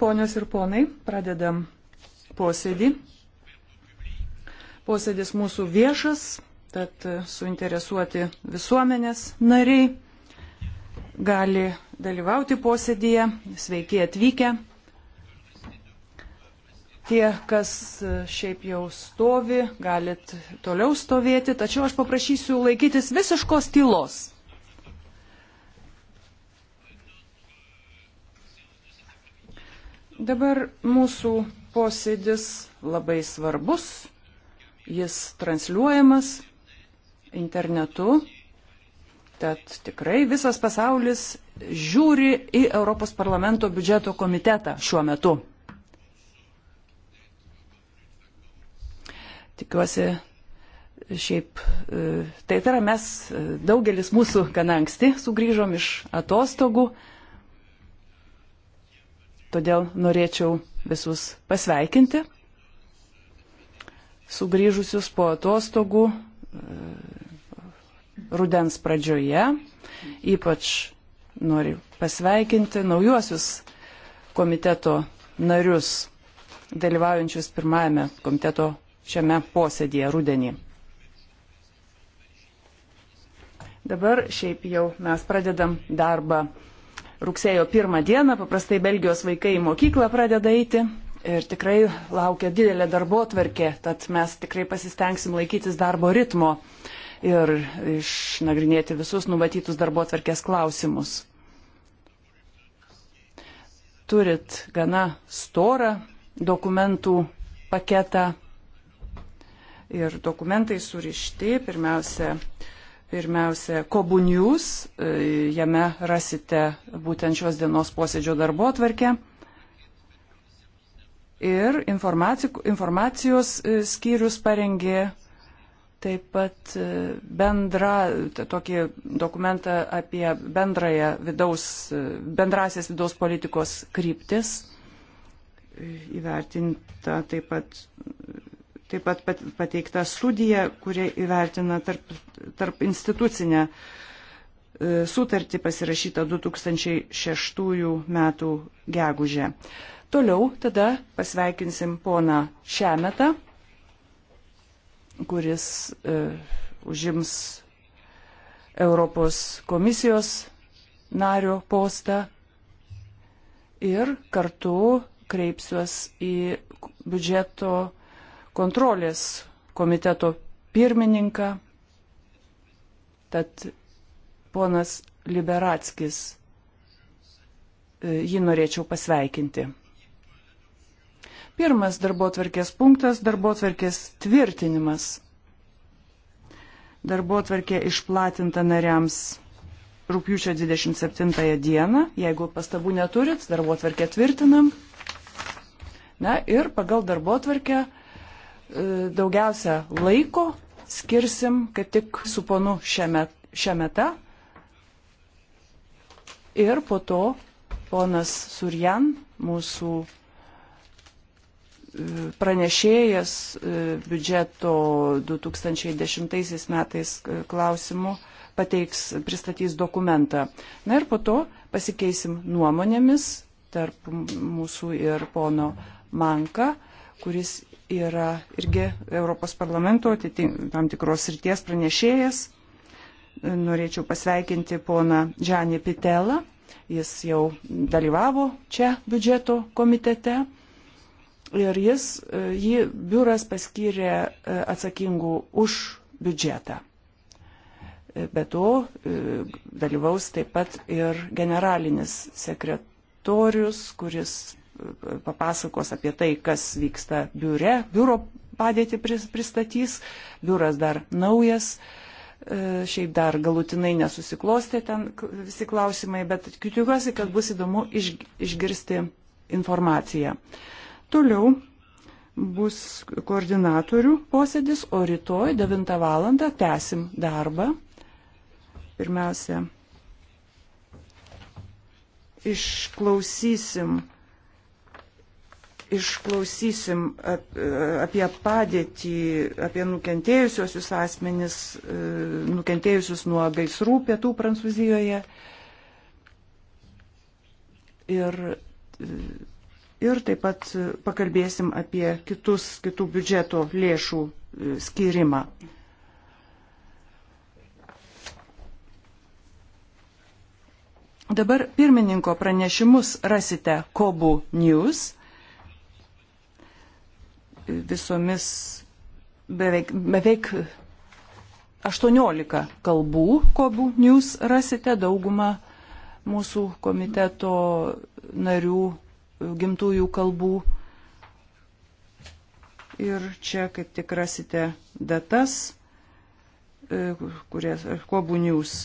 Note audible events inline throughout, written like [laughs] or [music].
Ponios ir ponai, pradedam posėdį. Posėdis mūsų viešas, tad suinteresuoti visuomenės nariai gali dalyvauti posėdyje. Sveiki atvykę. Tie, kas šiaip jau stovi, galit toliau stovėti, tačiau aš paprašysiu laikytis visiškos tylos Dabar mūsų posėdis labai svarbus, jis transliuojamas internetu, tad tikrai visas pasaulis žiūri į Europos parlamento biudžeto komitetą šiuo metu. Tikiuosi, šiaip, e, tai yra mes, e, daugelis mūsų gana anksti sugrįžom iš atostogų, Todėl norėčiau visus pasveikinti, sugrįžusius po atostogų e, rudens pradžioje. Ypač noriu pasveikinti naujuosius komiteto narius, dalyvaujančius pirmajame komiteto šiame posėdėje rudenį. Dabar šiaip jau mes pradedam darbą rugsėjo pirmą dieną, paprastai Belgijos vaikai į mokyklą pradeda eiti ir tikrai laukia didelė darbo tvarkė, tad mes tikrai pasistengsim laikytis darbo ritmo ir išnagrinėti visus numatytus darbo tvarkės klausimus. Turit gana storą dokumentų paketą ir dokumentai surišti pirmiausia Pirmiausia, Kobunius, e, jame rasite būtent šios dienos posėdžio darbo atvarkę. Ir informacijos e, skyrius parengė taip pat e, bendra, tokį dokumentą apie bendrąją vidaus, bendrasias vidaus politikos kryptis. Įvertinta taip pat taip pat pateikta studija, kurie įvertina tarp, tarp institucinę e, sutartį pasirašytą 2006 metų gegužę. Toliau tada pasveikinsim poną Šemetą, kuris e, užims Europos komisijos nario postą ir kartu kreipsiuos į biudžeto kontrolės komiteto pirmininką. Tad ponas Liberatskis, e, jį norėčiau pasveikinti. Pirmas darbo atverkės punktas - darbo atverkės tvirtinimas. Darbo atverkė išplatinta nariams rūpjūčio 27 dieną. Jeigu pastabų neturit, darbo atverkę tvirtinam. Na ir pagal darbo atverkę daugiausia laiko skirsim kaip tik su ponu šiame, šiame ta. Ir po to ponas Surjan, mūsų e, pranešėjas e, biudžeto 2010 metais e, klausimų pateiks, pristatys dokumentą. Na ir po to pasikeisim nuomonėmis tarp mūsų ir pono Manka, kuris yra irgi Europos parlamento tam tikros ryties pranešėjas. Norėčiau pasveikinti poną Džanį Pitelą. Jis jau dalyvavo čia biudžeto komitete ir jis, e, jį biuras paskyrė e, atsakingų už biudžetą. E, be to dalyvaus taip pat ir generalinis sekretorius, kuris papasakos apie tai, kas vyksta biure, biuro padėtį pristatys, biuras dar naujas, e, šiaip dar galutinai nesusiklostė ten visi klausimai, bet tikiuosi, kad bus įdomu išgirsti informaciją. Toliau bus koordinatorių posėdis, o rytoj 9 val. tęsim darbą. Pirmiausia, išklausysim išklausysim apie padėtį, apie nukentėjusiosius asmenis, e, nukentėjusius nuo gaisrų pietų Prancūzijoje. Ir, e, ir taip pat pakalbėsim apie kitus, kitų biudžeto lėšų e, skirimą. Dabar pirmininko pranešimus rasite Kobu News visomis beveik, beveik 18 kalbų, kobų news rasite daugumą mūsų komiteto narių gimtųjų kalbų. Ir čia kaip tik rasite datas, e, kurie, kobų news.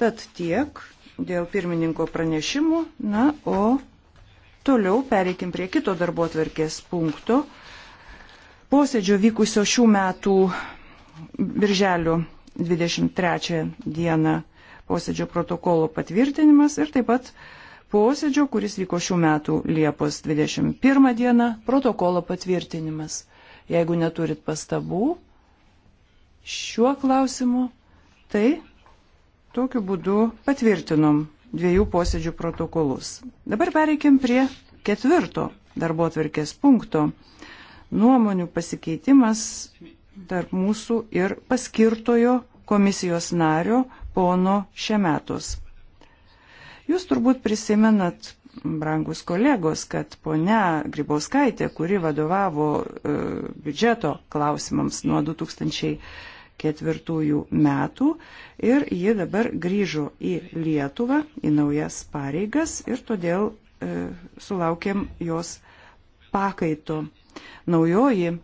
Tad tiek dėl pirmininko pranešimų, na, o Toliau pereikim prie kito darbo atverkės punkto. Posėdžio vykusio šių metų birželio 23 dieną posėdžio protokolo patvirtinimas ir taip pat posėdžio, kuris vyko šių metų Liepos 21 dieną, protokolo patvirtinimas. Jeigu neturit pastabų šiuo klausimu, tai tokiu būdu patvirtinom dviejų posėdžių protokolus. Dabar pereikim prie ketvirto darbo atvirkės punkto - nuomonių pasikeitimas tarp mūsų ir paskirtojo komisijos nario pono Šemetos. Jūs turbūt prisimenat, brangus kolegos, kad ponia Grybauskaitė, kuri vadovavo e, biudžeto klausimams nuo 2000 ketvirtųjų metų ir ji dabar grįžo į Lietuvą, į naujas pareigas ir todėl e, sulaukėm jos pakaito. Naujoji e,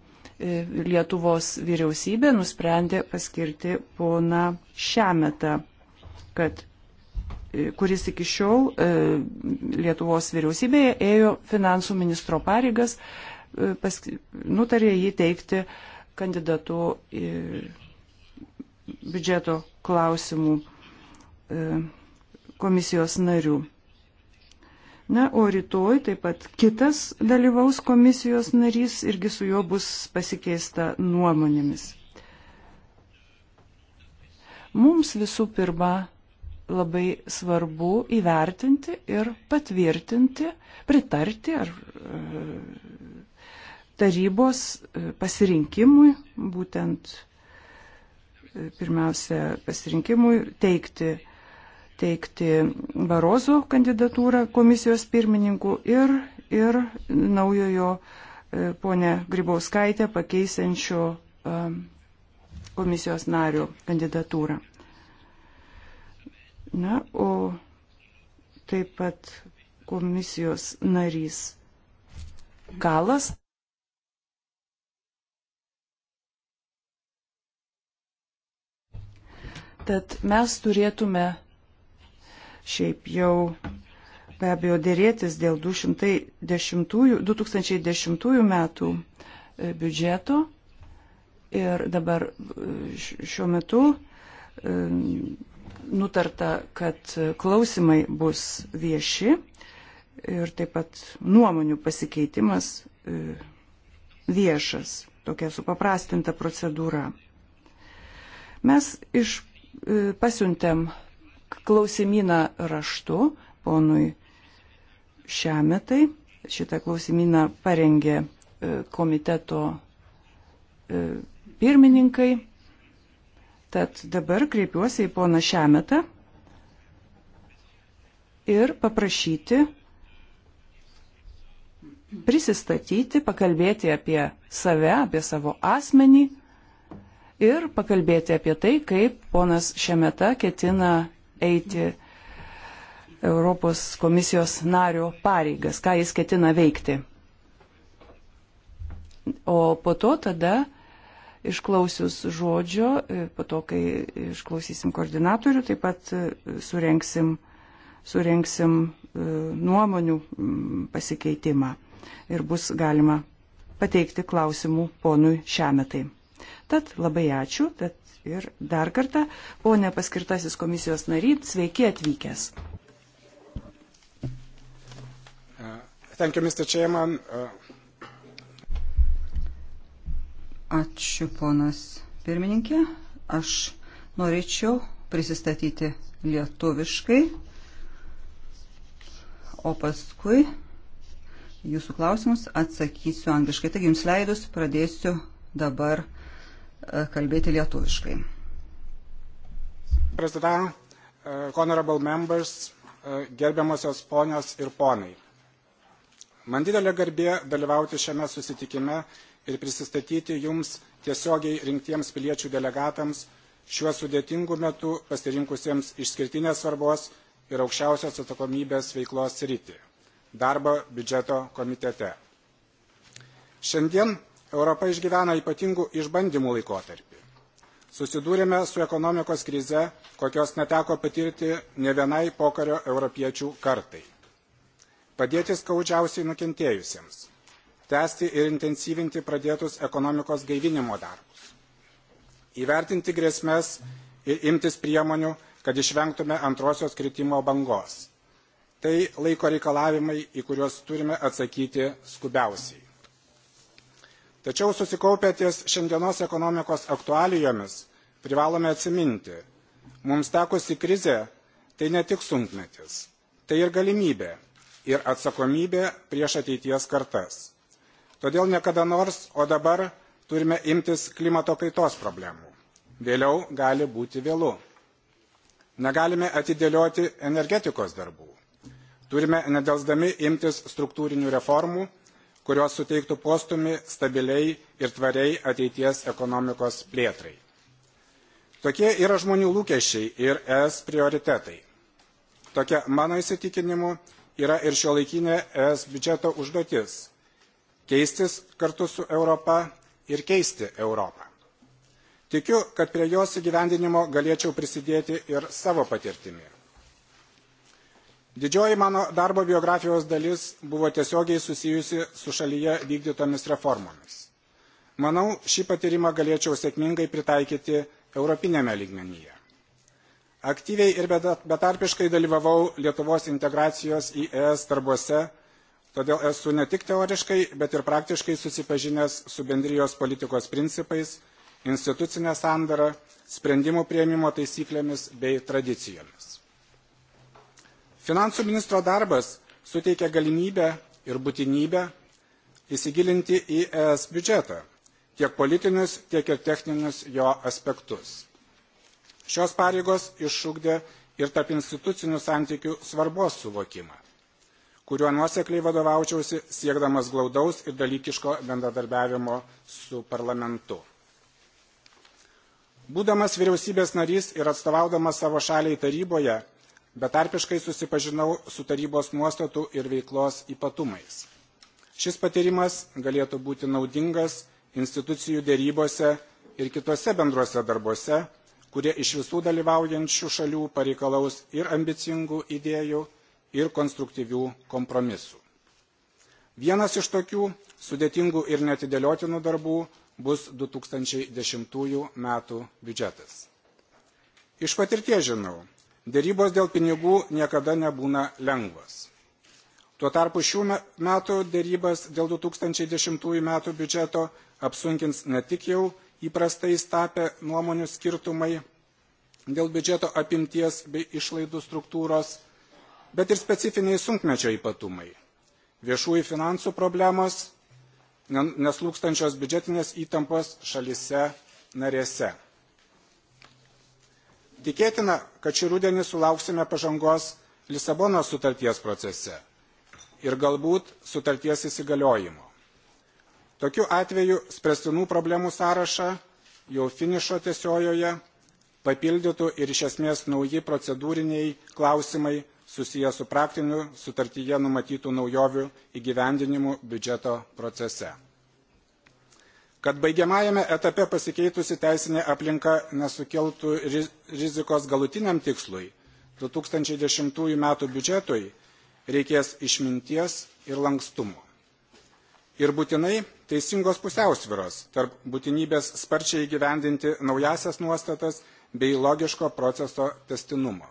Lietuvos vyriausybė nusprendė paskirti poną Šemetą, kad e, kuris iki šiol e, Lietuvos vyriausybėje ėjo finansų ministro pareigas, e, pask... nutarė jį teikti kandidatu į biudžeto klausimų e, komisijos narių. Na, o rytoj taip pat kitas dalyvaus komisijos narys irgi su juo bus pasikeista nuomonėmis. Mums visų pirma labai svarbu įvertinti ir patvirtinti, pritarti ar e, tarybos e, pasirinkimui būtent pirmiausia pasirinkimui teikti, teikti Barozo kandidatūrą komisijos pirmininkų ir, ir naujojo e, ponę Grybauskaitę pakeisiančio e, komisijos nario kandidatūrą. Na, o taip pat komisijos narys Galas. Tad mes turėtume šiaip jau be abejo dėrėtis dėl 210, 2010 metų e, biudžeto. Ir dabar e, šiuo metu e, nutarta, kad klausimai bus vieši ir taip pat nuomonių pasikeitimas viešas, tokia supaprastinta procedūra. Mes iš E, pasiuntėm klausimyną raštu ponui Šiametai. Šitą klausimyną parengė e, komiteto e, pirmininkai. Tad dabar kreipiuosi į poną Šiametą ir paprašyti prisistatyti, pakalbėti apie save, apie savo asmenį ir pakalbėti apie tai, kaip ponas Šemeta ketina eiti Europos komisijos nario pareigas, ką jis ketina veikti. O po to tada, išklausius žodžio, po to, kai išklausysim koordinatorių, taip pat e, surenksim, surenksim e, nuomonių pasikeitimą ir bus galima pateikti klausimų ponui Šemetai. Tad labai ačiū tad ir dar kartą, ponė paskirtasis komisijos naryt, sveiki atvykęs. Uh, thank you, Mr. Chairman. Uh, ačiū, ponas pirmininkė. Aš norėčiau prisistatyti lietuviškai, o paskui jūsų klausimus atsakysiu angliškai. Taigi jums leidus pradėsiu dabar E, kalbėti lietuviškai. President, e, honorable members, e, gerbiamosios ponios ir ponai. Man didelė garbė dalyvauti šiame susitikime ir prisistatyti jums tiesiogiai rinktiems piliečių delegatams šiuo sudėtingu metu pasirinkusiems išskirtinės svarbos ir aukščiausios atsakomybės veiklos sritį – darbo biudžeto komitete. Šiandien Europa išgyvena ypatingų išbandymų laikotarpį. Susidūrėme su ekonomikos krize, kokios neteko patirti ne vienai pokario europiečių kartai. Padėti skaudžiausiai nukentėjusiems. Tęsti ir intensyvinti pradėtus ekonomikos gaivinimo darbus. Įvertinti grėsmės ir imtis priemonių, kad išvengtume antrosios kritimo bangos. Tai laiko reikalavimai, į kuriuos turime atsakyti skubiausiai. Tačiau susikaupę ties šiandienos ekonomikos aktualijomis privalome atsiminti, mums tekusi krizė tai ne tik sunkmetis, tai ir galimybė, ir atsakomybė prieš ateities kartas. Todėl niekada nors, o dabar turime imtis klimato kaitos problemų. Vėliau gali būti vėlu. Negalime atidėlioti energetikos darbų. Turime nedelsdami imtis struktūrinių reformų kurios suteiktų postumį stabiliai ir tvariai ateities ekonomikos plėtrai. Tokie yra žmonių lūkesčiai ir ES prioritetai. Tokia mano įsitikinimu yra ir šio laikinė ES biudžeto užduotis – keistis kartu su Europa ir keisti Europą. Tikiu, kad prie jos įgyvendinimo galėčiau prisidėti ir savo patirtimi. Didžioji mano darbo biografijos dalis buvo tiesiogiai susijusi su šalyje vykdytomis reformomis. Manau, šį patyrimą galėčiau sėkmingai pritaikyti europinėme lygmenyje. Aktyviai ir betarpiškai dalyvavau Lietuvos integracijos į ES darbuose, todėl esu ne tik teoriškai, bet ir praktiškai susipažinęs su bendrijos politikos principais, institucinė sandara, sprendimų prieimimo taisyklėmis bei tradicijomis. Finansų ministro darbas suteikia galimybę ir būtinybę įsigilinti į ES biudžetą, tiek politinius, tiek ir techninius jo aspektus. Šios pareigos iššūkdė ir tarp institucinių santykių svarbos suvokimą, kuriuo nuosekliai vadovaučiausi siekdamas glaudaus ir dalykiško bendradarbiavimo su parlamentu. Būdamas vyriausybės narys ir atstovaudamas savo šaliai taryboje, betarpiškai susipažinau su tarybos nuostatų ir veiklos ypatumais. Šis patyrimas galėtų būti naudingas institucijų dėrybose ir kitose bendruose darbuose, kurie iš visų dalyvaujančių šalių pareikalaus ir ambicingų idėjų, ir konstruktyvių kompromisų. Vienas iš tokių sudėtingų ir netidėliotinų darbų bus 2010 m. biudžetas. Iš patirties žinau, Dėrybos dėl pinigų niekada nebūna lengvas. Tuo tarpu šių metų dėrybas dėl 2010 metų biudžeto apsunkins ne tik jau įprastai tapę nuomonių skirtumai dėl biudžeto apimties bei išlaidų struktūros, bet ir specifiniai sunkmečio ypatumai – viešųjų finansų problemos, neslūkstančios biudžetinės įtampos šalise narėse. Tikėtina, kad šį rudenį sulauksime pažangos Lisabonos sutarties procese ir galbūt sutarties įsigaliojimo. Tokiu atveju spręstinų problemų sąrašą jau finišo tiesiojoje papildytų ir iš esmės nauji procedūriniai klausimai susiję su praktiniu sutartyje numatytų naujovių įgyvendinimu biudžeto procese kad baigiamajame etape pasikeitusi teisinė aplinka nesukeltų rizikos galutiniam tikslui 2010 m. biudžetui reikės išminties ir lankstumo. Ir būtinai teisingos pusiausviros tarp būtinybės sparčiai įgyvendinti naujasias nuostatas bei logiško proceso testinumo.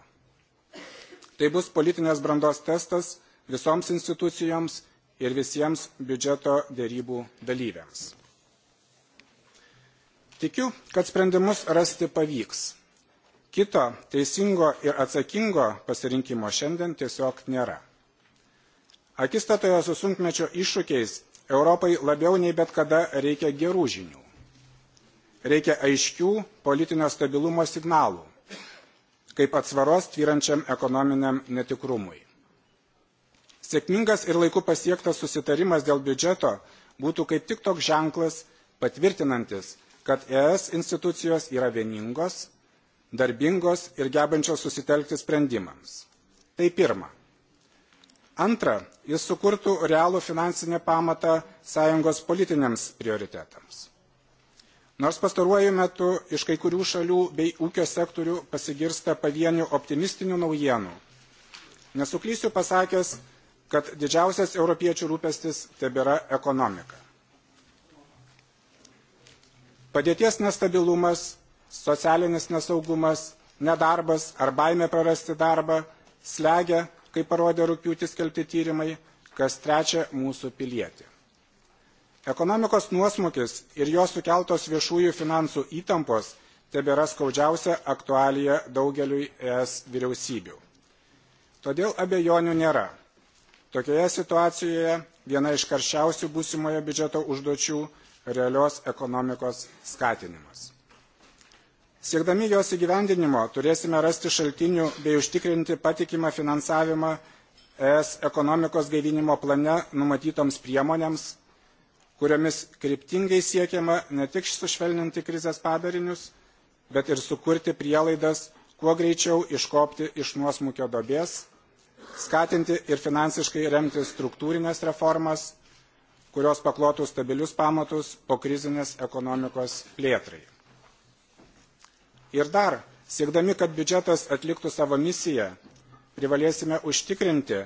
Tai bus politinės brandos testas visoms institucijoms ir visiems biudžeto dėrybų dalyviams. Tikiu, kad sprendimus rasti pavyks. Kito teisingo ir atsakingo pasirinkimo šiandien tiesiog nėra. Akistatoje su sunkmečio iššūkiais Europai labiau nei bet kada reikia gerų žinių. Reikia aiškių politinio stabilumo signalų, kaip atsvaros tvyrančiam ekonominiam netikrumui. Sėkmingas ir laiku pasiektas susitarimas dėl biudžeto būtų kaip tik toks ženklas patvirtinantis, kad ES institucijos yra vieningos, darbingos ir gebančios susitelkti sprendimams. Tai pirma. Antra, jis sukurtų realų finansinį pamatą sąjungos politiniams prioritetams. Nors pastaruoju metu iš kai kurių šalių bei ūkio sektorių pasigirsta pavienių optimistinių naujienų, nesuklysiu pasakęs, kad didžiausias europiečių rūpestis tebėra ekonomika. Padėties nestabilumas, socialinis nesaugumas, nedarbas ar baime prarasti darbą slegia, kaip parodė rūpiutis kelti tyrimai, kas trečia mūsų pilietį. Ekonomikos nuosmukis ir jo sukeltos viešųjų finansų įtampos tebėra skaudžiausia aktualija daugeliui ES vyriausybių. Todėl abejonių nėra. Tokioje situacijoje viena iš karščiausių būsimojo biudžeto užduočių realios ekonomikos skatinimas. Siekdami jos įgyvendinimo turėsime rasti šaltinių bei užtikrinti patikimą finansavimą ES ekonomikos gaivinimo plane numatytoms priemonėms, kuriomis kryptingai siekiama ne tik sušvelninti krizės padarinius, bet ir sukurti prielaidas, kuo greičiau iškopti iš nuosmukio dobės, skatinti ir finansiškai remti struktūrinės reformas, kurios paklotų stabilius pamatus po krizinės ekonomikos plėtrai. Ir dar, siekdami, kad biudžetas atliktų savo misiją, privalėsime užtikrinti,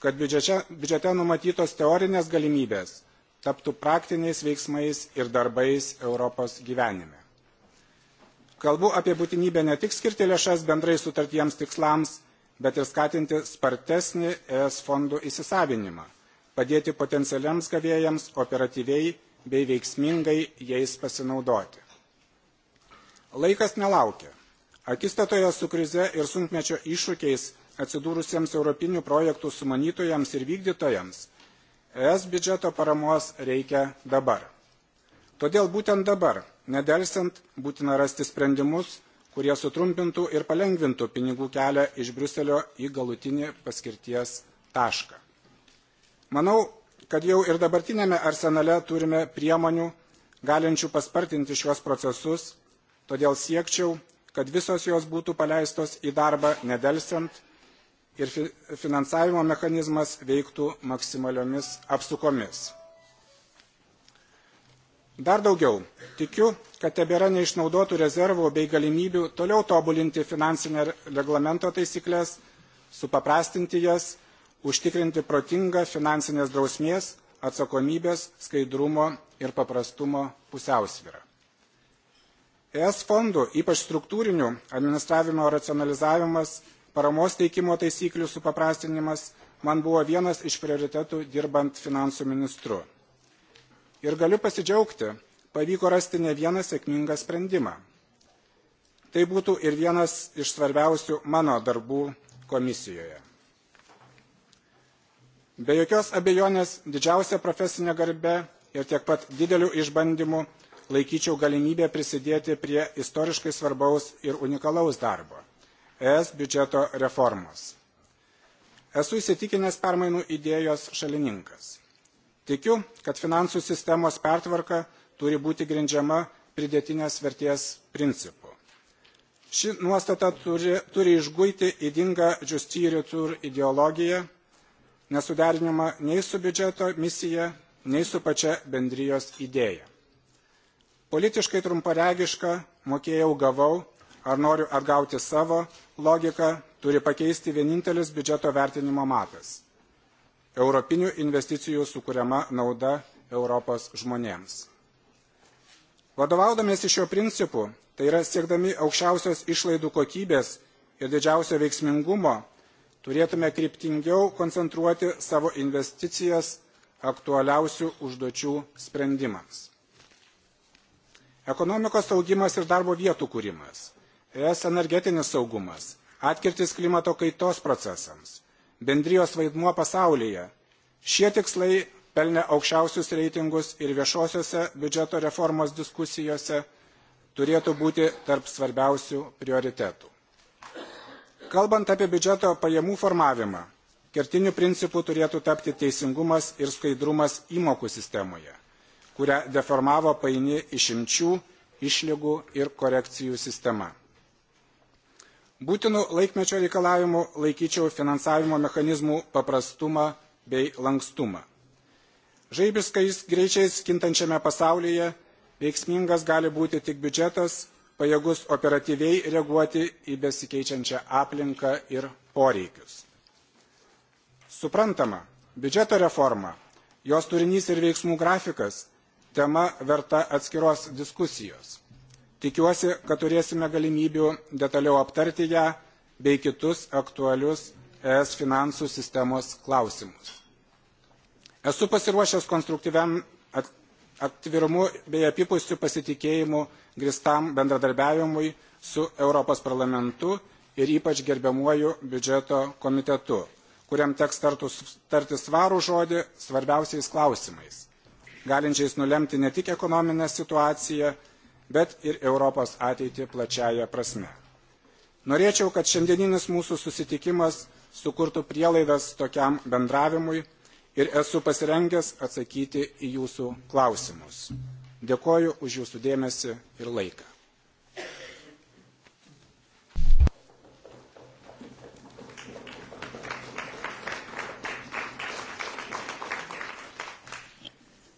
kad biudžete, biudžete numatytos teorinės galimybės taptų praktiniais veiksmais ir darbais Europos gyvenime. Kalbu apie būtinybę ne tik skirti lėšas bendrai sutartiems tikslams, bet ir skatinti spartesnį ES fondų įsisavinimą, padėti potencialiams gavėjams operatyviai bei veiksmingai jais pasinaudoti. Laikas nelaukia. Akistatoje su krize ir sunkmečio iššūkiais atsidūrusiems europinių projektų sumanytojams ir vykdytojams ES biudžeto paramos reikia dabar. Todėl būtent dabar, nedelsiant, būtina rasti sprendimus, kurie sutrumpintų ir palengvintų pinigų kelią iš Briuselio į galutinį paskirties tašką. Manau, kad jau ir dabartinėme arsenale turime priemonių, galinčių paspartinti šios procesus, todėl siekčiau, kad visos jos būtų paleistos į darbą nedelsiant ir finansavimo mechanizmas veiktų maksimaliomis apsukomis. Dar daugiau, tikiu, kad tebėra neišnaudotų rezervų bei galimybių toliau tobulinti finansinę reglamento taisyklės, supaprastinti jas užtikrinti protingą finansinės drausmės, atsakomybės, skaidrumo ir paprastumo pusiausvyrą. ES fondų, ypač struktūrinių, administravimo racionalizavimas, paramos teikimo taisyklių supaprastinimas man buvo vienas iš prioritetų dirbant finansų ministru. Ir galiu pasidžiaugti, pavyko rasti ne vieną sėkmingą sprendimą. Tai būtų ir vienas iš svarbiausių mano darbų komisijoje. Be jokios abejonės didžiausia profesinė garbe ir tiek pat didelių išbandymų laikyčiau galimybę prisidėti prie istoriškai svarbaus ir unikalaus darbo – ES biudžeto reformos. Esu įsitikinęs permainų idėjos šalininkas. Tikiu, kad finansų sistemos pertvarka turi būti grindžiama pridėtinės vertės principu. Ši nuostata turi, turi išguiti įdingą Justierių tur ideologiją – nesuderinama nei su biudžeto misija, nei su pačia bendrijos idėja. Politiškai trumparegiška mokėjau gavau, ar noriu atgauti savo logiką, turi pakeisti vienintelis biudžeto vertinimo matas – europinių investicijų sukūriama nauda Europos žmonėms. Vadovaudomės iš šio principų, tai yra siekdami aukščiausios išlaidų kokybės ir didžiausio veiksmingumo, turėtume kryptingiau koncentruoti savo investicijas aktualiausių užduočių sprendimams. Ekonomikos augimas ir darbo vietų kūrimas, ES energetinis saugumas, atkirtis klimato kaitos procesams, bendrijos vaidmuo pasaulyje – šie tikslai pelnė aukščiausius reitingus ir viešosiose biudžeto reformos diskusijose turėtų būti tarp svarbiausių prioritetų. Kalbant apie biudžeto pajamų formavimą, kertiniu principu turėtų tapti teisingumas ir skaidrumas įmokų sistemoje, kurią deformavo paini išimčių, išlygų ir korekcijų sistema. Būtinų laikmečio reikalavimų laikyčiau finansavimo mechanizmų paprastumą bei lankstumą. Žaibiskais greičiais kintančiame pasaulyje veiksmingas gali būti tik biudžetas, pajėgus operatyviai reaguoti į besikeičiančią aplinką ir poreikius. Suprantama, biudžeto reforma, jos turinys ir veiksmų grafikas – tema verta atskiros diskusijos. Tikiuosi, kad turėsime galimybių detaliau aptarti ją bei kitus aktualius ES finansų sistemos klausimus. Esu pasiruošęs konstruktyviam atvirumu bei apipusių pasitikėjimų gristam bendradarbiavimui su Europos parlamentu ir ypač gerbiamuoju biudžeto komitetu, kuriam teks tarti svarų žodį svarbiausiais klausimais, galinčiais nulemti ne tik ekonominę situaciją, bet ir Europos ateitį plačiaja prasme. Norėčiau, kad šiandieninis mūsų susitikimas sukurtų prielaidas tokiam bendravimui ir esu pasirengęs atsakyti į jūsų klausimus. Dėkoju už jūsų dėmesį ir laiką.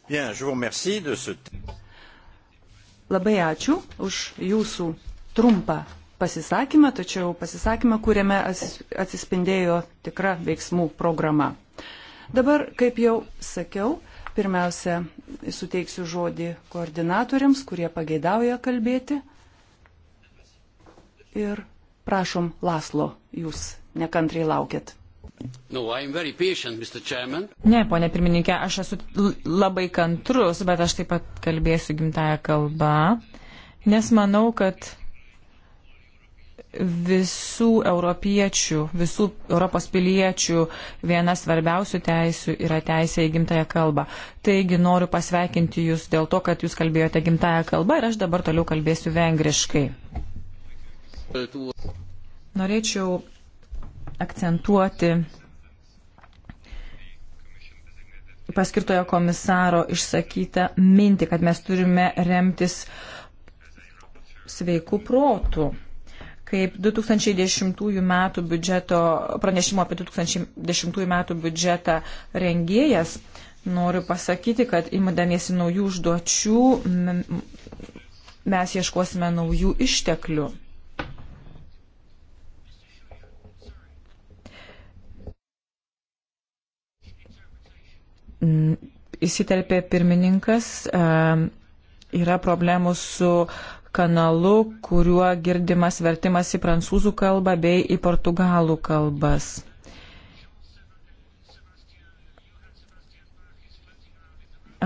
Bien, je vous remercie de ce... Labai ačiū už jūsų trumpą pasisakymą, tačiau pasisakymą, kuriame atsispindėjo tikra veiksmų programa. Dabar, kaip jau sakiau, Pirmiausia, suteiksiu žodį koordinatoriams, kurie pageidauja kalbėti. Ir prašom, Laslo, jūs nekantriai laukiat. No, patient, ne, ponė pirmininkė, aš esu labai kantrus, bet aš taip pat kalbėsiu gimtają kalbą, nes manau, kad visų europiečių, visų Europos piliečių viena svarbiausių teisių yra teisė į gimtają kalbą. Taigi noriu pasveikinti Jūs dėl to, kad Jūs kalbėjote gimtają kalbą ir aš dabar toliau kalbėsiu vengriškai. Norėčiau akcentuoti paskirtojo komisaro išsakytą mintį, kad mes turime remtis sveikų protų kaip 2010 metų biudžeto, pranešimo apie 2010 metų biudžetą rengėjas, noriu pasakyti, kad įmadamiesi naujų užduočių mes ieškosime naujų išteklių. Įsiterpė pirmininkas, e, yra problemų su uh, kanalu, kuriuo girdimas vertimas į prancūzų kalbą bei į portugalų kalbas.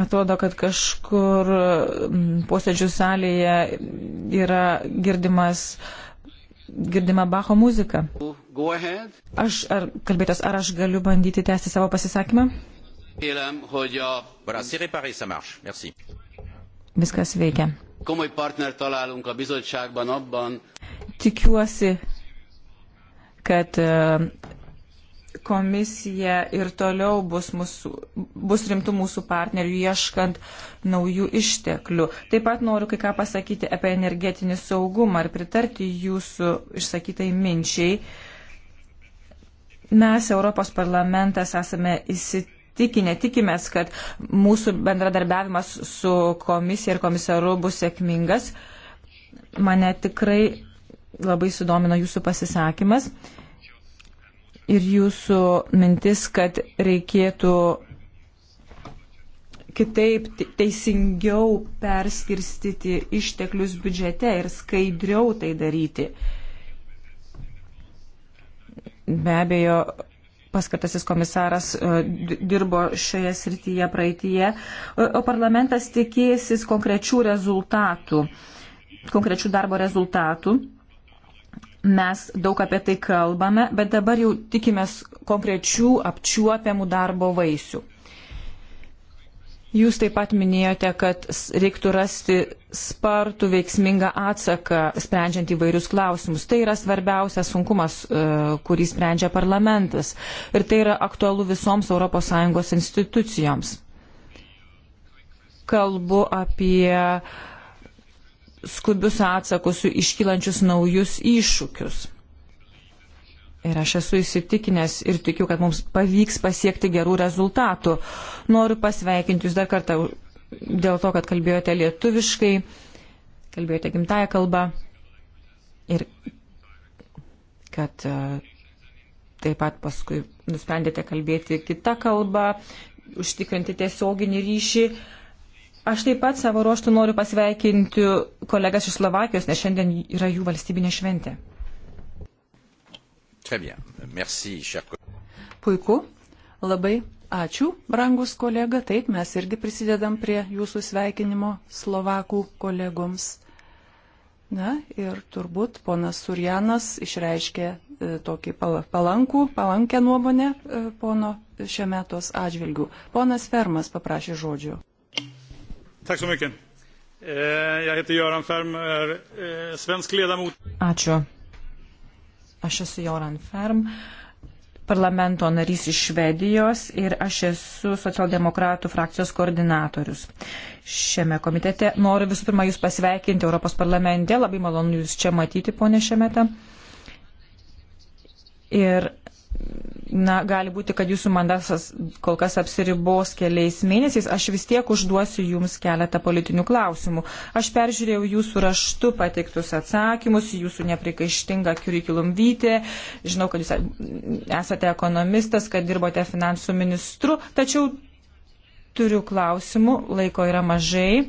Atrodo, kad kažkur mm, posėdžių salėje yra girdimas, girdima Bacho muzika. Aš, ar kalbėtas, ar aš galiu bandyti tęsti savo pasisakymą? Viskas veikia komoly partner találunk a bizottságban abban. Tikiuosi, kad e, komisija ir toliau bus, mūsų, bus rimtų mūsų partnerių ieškant naujų išteklių. Taip pat noriu kai ką pasakyti apie energetinį saugumą ir pritarti jūsų išsakytai minčiai. Mes, Europos parlamentas, esame įsitikinę įsitikinę, tikimės, kad mūsų bendradarbiavimas su komisija ir komisaru bus sėkmingas. Mane tikrai labai sudomino jūsų pasisakymas ir jūsų mintis, kad reikėtų kitaip teisingiau perskirstyti išteklius biudžete ir skaidriau tai daryti. Be abejo, paskatasis komisaras e, dirbo šioje srityje praeitie, o parlamentas tikėsis konkrečių rezultatų, konkrečių darbo rezultatų. Mes daug apie tai kalbame, bet dabar jau tikimės konkrečių apčiuopiamų darbo vaisių. Jūs taip pat minėjote, kad reiktų rasti spartų veiksmingą atsaką, sprendžiant įvairius klausimus. Tai yra svarbiausias sunkumas, e, kurį sprendžia parlamentas. Ir tai yra aktualu visoms ES institucijoms. Kalbu apie skubius atsakus su iškylančius naujus iššūkius. Ir aš esu įsitikinęs ir tikiu, kad mums pavyks pasiekti gerų rezultatų. Noriu pasveikinti Jūs dar kartą dėl to, kad kalbėjote lietuviškai, kalbėjote gimtają kalbą ir kad e, taip pat paskui nusprendėte kalbėti kitą kalbą, užtikrinti tiesioginį ryšį. Aš taip pat savo ruoštų noriu pasveikinti kolegas iš Slovakijos, nes šiandien yra jų valstybinė šventė. Puiku, labai ačiū, brangus kolega, taip mes irgi prisidedam prie jūsų sveikinimo slovakų kolegoms. Na ir turbūt ponas Surjanas išreiškė e, tokį palankų, palankę nuomonę e, pono Šemetos atžvilgių. Ponas Fermas paprašė žodžių. Eh, eh, ačiū. Aš esu Joran Ferm, parlamento narys iš Švedijos ir aš esu socialdemokratų frakcijos koordinatorius. Šiame komitete noriu visų pirma Jūs pasveikinti Europos parlamente. Labai malonu Jūs čia matyti, ponė Šemeta. Ir na, gali būti, kad jūsų mandatas kol kas apsiribos keliais mėnesiais, aš vis tiek užduosiu jums keletą politinių klausimų. Aš peržiūrėjau jūsų raštu pateiktus atsakymus, jūsų neprikaištingą kurikulumvytį, žinau, kad jūs esate ekonomistas, kad dirbote finansų ministru, tačiau turiu klausimų, laiko yra mažai.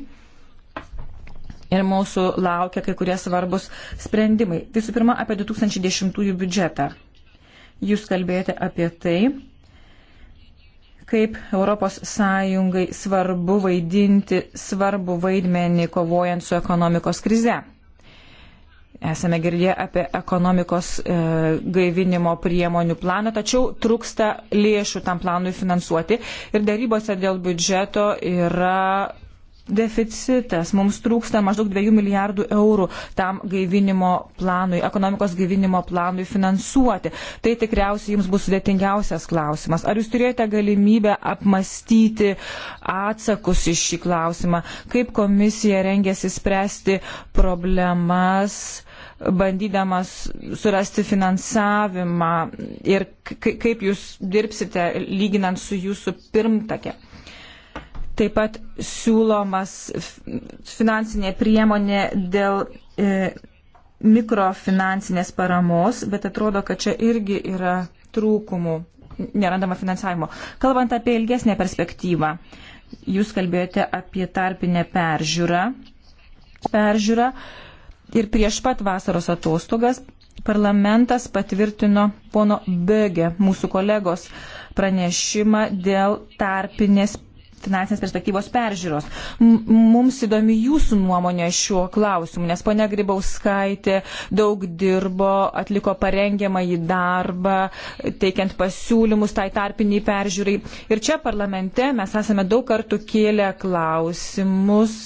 Ir mūsų laukia kai kurie svarbus sprendimai. Visų pirma, apie 2010 biudžetą. Jūs kalbėjote apie tai, kaip ES svarbu vaidinti svarbu vaidmenį kovojant su ekonomikos krize. Esame girdėję apie ekonomikos e, gaivinimo priemonių planą, tačiau trūksta lėšų tam planui finansuoti ir darybose dėl biudžeto yra deficitas. Mums trūksta maždaug 2 milijardų eurų tam gaivinimo planui, ekonomikos gaivinimo planui finansuoti. Tai tikriausiai jums bus sudėtingiausias klausimas. Ar jūs turėjote galimybę apmastyti atsakus į šį klausimą? Kaip komisija rengėsi spręsti problemas? bandydamas surasti finansavimą ir kaip jūs dirbsite lyginant su jūsų pirmtake. Taip pat siūlomas finansinė priemonė dėl e, mikrofinansinės paramos, bet atrodo, kad čia irgi yra trūkumų, nerandama finansavimo. Kalbant apie ilgesnę perspektyvą, jūs kalbėjote apie tarpinę peržiūrą. peržiūrą ir prieš pat vasaros atostogas parlamentas patvirtino pono Böge, mūsų kolegos, pranešimą dėl tarpinės finansinės perspektyvos peržiūros. Mums įdomi jūsų nuomonė šiuo klausimu, nes ponia Grybauskaitė daug dirbo, atliko parengiamą į darbą, teikiant pasiūlymus tai tarpiniai peržiūrai. Ir čia parlamente mes esame daug kartų kėlę klausimus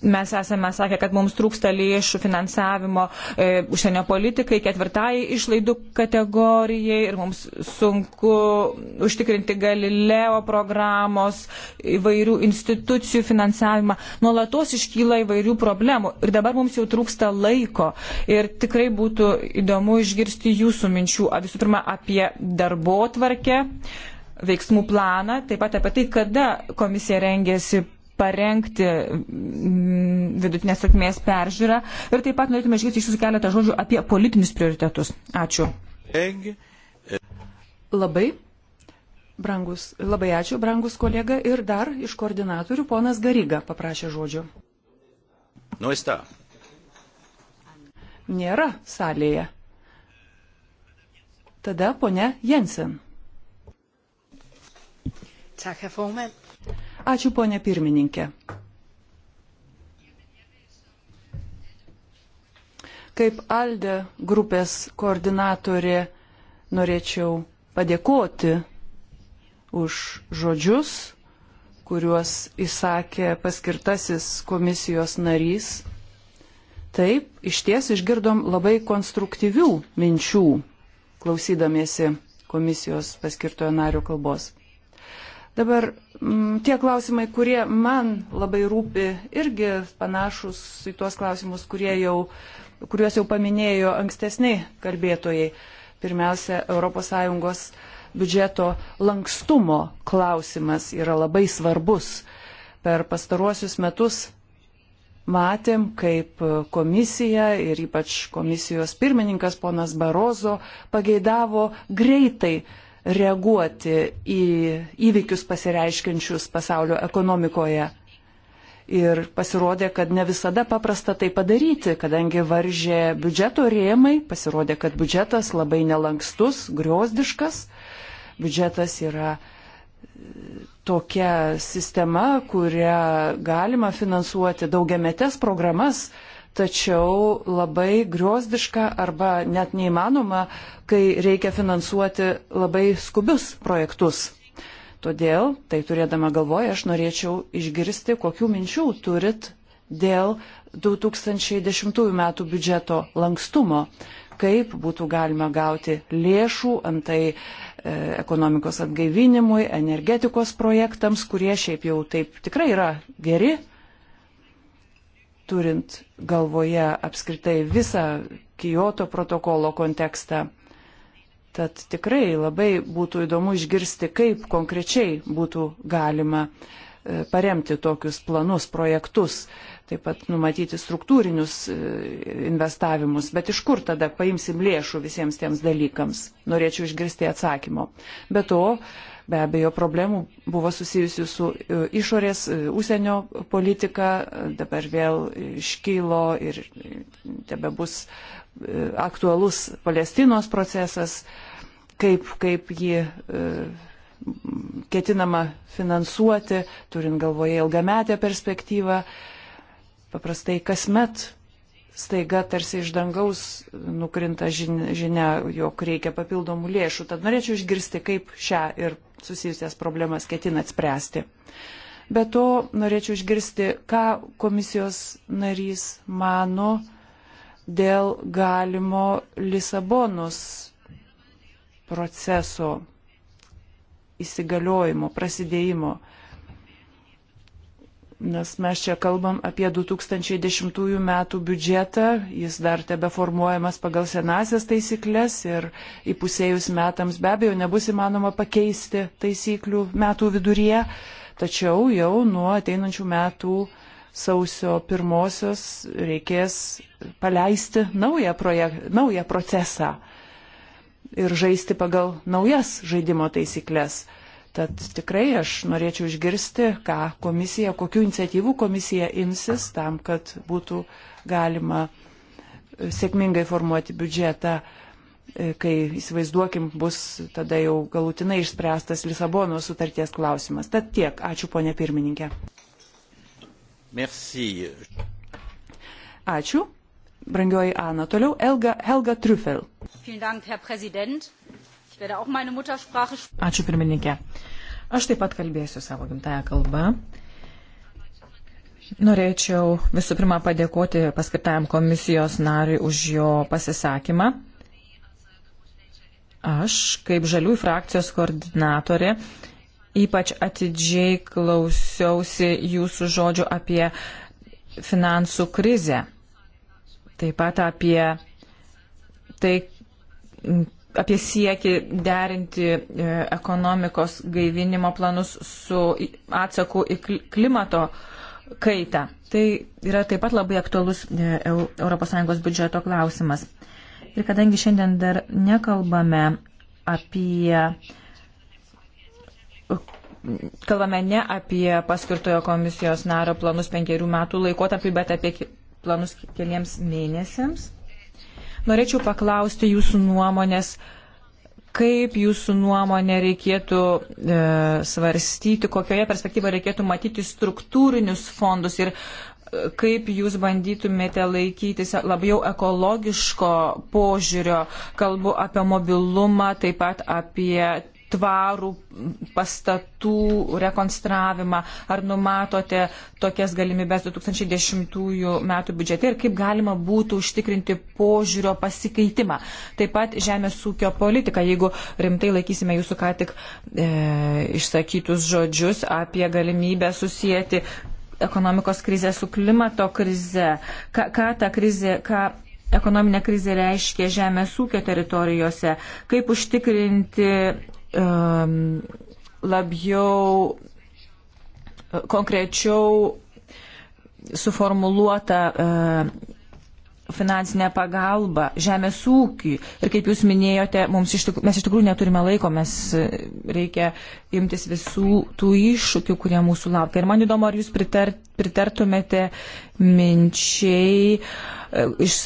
Mes esame sakę, kad mums trūksta lėšų finansavimo e, užsienio politikai, ketvirtai išlaidų kategorijai ir mums sunku užtikrinti Galileo programos, įvairių institucijų finansavimą. Nuolatos iškyla įvairių problemų ir dabar mums jau trūksta laiko ir tikrai būtų įdomu išgirsti jūsų minčių, visų pirma, apie darbo tvarkę veiksmų planą, taip pat apie tai, kada komisija rengėsi parengti mm, vidutinės sėkmės peržiūrą. Ir taip pat norėtume išgirsti iš jūsų keletą žodžių apie politinius prioritetus. Ačiū. Labai. Brangus, labai ačiū, brangus kolega. Ir dar iš koordinatorių ponas Garyga paprašė žodžio. Nu, jis ta. Nėra salėje. Tada ponia Jensen. Tak, herr Formand. Ačiū, ponė pirmininkė. Kaip Alde grupės koordinatorė norėčiau padėkoti už žodžius, kuriuos įsakė paskirtasis komisijos narys. Taip, iš ties išgirdom labai konstruktyvių minčių, klausydamiesi komisijos paskirtojo nario kalbos. Dabar m, mm, tie klausimai, kurie man labai rūpi, irgi panašus į tuos klausimus, jau, kuriuos jau paminėjo ankstesniai kalbėtojai. Pirmiausia, ES biudžeto lankstumo klausimas yra labai svarbus. Per pastaruosius metus matėm, kaip komisija ir ypač komisijos pirmininkas ponas Barozo pageidavo greitai reaguoti į įvykius pasireiškiančius pasaulio ekonomikoje. Ir pasirodė, kad ne visada paprasta tai padaryti, kadangi varžė biudžeto rėmai, pasirodė, kad biudžetas labai nelankstus, griozdiškas, biudžetas yra e, tokia sistema, kurią galima finansuoti daugiametės programas, tačiau labai griozdiška arba net neįmanoma, kai reikia finansuoti labai skubius projektus. Todėl, tai turėdama galvoje, aš norėčiau išgirsti, kokių minčių turit dėl 2010 m. biudžeto lankstumo, kaip būtų galima gauti lėšų antai e, ekonomikos atgaivinimui, energetikos projektams, kurie šiaip jau taip tikrai yra geri turint galvoje apskritai visą Kyoto protokolo kontekstą. Tad tikrai labai būtų įdomu išgirsti, kaip konkrečiai būtų galima e, paremti tokius planus, projektus, taip pat numatyti struktūrinius e, investavimus, bet iš kur tada paimsim lėšų visiems tiems dalykams? Norėčiau išgirsti atsakymo. Be to, Be abejo, problemų buvo susijusių su e, išorės e, užsienio politika, e, dabar vėl iškylo ir tebe bus aktualus Palestinos procesas, kaip, kaip jį ketinama finansuoti, turint galvoje ilgametę perspektyvą. Paprastai kasmet staiga tarsi iš dangaus nukrinta žinia, jog reikia papildomų lėšų. Tad norėčiau išgirsti, kaip šią ir susijusias problemas ketinat spręsti. Be to, norėčiau išgirsti, ką komisijos narys mano dėl galimo Lisabonos proceso įsigaliojimo, prasidėjimo nes mes čia kalbam apie 2010 metų biudžetą, jis dar tebe formuojamas pagal senasias taisyklės ir įpusėjus metams be abejo nebus įmanoma pakeisti taisyklių metų viduryje, tačiau jau nuo ateinančių metų sausio pirmosios reikės paleisti naują, projekt, naują procesą ir žaisti pagal naujas žaidimo taisyklės. Tad tikrai aš norėčiau išgirsti, ką komisija, kokiu iniciatyvu komisija imsis tam, kad būtų galima e, sėkmingai formuoti biudžetą, e, kai įsivaizduokim, bus tada jau galutinai išspręstas Lisabono sutarties klausimas. Tad tiek. Ačiū, ponė pirmininkė. Merci. Ačiū. Brangioji Ana. Toliau Helga, Helga Trüffel. Dank, Ačiū pirmininkė. Aš taip pat kalbėsiu savo gimtają kalbą. Norėčiau visų pirma padėkoti paskirtajam komisijos nariui už jo pasisakymą. Aš, kaip žaliųjų frakcijos koordinatorė, ypač atidžiai klausiausi jūsų žodžių apie finansų krizę. Taip pat apie tai, apie siekį derinti e, ekonomikos gaivinimo planus su atsaku į klimato kaitą. Tai yra taip pat labai aktualus ES biudžeto klausimas. Ir kadangi šiandien dar nekalbame apie. Kalbame ne apie paskirtojo komisijos nario planus penkerių metų laikotarpį, bet apie planus keliems mėnesiams Norėčiau paklausti jūsų nuomonės, kaip jūsų nuomonė reikėtų e, svarstyti, kokioje perspektyvoje reikėtų matyti struktūrinius fondus ir e, kaip jūs bandytumėte laikytis labiau ekologiško požiūrio, kalbu apie mobilumą, taip pat apie tvarų pastatų rekonstravimą? Ar numatote tokias galimybės 2010 metų biudžete ir kaip galima būtų užtikrinti požiūrio pasikeitimą? Taip pat žemės ūkio politika, jeigu rimtai laikysime jūsų ką tik e, išsakytus žodžius apie galimybę susijęti ekonomikos krizę su klimato krize, ką, ką ta krizė, ką ekonominė krizė reiškia žemės ūkio teritorijose, kaip užtikrinti um, labiau uh, konkrečiau suformuluota uh, finansinę pagalbą žemės ūkiui. Ir kaip jūs minėjote, iš tikrų, mes iš tikrųjų neturime laiko, mes e, reikia imtis visų tų iššūkių, kurie mūsų laukia. Ir man įdomu, ar jūs pritart, pritartumėte minčiai e, iš,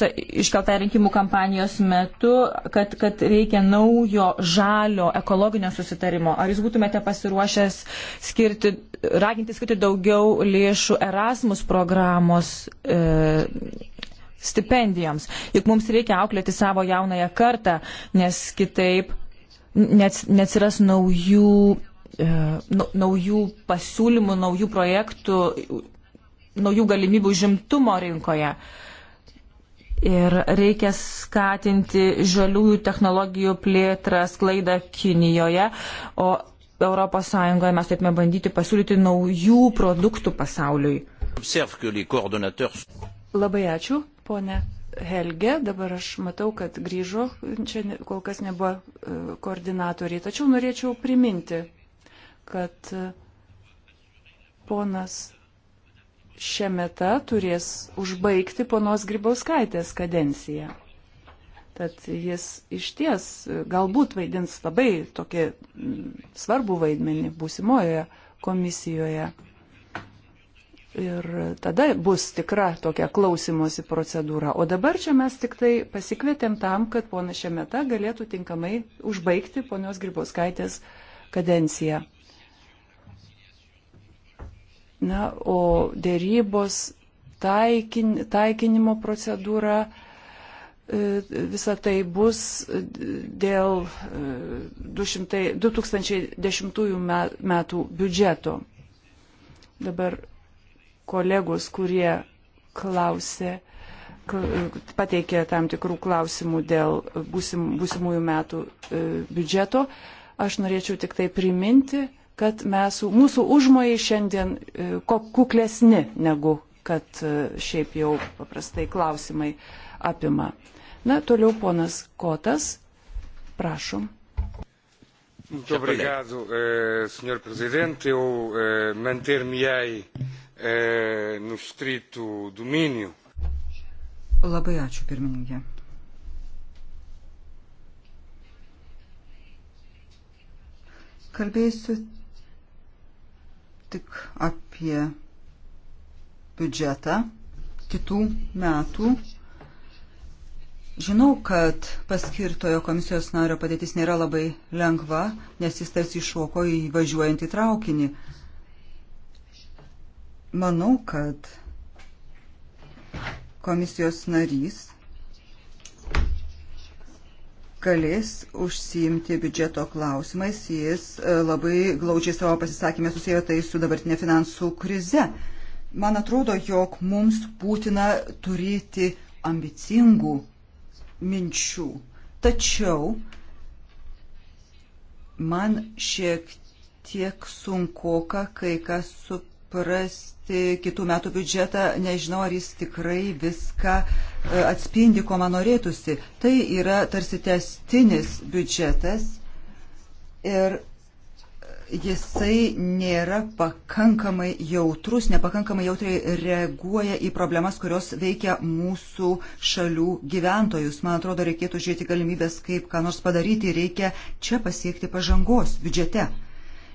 iškeltą rinkimų kampanijos metu, kad, kad reikia naujo žalio ekologinio susitarimo. Ar jūs būtumėte pasiruošęs skirti, raginti skirti daugiau lėšų Erasmus programos? E, stipendijoms. Juk mums reikia auklėti savo jaunąją kartą, nes kitaip neatsiras naujų, e, nu, naujų pasiūlymų, naujų projektų, naujų galimybių žimtumo rinkoje. Ir reikia skatinti žaliųjų technologijų plėtrą, sklaidą Kinijoje, o ES mes turėtume bandyti pasiūlyti naujų produktų pasauliui. Labai ačiū. Pone Helge, dabar aš matau, kad grįžo, čia kol kas nebuvo e, koordinatoriai, tačiau norėčiau priminti, kad e, ponas Šemeta turės užbaigti ponos Grybauskaitės kadenciją. Tad jis iš ties e, galbūt vaidins labai tokį svarbų vaidmenį būsimojoje komisijoje. Ir tada bus tikra tokia klausimosi procedūra. O dabar čia mes tik tai pasikvietėm tam, kad pona Šemeta galėtų tinkamai užbaigti ponios Grybauskaitės kadenciją. Na, o dėrybos taikin, taikinimo procedūra, e, visa tai bus dėl 200, e, 2010 metų biudžeto. Dabar kolegos, kurie klausė, pateikė tam tikrų klausimų dėl būsim, būsimųjų metų e, biudžeto. Aš norėčiau tik tai priminti, kad mes, mūsų užmojai šiandien e, kuklesni negu kad e, šiaip jau paprastai klausimai apima. Na, toliau ponas Kotas, prašom. Muito obrigado, eh, Sr. Presidente. Eu eh, manter-me-ei eh, no estrito domínio. Labai ačiū, pirmininkė. Kalbėsiu tik apie biudžetą kitų metų. Žinau, kad paskirtojo komisijos nario padėtis nėra labai lengva, nes jis tarsi iššoko įvažiuojant į traukinį. Manau, kad komisijos narys galės užsiimti biudžeto klausimais. Jis e, labai glaučiai savo pasisakymę susijęjo tai su dabartinė finansų krize. Man atrodo, jog mums būtina turėti ambicingų minčių. Tačiau man šiek tiek sunku, kai kas suprasti suprasti kitų metų biudžetą, nežinau, ar jis tikrai viską e, atspindi, ko man norėtųsi. Tai yra tarsi testinis biudžetas ir jisai nėra pakankamai jautrus, nepakankamai jautriai reaguoja į problemas, kurios veikia mūsų šalių gyventojus. Man atrodo, reikėtų žiūrėti galimybės, kaip ką nors padaryti, reikia čia pasiekti pažangos biudžete.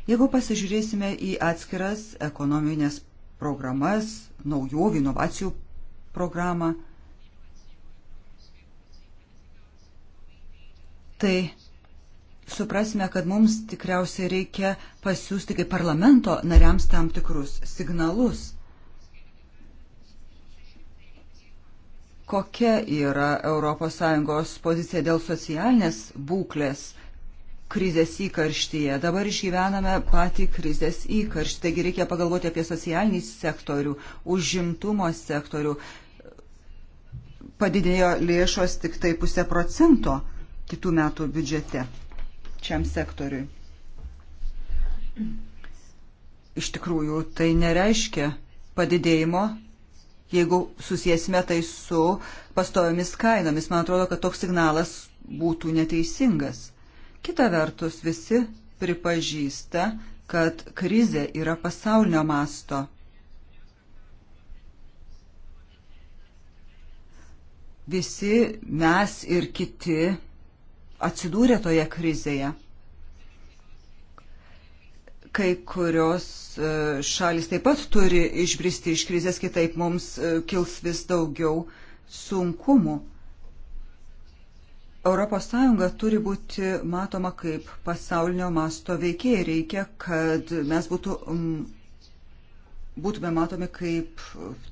Jeigu pasižiūrėsime į atskiras ekonominės programas, naujovių, inovacijų programą, tai suprasime, kad mums tikriausiai reikia pasiūsti kaip parlamento nariams tam tikrus signalus. Kokia yra ES pozicija dėl socialinės būklės krizės įkarštyje. Dabar išgyvename patį krizės įkarštį, taigi reikia pagalvoti apie socialinį sektorių, užimtumo sektorių. Padidėjo lėšos tik tai pusę procento kitų metų biudžete šiam sektoriui. Iš tikrųjų, tai nereiškia padidėjimo, jeigu susijęsime tai su pastoviomis kainomis. Man atrodo, kad toks signalas būtų neteisingas. Kita vertus, visi pripažįsta, kad krizė yra pasaulinio masto. Visi mes ir kiti atsidūrė toje krizėje. Kai kurios e, šalis taip pat turi išbristi iš krizės, kitaip mums e, kils vis daugiau sunkumų. ES turi būti matoma kaip pasaulinio masto veikėjai. Reikia, kad mes būtų, mm, būtume matomi kaip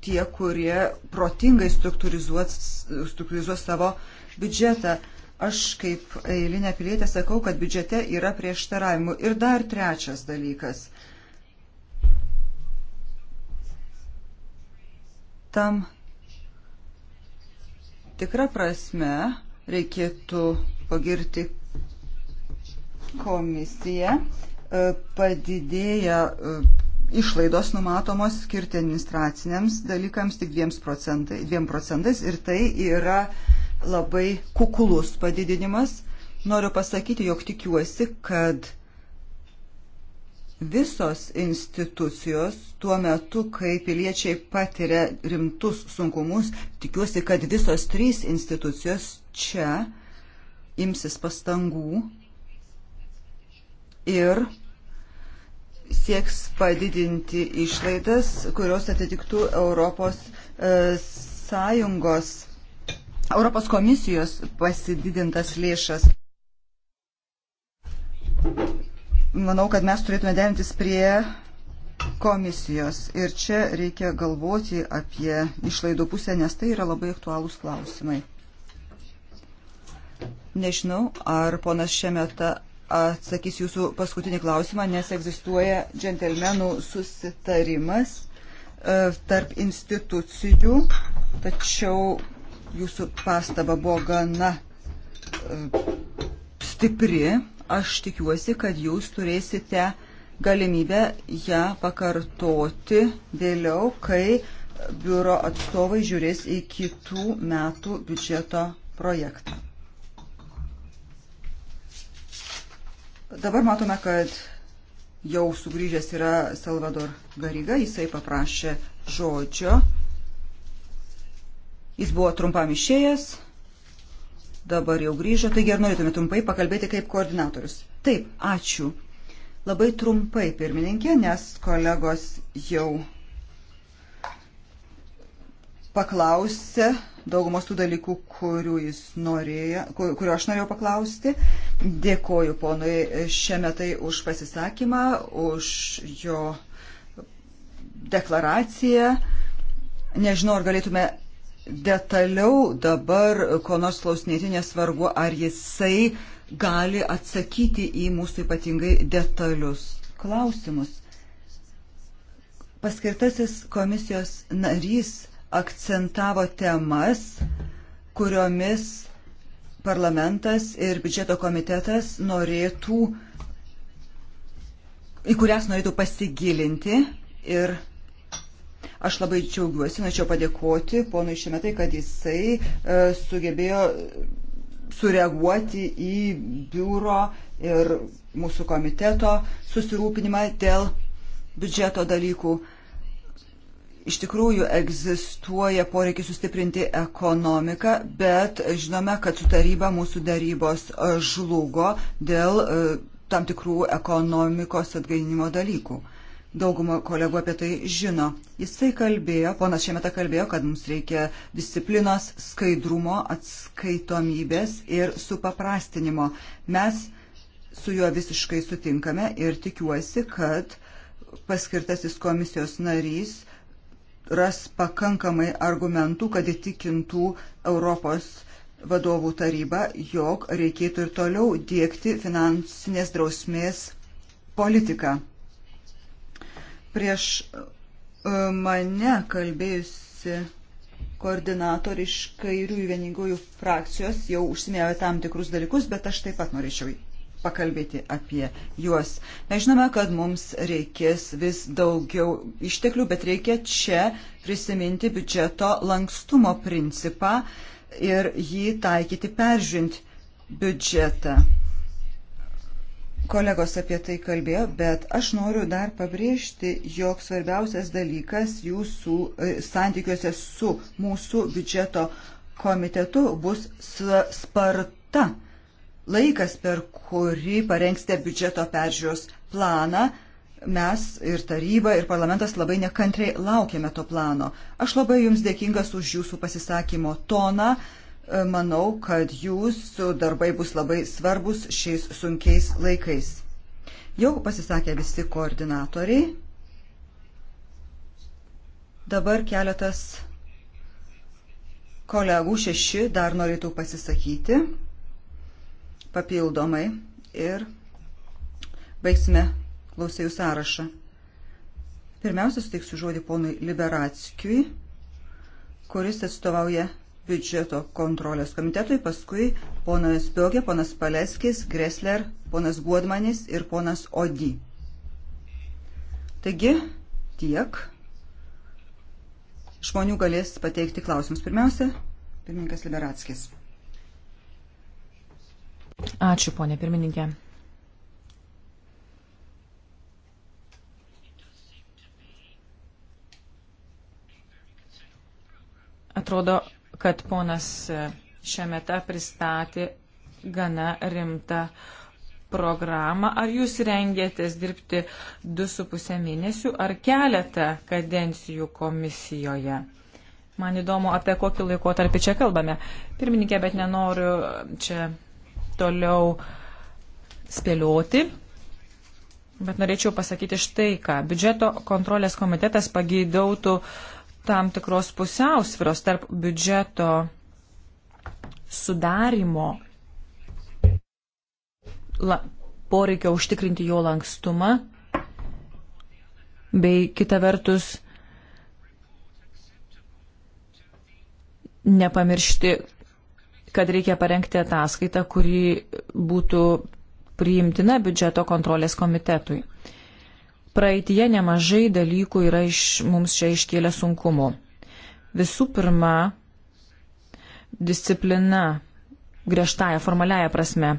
tie, kurie protingai struktūrizuos savo biudžetą. Aš kaip eilinė pilietė sakau, kad biudžete yra prieštaravimų. Ir dar trečias dalykas. Tam tikra prasme Reikėtų pagirti komisiją. E, padidėja e, išlaidos numatomos skirti administraciniams dalykams tik 2 procentai, 2 procentais ir tai yra labai kuklus padidinimas. Noriu pasakyti, jog tikiuosi, kad visos institucijos tuo metu, kai piliečiai patiria rimtus sunkumus, tikiuosi, kad visos trys institucijos čia imsis pastangų ir sieks padidinti išlaidas, kurios atitiktų Europos e, Sąjungos, Europos komisijos pasididintas lėšas. Manau, kad mes turėtume derintis prie komisijos ir čia reikia galvoti apie išlaidų pusę, nes tai yra labai aktualūs klausimai. Nežinau, ar ponas Šemeta atsakys jūsų paskutinį klausimą, nes egzistuoja džentelmenų susitarimas e, tarp institucijų, tačiau jūsų pastaba buvo gana e, stipri. Aš tikiuosi, kad jūs turėsite galimybę ją pakartoti vėliau, kai biuro atstovai žiūrės į kitų metų biudžeto projektą. Dabar matome, kad jau sugrįžęs yra Salvador Gariga, jisai paprašė žodžio. Jis buvo trumpam išėjęs, dabar jau grįžo, taigi ar norėtume trumpai pakalbėti kaip koordinatorius? Taip, ačiū. Labai trumpai, pirmininkė, nes kolegos jau paklausė daugumos tų dalykų, kurių jis norėjo, kurio aš norėjau paklausti. Dėkoju ponui šiame tai už pasisakymą, už jo deklaraciją. Nežinau, ar galėtume detaliau dabar, ko nors klausinėti, nesvarbu, ar jisai gali atsakyti į mūsų ypatingai detalius klausimus. Paskirtasis komisijos narys akcentavo temas, kuriomis parlamentas ir biudžeto komitetas norėtų, į kurias norėtų pasigilinti ir Aš labai džiaugiuosi, norėčiau padėkoti ponui Šimetai, kad jisai e, sugebėjo sureaguoti į biuro ir mūsų komiteto susirūpinimą dėl biudžeto dalykų. E, Iš tikrųjų egzistuoja poreikis sustiprinti ekonomiką, bet žinome, kad su taryba mūsų darybos e, žlugo dėl e, tam tikrų ekonomikos atgaininimo dalykų. Dauguma kolegų apie tai žino. Jisai kalbėjo, ponas Šemeta kalbėjo, kad mums reikia disciplinos, skaidrumo, atskaitomybės ir supaprastinimo. Mes su juo visiškai sutinkame ir tikiuosi, kad paskirtasis komisijos narys ras pakankamai argumentų, kad įtikintų Europos vadovų taryba, jog reikėtų ir toliau dėkti finansinės drausmės politiką. Prieš e, mane kalbėjusi koordinatoriškai ir vieningųjų frakcijos jau užsimėjo tam tikrus dalykus, bet aš taip pat norėčiau pakalbėti apie juos. Mes žinome, kad mums reikės vis daugiau išteklių, bet reikia čia prisiminti biudžeto lankstumo principą ir jį taikyti peržiūrint biudžetą. Kolegos apie tai kalbėjo, bet aš noriu dar pabrėžti, jog svarbiausias dalykas jūsų e, santykiuose su mūsų biudžeto komitetu bus sparta laikas, per kurį parengsite biudžeto peržiūros planą. Mes ir taryba, ir parlamentas labai nekantriai laukiame to plano. Aš labai Jums dėkingas už Jūsų pasisakymo toną. E, manau, kad Jūsų darbai bus labai svarbus šiais sunkiais laikais. Jau pasisakė visi koordinatoriai. Dabar keletas kolegų šeši dar norėtų pasisakyti papildomai ir baigsime klausėjų sąrašą. Pirmiausia, suteiksiu žodį ponui Liberatskiui, kuris atstovauja biudžeto kontrolės komitetui, paskui ponas Biogė, ponas Paleskis, Gresler, ponas Guodmanis ir ponas Odi. Taigi, tiek žmonių galės pateikti klausimus. Pirmiausia, pirmininkas Liberatskis. Ačiū, ponė pirmininkė. Atrodo, kad ponas šiame metą pristatė gana rimtą programą. Ar jūs rengėtės dirbti 2,5 mėnesių ar keletą kadencijų komisijoje? Man įdomu, apie kokį laikotarpį čia kalbame. Pirmininkė, bet nenoriu čia toliau spėlioti, bet norėčiau pasakyti štai ką. Biudžeto kontrolės komitetas pageidautų tam tikros pusiausviros tarp biudžeto sudarimo la, poreikio užtikrinti jo lankstumą bei kita vertus nepamiršti kad reikia parengti ataskaitą, kuri būtų priimtina biudžeto kontrolės komitetui. Praeitie nemažai dalykų yra iš, mums čia iškėlė sunkumų. Visų pirma, disciplina griežtąją formaliają prasme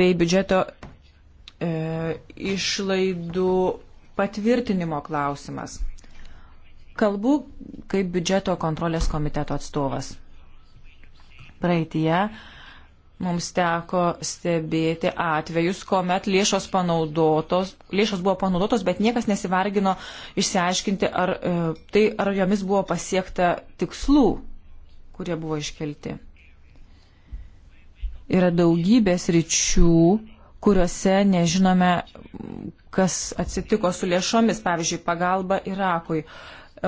bei biudžeto e, išlaidų patvirtinimo klausimas. Kalbu kaip biudžeto kontrolės komiteto atstovas. Praeitie mums teko stebėti atvejus, kuomet lėšos, panaudotos, lėšos buvo panaudotos, bet niekas nesivargino išsiaiškinti, ar, e, tai, ar jomis buvo pasiekta tikslų, kurie buvo iškelti. Yra daugybės ryčių, kuriuose nežinome, kas atsitiko su lėšomis, pavyzdžiui, pagalba Irakui,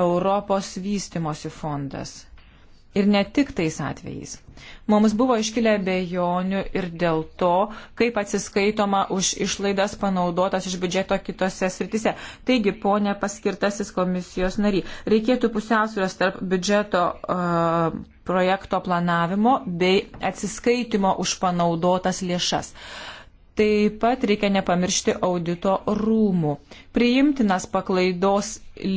Europos vystimosi fondas ir ne tik tais atvejais. Mums buvo iškilę bejonių ir dėl to, kaip atsiskaitoma už išlaidas panaudotas iš biudžeto kitose sritise. Taigi, ponė paskirtasis komisijos nary, reikėtų pusiausvėros tarp biudžeto uh, projekto planavimo bei atsiskaitimo už panaudotas lėšas. Uh, Taip pat reikia nepamiršti audito rūmų. Priimtinas paklaidos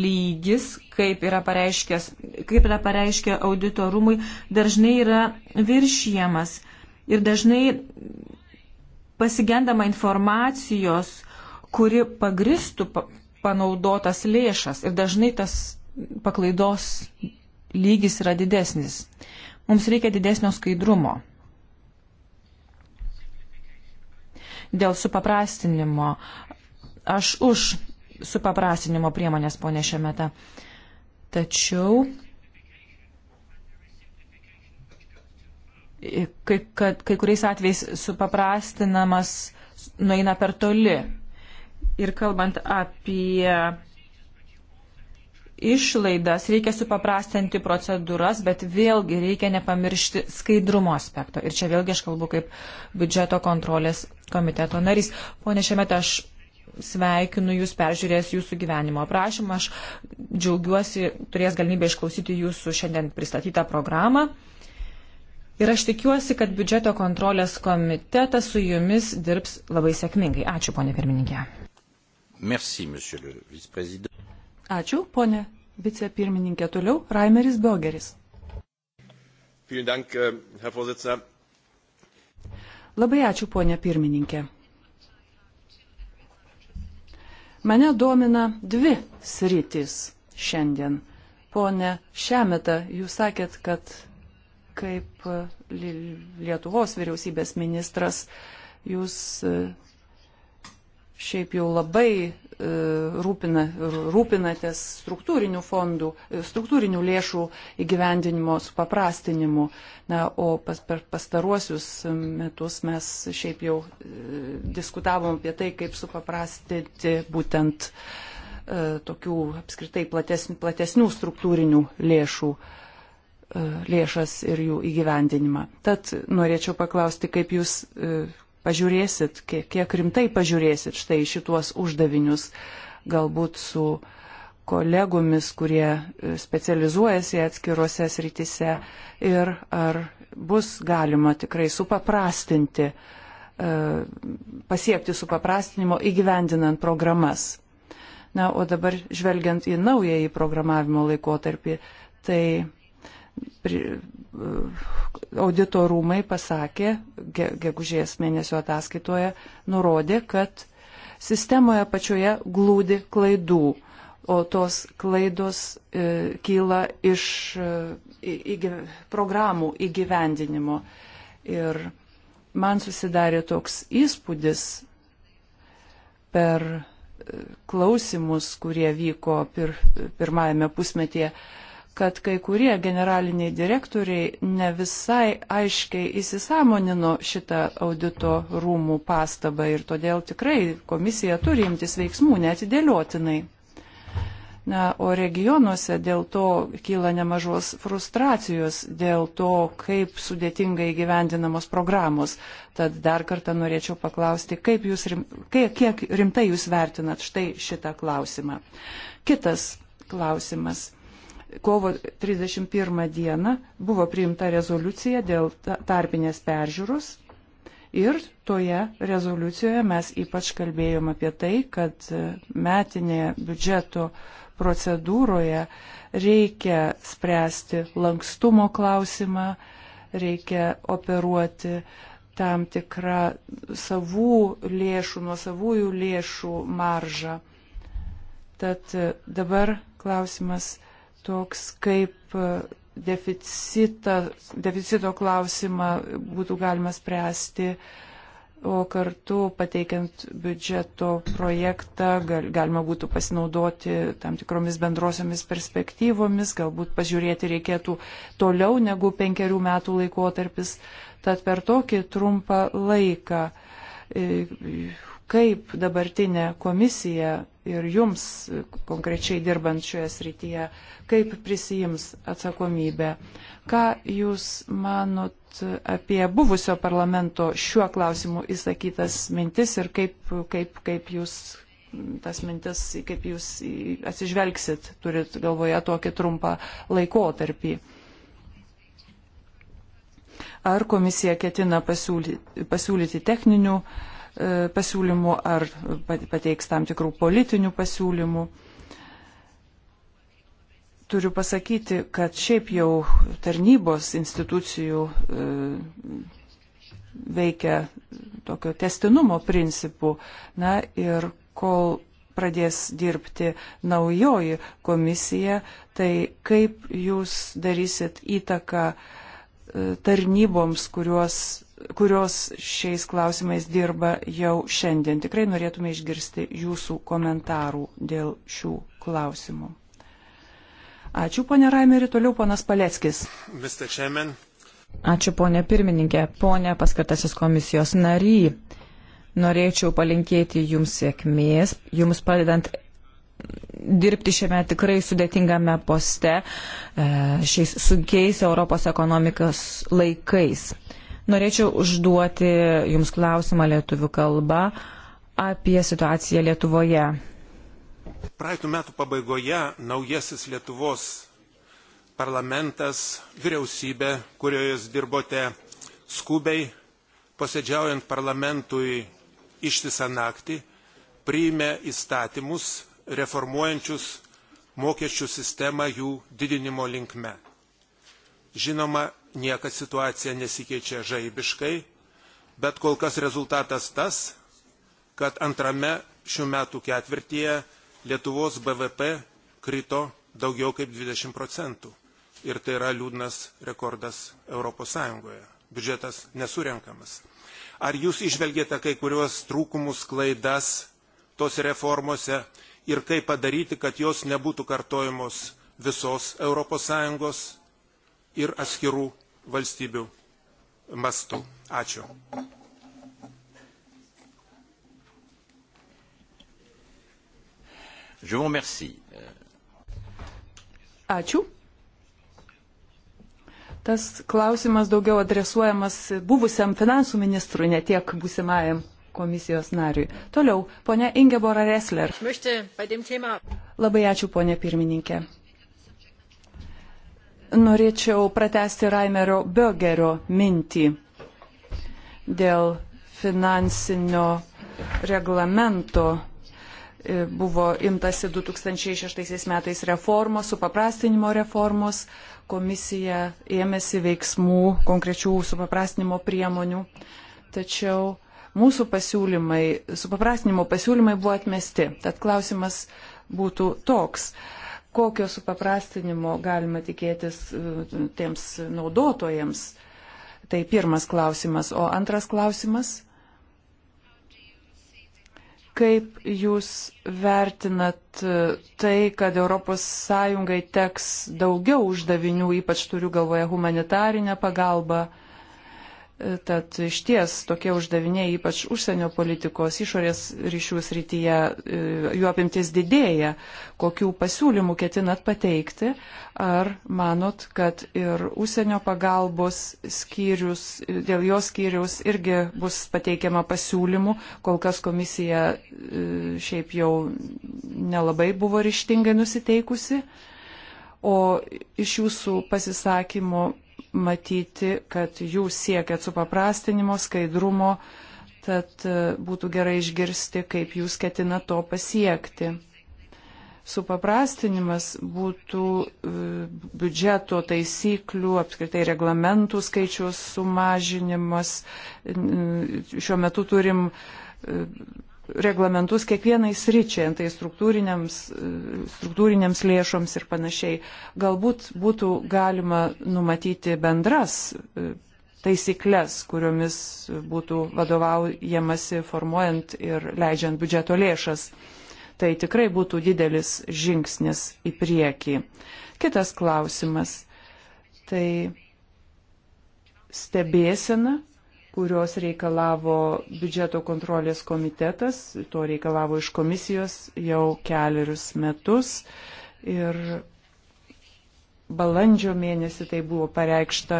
lygis, kaip yra, kaip yra pareiškia audito rūmui, dažnai yra viršijamas ir dažnai pasigendama informacijos, kuri pagristų panaudotas lėšas ir dažnai tas paklaidos lygis yra didesnis. Mums reikia didesnio skaidrumo. dėl supaprastinimo. Aš už supaprastinimo priemonės, ponė Šemeta. Tačiau, kai, kad, kai kuriais atvejais supaprastinamas nueina per toli. Ir kalbant apie išlaidas, reikia supaprastinti procedūras, bet vėlgi reikia nepamiršti skaidrumo aspekto. Ir čia vėlgi aš kalbu kaip biudžeto kontrolės komiteto narys. Pone Šemet, aš sveikinu Jūs, peržiūrės Jūsų gyvenimo aprašymą. Aš džiaugiuosi, turės galimybę išklausyti Jūsų šiandien pristatytą programą. Ir aš tikiuosi, kad biudžeto kontrolės komitetas su Jumis dirbs labai sėkmingai. Ačiū, ponė pirmininkė. Merci, monsieur le vice-président. Ačiū, ponė vicepirmininkė. Toliau Raimeris Biogeris. Äh, labai ačiū, ponė pirmininkė. Mane domina dvi sritis šiandien. Pone Šemeta, jūs sakėt, kad kaip e, Lietuvos vyriausybės ministras jūs e, šiaip jau labai E, rūpina, rūpinatės struktūrinių fondų, e, struktūrinių lėšų įgyvendinimo supaprastinimu. Na, o pas, per pastaruosius metus mes šiaip jau e, diskutavom apie tai, kaip supaprastinti būtent tokių apskritai platesnių, platesnių struktūrinių lėšų lėšas ir jų įgyvendinimą. Tad norėčiau paklausti, kaip jūs pažiūrėsit, kiek, kiek rimtai pažiūrėsit štai šituos uždavinius, galbūt su kolegomis, kurie e, specializuojasi atskiruose srityse ir ar bus galima tikrai supaprastinti, e, pasiekti supaprastinimo įgyvendinant programas. Na, o dabar žvelgiant į naująjį programavimo laikotarpį, tai Uh, audito rūmai pasakė, gegužės mėnesio ataskaitoje nurodė, kad sistemoje pačioje glūdi klaidų, o tos klaidos e, kyla iš e, įgy, programų įgyvendinimo. Ir man susidarė toks įspūdis per e, klausimus, kurie vyko pir, pirmajame pusmetyje, e, kad kai kurie generaliniai direktoriai ne visai aiškiai įsisamonino šitą audito rūmų pastabą ir todėl tikrai komisija turi imtis veiksmų netidėliotinai. Na, o regionuose dėl to kyla nemažos frustracijos dėl to, kaip sudėtingai gyvendinamos programos. Tad dar kartą norėčiau paklausti, kaip jūs rim, kiek, kiek rimtai jūs vertinat štai šitą klausimą. Kitas klausimas kovo 31 dieną buvo priimta rezoliucija dėl tarpinės peržiūros ir toje rezoliucijoje mes ypač kalbėjom apie tai, kad e, metinėje biudžeto procedūroje reikia spręsti lankstumo klausimą, reikia operuoti tam tikrą savų lėšų, nuo savųjų lėšų maržą. Tad e, dabar klausimas toks kaip e, deficitą, deficito klausimą būtų galima spręsti, o kartu pateikiant biudžeto projektą gal, galima būtų pasinaudoti tam tikromis bendrosiamis perspektyvomis, galbūt pažiūrėti reikėtų toliau negu penkerių metų laikotarpis. Tad per tokį trumpą laiką, e, kaip dabartinė komisija ir jums konkrečiai dirbant šioje srityje, kaip prisijims atsakomybę. Ką jūs manot apie buvusio parlamento šiuo klausimu įsakytas mintis ir kaip, kaip, kaip jūs tas mintis, kaip jūs atsižvelgsit, turit galvoje tokį trumpą laikotarpį ar komisija ketina pasiūlyti, pasiūlyti techninių E, pasiūlymų ar pateiks tam tikrų politinių pasiūlymų. Turiu pasakyti, kad šiaip jau tarnybos institucijų e, veikia tokio testinumo principų. Na ir kol pradės dirbti naujoji komisija, tai kaip jūs darysit įtaką e, tarnyboms, kuriuos kurios šiais klausimais dirba jau šiandien. Tikrai norėtume išgirsti jūsų komentarų dėl šių klausimų. Ačiū, ponė Raimeri, toliau ponas Paleckis. Ačiū, ponė pirmininkė, ponė paskatasis komisijos nary. Norėčiau palinkėti jums sėkmės, jums padedant dirbti šiame tikrai sudėtingame poste e, šiais sunkiais Europos ekonomikos laikais. Norėčiau užduoti Jums klausimą lietuvių kalba apie situaciją Lietuvoje. Praeitų metų pabaigoje naujasis Lietuvos parlamentas, vyriausybė, kurioje jūs dirbote skubiai, posėdžiaujant parlamentui ištisą naktį, priėmė įstatymus reformuojančius mokesčių sistemą jų didinimo linkme. Žinoma, niekas situacija nesikeičia žaibiškai, bet kol kas rezultatas tas, kad antrame šių metų ketvirtyje Lietuvos BVP krito daugiau kaip 20 procentų. Ir tai yra liūdnas rekordas ES. Biudžetas nesurenkamas. Ar jūs išvelgėte kai kuriuos trūkumus, klaidas tos reformose ir kaip padaryti, kad jos nebūtų kartojamos visos ES ir atskirų valstybių mastų. Ačiū. Je vous remercie. Ačiū. Tas klausimas daugiau adresuojamas buvusiam finansų ministrui, ne tiek būsimajam komisijos nariui. Toliau, ponia Ingebora Resler. Labai ačiū, ponia pirmininkė norėčiau pratesti Raimerio Bögerio mintį dėl finansinio reglamento e, buvo imtasi 2006 metais reformos, supaprastinimo reformos, komisija ėmėsi veiksmų, konkrečių supaprastinimo priemonių, tačiau mūsų pasiūlymai, supaprastinimo pasiūlymai buvo atmesti. Tad klausimas būtų toks, kokio supaprastinimo galima tikėtis e, tiems naudotojams. Tai pirmas klausimas. O antras klausimas. Kaip jūs vertinat e, tai, kad ES teks daugiau uždavinių, ypač turiu galvoje humanitarinę pagalbą? Tad iš ties tokie uždaviniai, ypač užsienio politikos išorės ryšių srityje, e, jų apimtis didėja. Kokių pasiūlymų ketinat pateikti? Ar manot, kad ir užsienio pagalbos skyrius, dėl jos skyrius irgi bus pateikiama pasiūlymų? Kol kas komisija e, šiaip jau nelabai buvo ryštingai nusiteikusi. O iš jūsų pasisakymų matyti, kad jūs siekiat supaprastinimo, skaidrumo, tad e, būtų gerai išgirsti, kaip jūs ketina to pasiekti. Supaprastinimas būtų e, biudžeto taisyklių, apskritai reglamentų skaičiaus sumažinimas. Šiuo metu turim e, reglamentus kiekvienai sričiai, tai struktūriniams, struktūriniams lėšoms ir panašiai. Galbūt būtų galima numatyti bendras e, taisyklės, kuriomis būtų vadovaujamasi formuojant ir leidžiant biudžeto lėšas. Tai tikrai būtų didelis žingsnis į priekį. Kitas klausimas. Tai stebėsena kurios reikalavo biudžeto kontrolės komitetas, to reikalavo iš komisijos jau keliarius metus. Ir balandžio mėnesį tai buvo pareikšta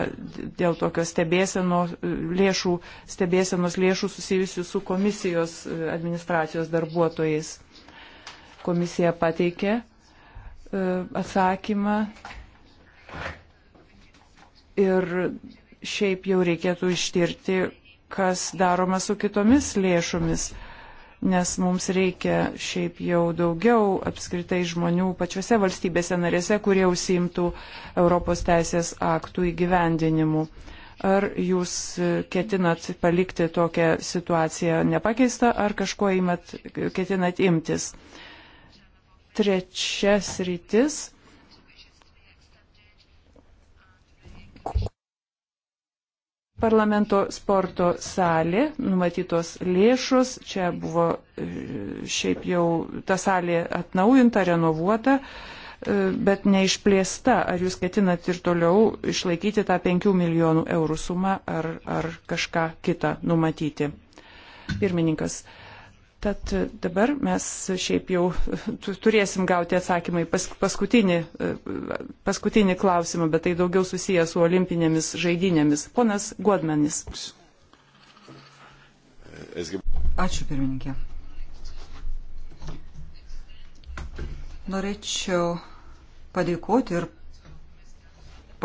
dėl tokio stebėsenos lėšų, stebėsenos lėšų susijusių su komisijos e, administracijos darbuotojais. Komisija pateikė e, atsakymą ir šiaip jau reikėtų ištirti, kas daroma su kitomis lėšomis, nes mums reikia šiaip jau daugiau apskritai žmonių pačiose valstybėse narėse, kurie užsimtų Europos teisės aktų įgyvendinimu. Ar jūs ketinat palikti tokią situaciją nepakeistą, ar kažko imat, ketinat imtis? Trečias rytis parlamento sporto salė, numatytos lėšos, čia buvo e, šiaip jau ta salė atnaujinta, renovuota, e, bet neišplėsta. Ar jūs ketinat ir toliau išlaikyti tą 5 milijonų eurų sumą ar, ar kažką kitą numatyti? Pirmininkas. Uh, Tad dabar mes šiaip jau turėsim gauti atsakymai pas, paskutinį, paskutinį klausimą, bet tai daugiau susijęs su olimpinėmis žaidynėmis. Ponas Godmenis. Ačiū pirmininkė. Norėčiau padėkoti ir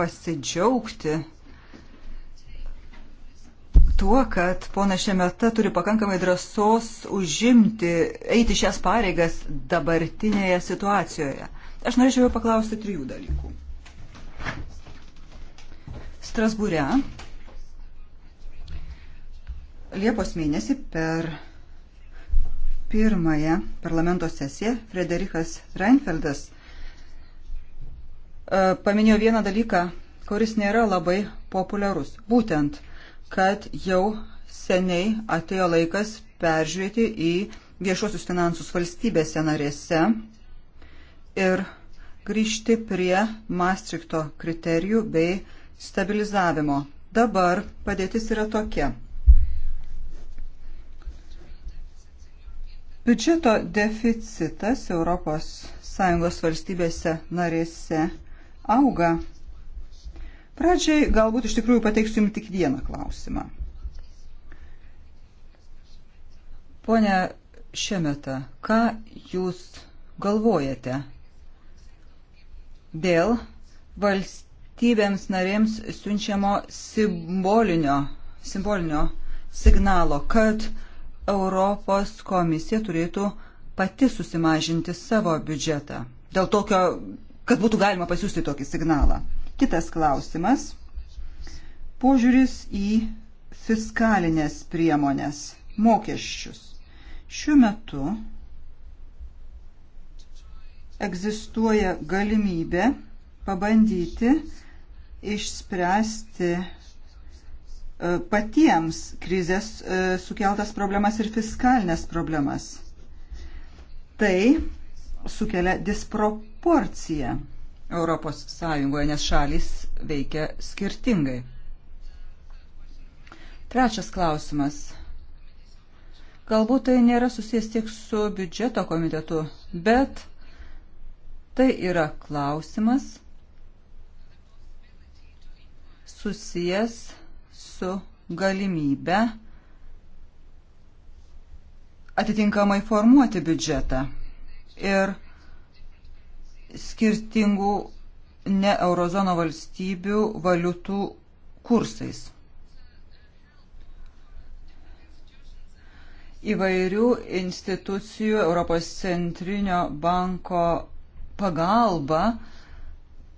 pasidžiaugti tuo, kad pona Šemeta turi pakankamai drąsos užimti, eiti šias pareigas dabartinėje situacijoje. Aš norėčiau paklausti trijų dalykų. Strasbūre Liepos mėnesį per pirmąją parlamento sesiją Frederikas Reinfeldas e, paminėjo vieną dalyką, kuris nėra labai populiarus. Būtent – kad jau seniai atėjo laikas peržiūrėti į viešuosius finansus valstybėse narėse ir grįžti prie Maastrichto kriterijų bei stabilizavimo. Dabar padėtis yra tokia. Biudžeto deficitas ES valstybėse narėse auga Pradžiai galbūt iš tikrųjų pateiksiu jums tik vieną klausimą. Pone Šemeta, ką jūs galvojate dėl valstybėms narėms siunčiamo simbolinio, simbolinio signalo, kad Europos komisija turėtų pati susimažinti savo biudžetą. Dėl tokio, kad būtų galima pasiūsti tokį signalą. Kitas klausimas. Požiūris į fiskalinės priemonės, mokesčius. Šiuo metu egzistuoja galimybė pabandyti išspręsti e, patiems krizės e, sukeltas problemas ir fiskalinės problemas. Tai sukelia disproporciją Europos Sąjungoje, nes šalis veikia skirtingai. Trečias klausimas. Galbūt tai nėra susijęs tiek su biudžeto komitetu, bet tai yra klausimas susijęs su galimybe atitinkamai formuoti biudžetą. Ir skirtingų ne eurozono valstybių valiutų kursais. Įvairių institucijų Europos centrinio banko pagalba,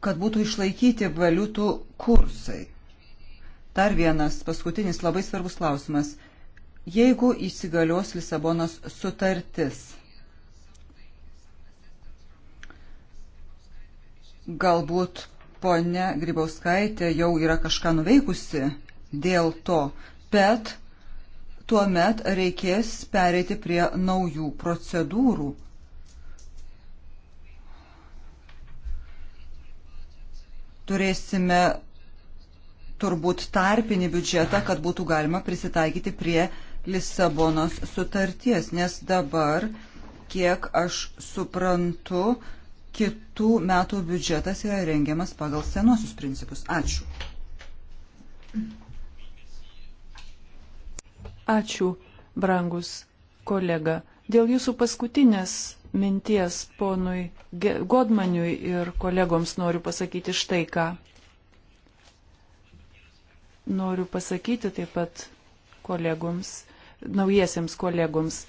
kad būtų išlaikyti valiutų kursai. Dar vienas paskutinis labai svarbus klausimas. Jeigu įsigalios Lisabonos sutartis, Galbūt ponia Grybauskaitė jau yra kažką nuveikusi dėl to, bet tuo met reikės pereiti prie naujų procedūrų. Turėsime turbūt tarpinį biudžetą, kad būtų galima prisitaikyti prie Lisabonos sutarties, nes dabar, kiek aš suprantu, kitų metų biudžetas yra rengiamas pagal senuosius principus. Ačiū. Ačiū, brangus kolega. Dėl jūsų paskutinės minties ponui Godmaniui ir kolegoms noriu pasakyti štai ką. Noriu pasakyti taip pat kolegoms, naujiesiems kolegoms,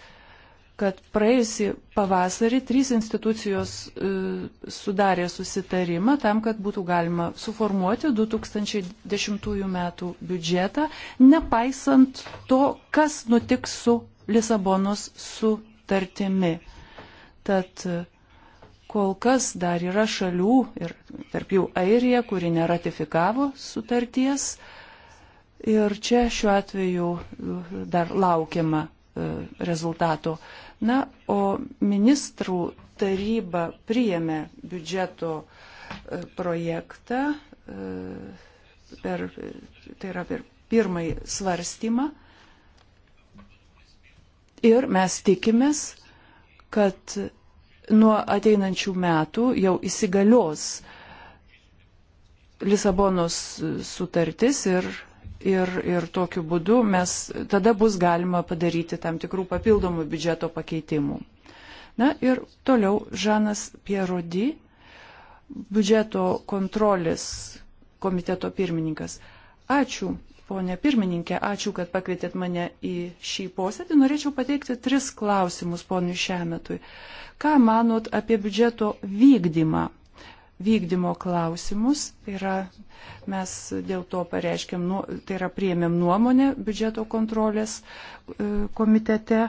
kad praėjusį pavasarį trys institucijos e, sudarė susitarimą tam, kad būtų galima suformuoti 2010 metų biudžetą, nepaisant to, kas nutiks su Lisabonos sutartimi. Tad e, kol kas dar yra šalių, ir tarp jų Airija, kuri neratifikavo sutarties. Ir čia šiuo atveju e, dar laukiama e, rezultato. Na, o ministrų taryba priėmė biudžeto e, projektą e, per, tai yra per pirmąjį svarstymą. Ir mes tikimės, kad nuo ateinančių metų jau įsigalios Lisabonos sutartis ir ir, ir tokiu būdu mes tada bus galima padaryti tam tikrų papildomų biudžeto pakeitimų. Na ir toliau Žanas Pierodi, biudžeto kontrolės komiteto pirmininkas. Ačiū, ponė pirmininkė, ačiū, kad pakvietėt mane į šį posėdį. Norėčiau pateikti tris klausimus ponui Šemetui. Ką manot apie biudžeto vykdymą? vykdymo klausimus. Tai yra, mes dėl to pareiškėm, nu, tai yra priėmėm nuomonę biudžeto kontrolės e, komitete.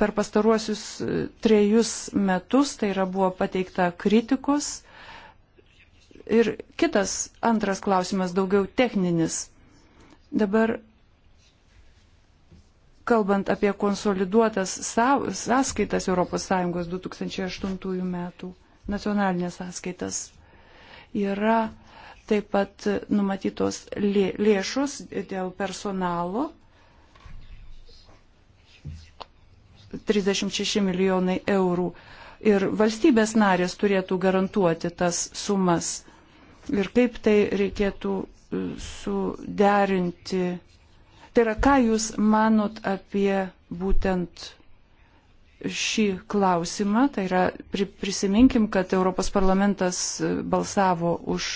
Per pastaruosius e, trejus metus tai yra buvo pateikta kritikos. Ir kitas antras klausimas daugiau techninis. Dabar kalbant apie konsoliduotas sąskaitas ES 2008 metų nacionalinės sąskaitas. Yra taip pat numatytos lė, lėšos dėl personalo 36 milijonai eurų. Ir valstybės narės turėtų garantuoti tas sumas. Ir kaip tai reikėtų e, suderinti. Tai yra, ką Jūs manot apie būtent šį klausimą. Tai yra prisiminkim, kad Europos parlamentas balsavo už,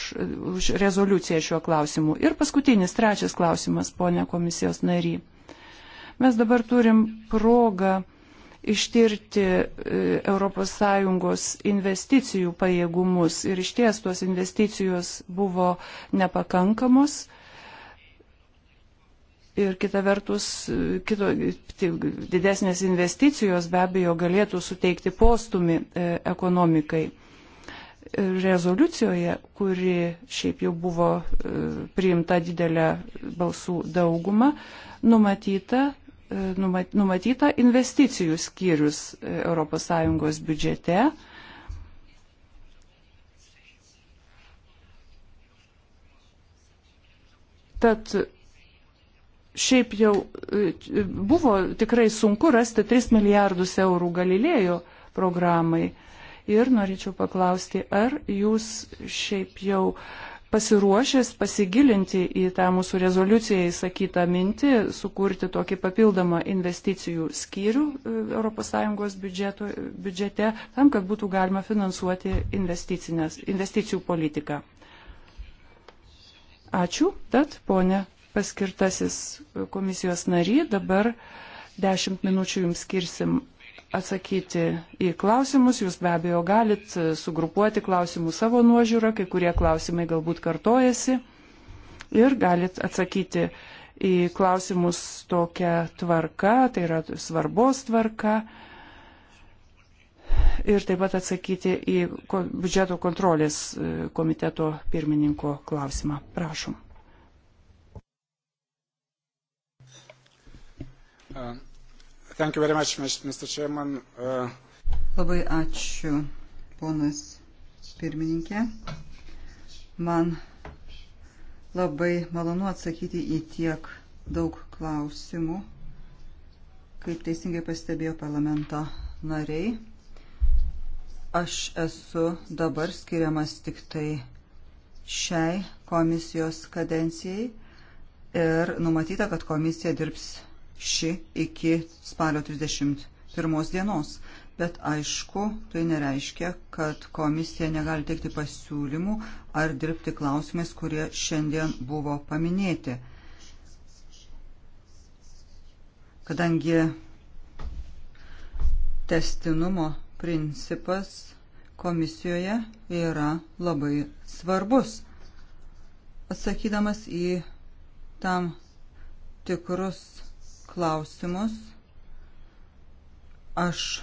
už rezoliuciją šiuo klausimu. Ir paskutinis, trečias klausimas, ponia komisijos nary. Mes dabar turim progą ištirti ES investicijų pajėgumus ir išties tos investicijos buvo nepakankamos Ir kita vertus, kito, tai didesnės investicijos be abejo galėtų suteikti postumį e, ekonomikai. Rezoliucijoje, kuri šiaip jau buvo e, priimta didelę balsų daugumą, numatyta, e, numatyta investicijų skyrius ES biudžete. Tad šiaip jau e, e, buvo tikrai sunku rasti 3 milijardus eurų Galilėjo programai. Ir norėčiau paklausti, ar jūs šiaip jau pasiruošęs pasigilinti į tą mūsų rezoliuciją įsakytą mintį, sukurti tokį papildomą investicijų skyrių e, ES biudžeto, biudžete, tam, kad būtų galima finansuoti investicijų politiką. Ačiū, tad ponė paskirtasis komisijos nary, dabar 10 minučių jums skirsim atsakyti į klausimus. Jūs be abejo galit sugrupuoti klausimus savo nuožiūrą, kai kurie klausimai galbūt kartojasi. Ir galit atsakyti į klausimus tokią tvarką, tai yra svarbos tvarka. Ir taip pat atsakyti į biudžeto kontrolės e, komiteto pirmininko klausimą. Prašom. Uh, thank you very much, Mr. Chairman. Uh... Labai ačiū, ponas pirmininkė. Man labai malonu atsakyti į tiek daug klausimų, kaip teisingai pastebėjo parlamento nariai. Aš esu dabar skiriamas tik tai šiai komisijos kadencijai ir numatyta, kad komisija dirbs ši iki spalio 31 dienos. Bet aišku, tai nereiškia, kad komisija negali teikti pasiūlymų ar dirbti klausimais, kurie šiandien buvo paminėti. Kadangi testinumo principas komisijoje yra labai svarbus. Atsakydamas į tam tikrus klausimus. Aš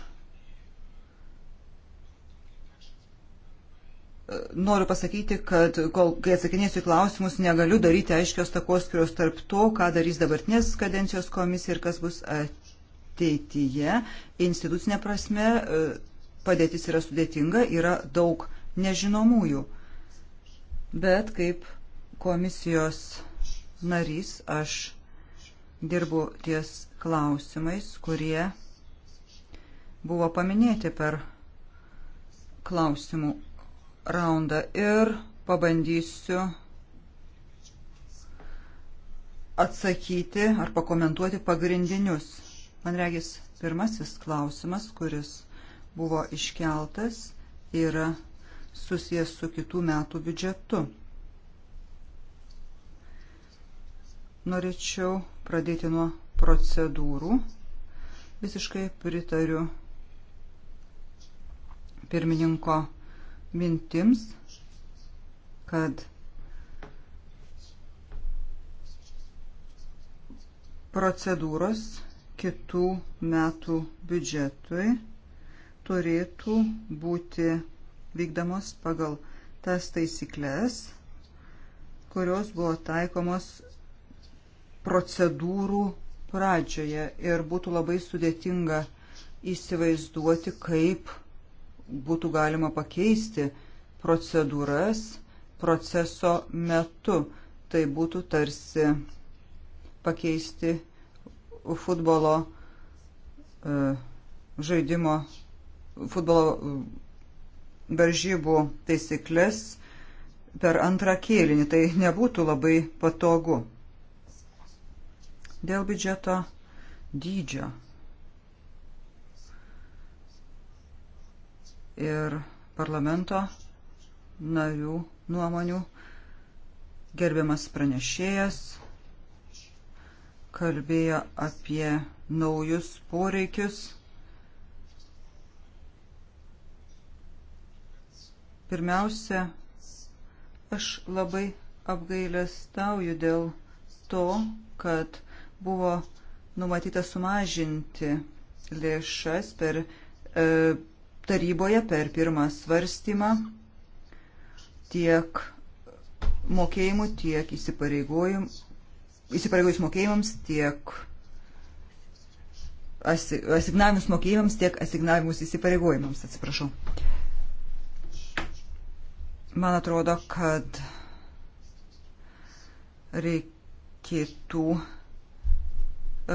e, noriu pasakyti, kad kol, kai atsakinėsiu į klausimus, negaliu daryti aiškios takos skirios tarp to, ką darys dabartinės kadencijos komisija ir kas bus ateityje. Institucinė prasme e, padėtis yra sudėtinga, yra daug nežinomųjų. Bet kaip komisijos narys aš dirbu ties klausimais, kurie buvo paminėti per klausimų raundą ir pabandysiu atsakyti ar pakomentuoti pagrindinius. Man regis, pirmasis klausimas, kuris buvo iškeltas, yra susijęs su kitų metų biudžetu. Norėčiau pradėti nuo procedūrų. Visiškai pritariu pirmininko mintims, kad procedūros kitų metų biudžetui turėtų būti vykdamos pagal tas taisyklės, kurios buvo taikomos procedūrų pradžioje ir būtų labai sudėtinga įsivaizduoti, kaip būtų galima pakeisti procedūras proceso metu. Tai būtų tarsi pakeisti futbolo e, žaidimo, futbolo e, varžybų taisyklės per antrą kėlinį. Tai nebūtų labai patogu. Dėl biudžeto dydžio ir parlamento narių nuomonių. Gerbiamas pranešėjas kalbėjo apie naujus poreikius. Pirmiausia, aš labai apgailestauju dėl to, kad buvo numatyta sumažinti lėšas per e, taryboje per pirmą svarstymą tiek mokėjimų, tiek įsipareigojus mokėjimams, tiek asignavimus mokėjimams, tiek asignavimus įsipareigojimams, atsiprašau. Man atrodo, kad reikėtų E,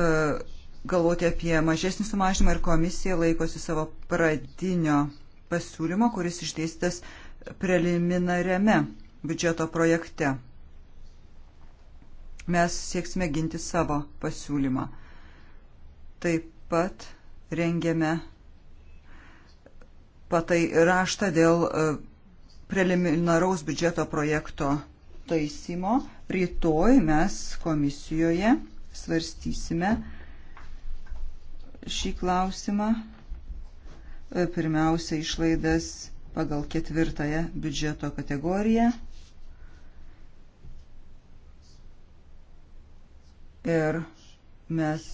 galvoti apie mažesnį sumažinimą ir komisija laikosi savo pradinio pasiūlymo, kuris išdėstytas preliminariame biudžeto projekte. Mes sieksime ginti savo pasiūlymą. Taip pat rengiame patai raštą dėl e, preliminaraus biudžeto projekto taisymo. Rytoj mes komisijoje svarstysime šį klausimą. E, pirmiausia, išlaidas pagal ketvirtąją biudžeto kategoriją. Ir mes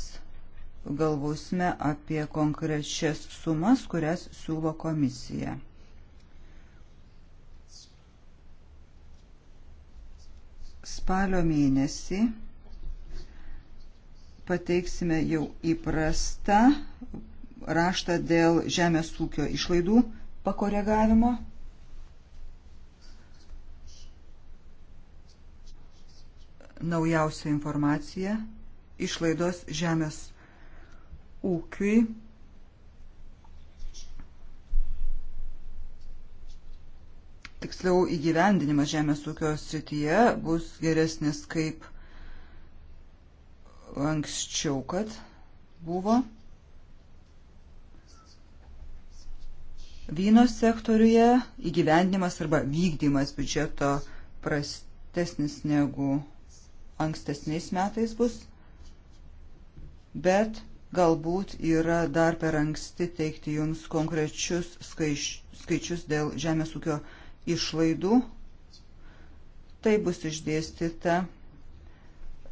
galvosime apie konkrečias sumas, kurias siūlo komisija. Spalio mėnesį pateiksime jau įprastą raštą dėl žemės ūkio išlaidų pakoregavimo. Naujausia informacija išlaidos žemės ūkiui tiksliau įgyvendinimas žemės ūkio srityje bus geresnis kaip anksčiau, kad buvo vyno sektoriuje įgyvendimas arba vykdymas biudžeto prastesnis negu ankstesniais metais bus, bet galbūt yra dar per anksti teikti jums konkrečius skaič, skaičius dėl žemės ūkio išlaidų. Tai bus išdėstyta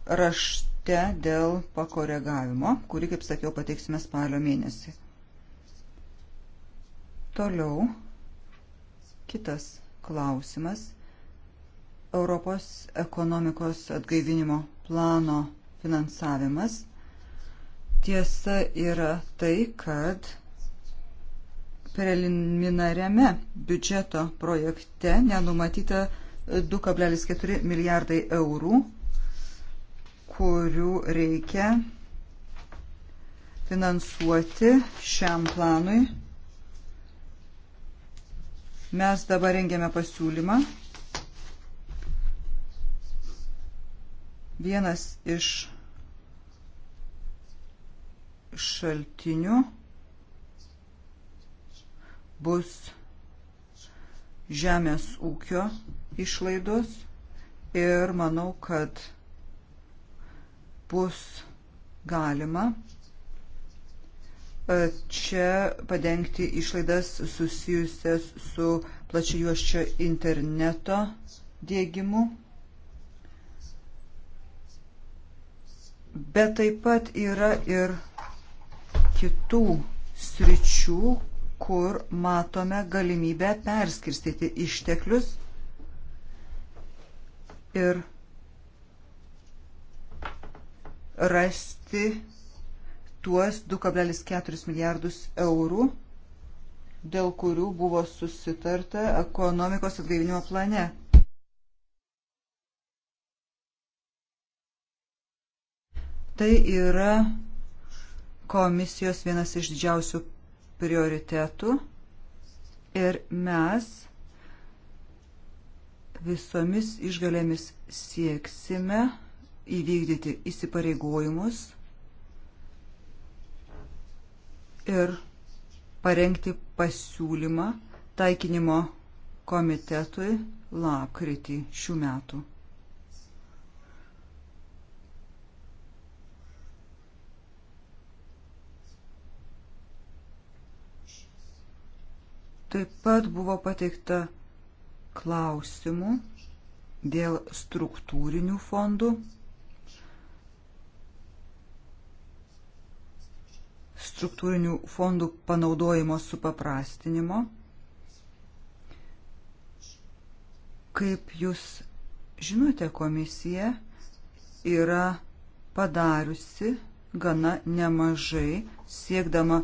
raštu rašte dėl pakoregavimo, kurį, kaip sakiau, pateiksime spalio mėnesį. Toliau kitas klausimas. Europos ekonomikos atgaivinimo plano finansavimas. Tiesa yra tai, kad preliminariame biudžeto projekte nenumatyta 2,4 milijardai eurų kurių reikia finansuoti šiam planui. Mes dabar rengiame pasiūlymą. Vienas iš šaltinių bus žemės ūkio išlaidos ir manau, kad bus galima e, čia padengti išlaidas susijusias su plačiajuoščio interneto dėgymu. Bet taip pat yra ir kitų sričių, kur matome galimybę perskirstyti išteklius ir rasti tuos 2,4 milijardus eurų, dėl kurių buvo susitarta ekonomikos atgaivinimo plane. Tai yra komisijos vienas iš didžiausių prioritetų ir mes visomis išgalėmis sieksime įvykdyti įsipareigojimus ir parengti pasiūlymą taikinimo komitetui lapkritį šių metų. Taip pat buvo pateikta klausimų dėl struktūrinių fondų struktūrinių fondų panaudojimo supaprastinimo. Kaip jūs žinote, komisija yra padariusi gana nemažai siekdama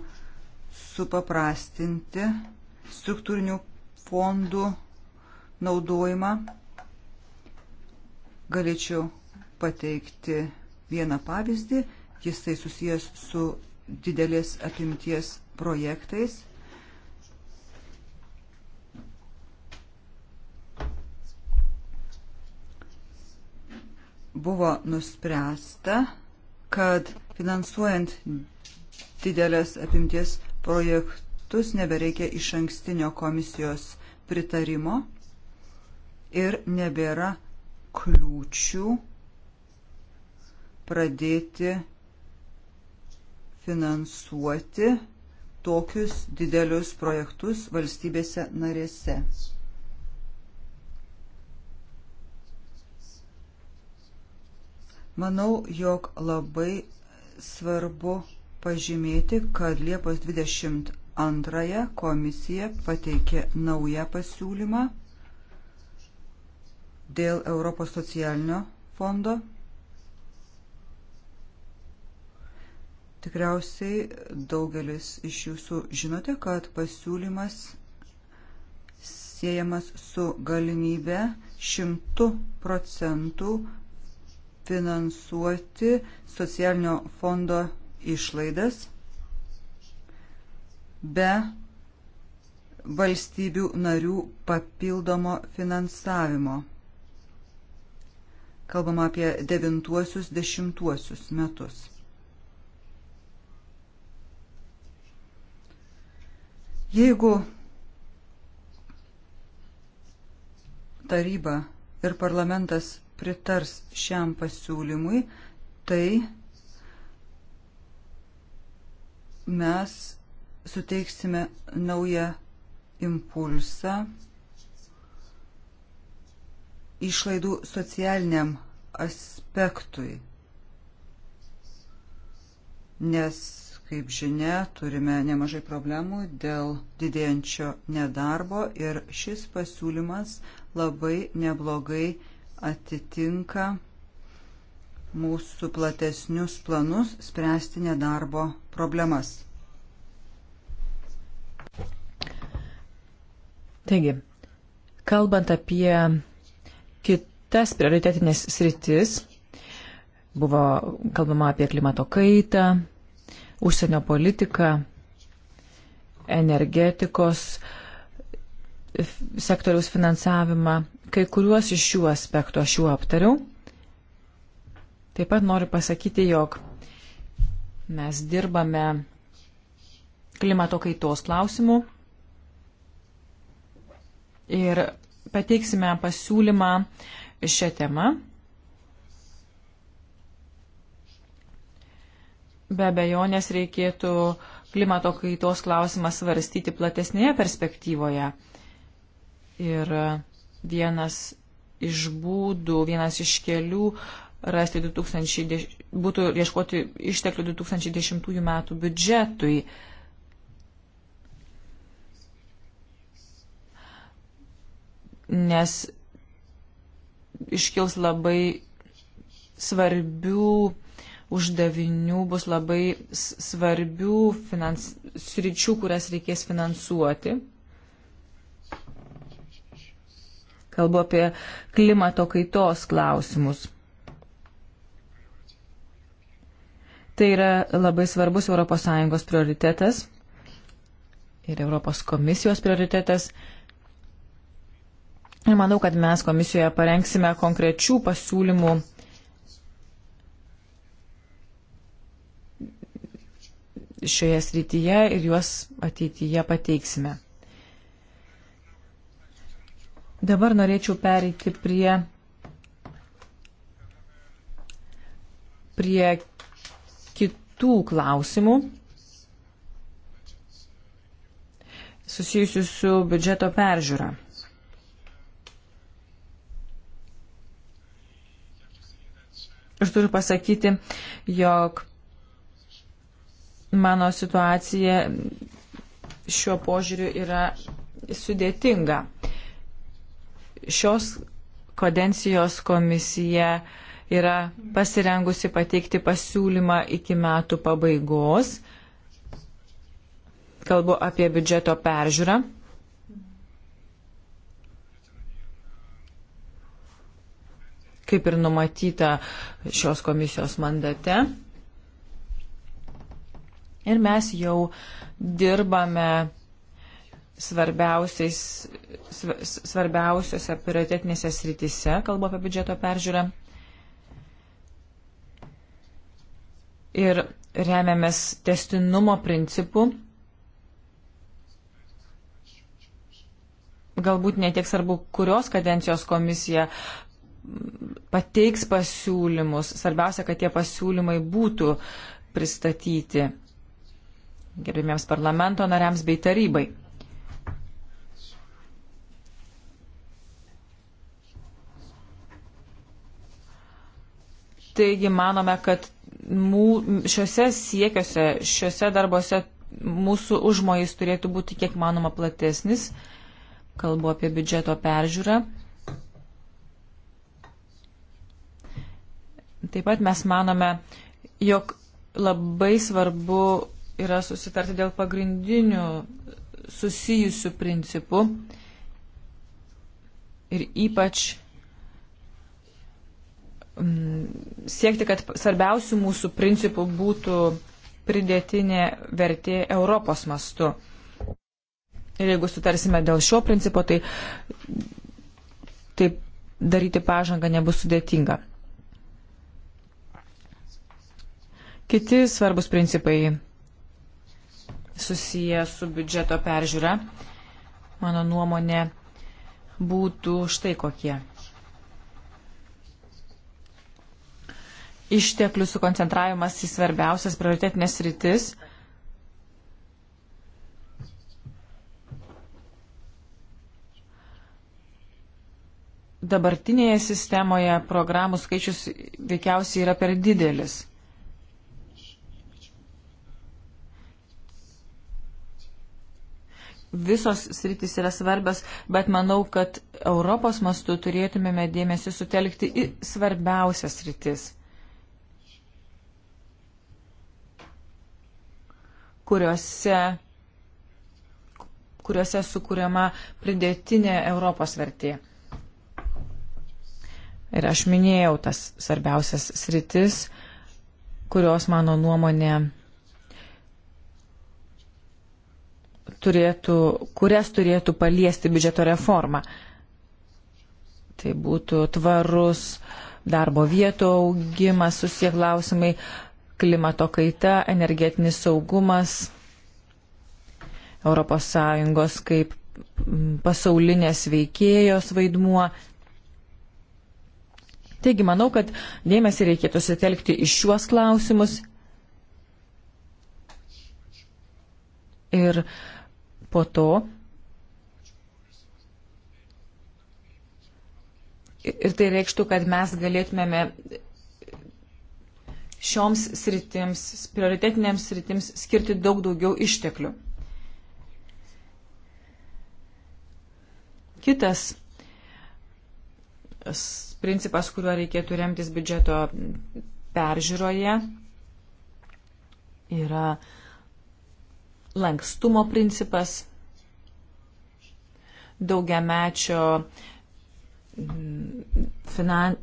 supaprastinti struktūrinių fondų naudojimą. Galėčiau pateikti vieną pavyzdį, jisai susijęs su didelės apimties projektais. Buvo nuspręsta, kad finansuojant didelės apimties projektus nebereikia iš ankstinio komisijos pritarimo ir nebėra kliūčių pradėti finansuoti tokius didelius projektus valstybėse narėse. Manau, jog labai svarbu pažymėti, kad Liepos 22 komisija pateikė naują pasiūlymą dėl Europos socialinio fondo Tikriausiai daugelis iš jūsų žinote, kad pasiūlymas siejamas su galimybe šimtų procentų finansuoti socialinio fondo išlaidas be valstybių narių papildomo finansavimo. Kalbama apie devintuosius dešimtuosius metus. Jeigu taryba ir parlamentas pritars šiam pasiūlymui, tai mes suteiksime naują impulsą išlaidų socialiniam aspektui, nes Kaip žinia, turime nemažai problemų dėl didėjančio nedarbo ir šis pasiūlymas labai neblogai atitinka mūsų platesnius planus spręsti nedarbo problemas. Taigi, kalbant apie kitas prioritetinės sritis, buvo kalbama apie klimato kaitą, užsienio politiką, energetikos sektoriaus finansavimą. Kai kuriuos iš šių aspektų aš jau aptariau. Taip pat noriu pasakyti, jog mes dirbame klimato kaitos klausimų ir pateiksime pasiūlymą šią temą be abejonės reikėtų klimato kaitos klausimą svarstyti platesnėje perspektyvoje. Ir vienas iš būdų, vienas iš kelių rasti 2010, būtų ieškoti išteklių 2010 metų biudžetui. Nes iškils labai svarbių uždavinių bus labai svarbių finans, sričių, kurias reikės finansuoti. Kalbu apie klimato kaitos klausimus. Tai yra labai svarbus ES prioritetas ir Europos komisijos prioritetas. Ir manau, kad mes komisijoje parengsime konkrečių pasiūlymų šioje srityje ir juos ateityje pateiksime. Dabar norėčiau pereiti prie, prie kitų klausimų susijusių su biudžeto peržiūra. Aš turiu pasakyti, jog mano situacija šiuo požiūriu yra sudėtinga. Šios kodencijos komisija yra pasirengusi pateikti pasiūlymą iki metų pabaigos. Kalbu apie biudžeto peržiūrą. Kaip ir numatyta šios komisijos mandate. Ir mes jau dirbame svarbiausiose prioritetinėse sritise, kalbu apie biudžeto peržiūrą. Ir remiamės testinumo principu. Galbūt netiek svarbu, kurios kadencijos komisija pateiks pasiūlymus. Svarbiausia, kad tie pasiūlymai būtų pristatyti gerbėmiems parlamento nariams bei tarybai. Taigi manome, kad mū, šiuose siekiuose, šiuose darbose mūsų užmojais turėtų būti kiek manoma platesnis. Kalbu apie biudžeto peržiūrą. Taip pat mes manome, jog labai svarbu yra susitarti dėl pagrindinių susijusių principų ir ypač mm, siekti, kad svarbiausių mūsų principų būtų pridėtinė vertė Europos mastu. Ir jeigu sutarsime dėl šio principo, tai taip daryti pažangą nebus sudėtinga. Kiti svarbus principai susiję su biudžeto peržiūra, mano nuomonė, būtų štai kokie. Išteklių sukoncentravimas į svarbiausias prioritetinės rytis. Dabartinėje sistemoje programų skaičius veikiausiai yra per didelis. visos sritys yra svarbios, bet manau, kad Europos mastu turėtumėme dėmesį sutelkti į svarbiausias sritis, kuriuose, kuriuose sukūriama pridėtinė Europos vertė. Ir aš minėjau tas svarbiausias sritis, kurios mano nuomonė turėtų, kurias turėtų paliesti biudžeto reforma. Tai būtų tvarus darbo vietų augimas, susiję klausimai, klimato kaita, energetinis saugumas, ES kaip pasaulinės veikėjos vaidmuo. Taigi manau, kad dėmesį reikėtų sutelkti iš šiuos klausimus ir uh, Po to ir tai reikštų, kad mes galėtumėme šioms sritims, prioritetinėms sritims skirti daug daugiau išteklių. Kitas principas, kuriuo reikėtų remtis biudžeto peržiūroje, yra uh, lankstumo principas, daugiamečio, mm, finan,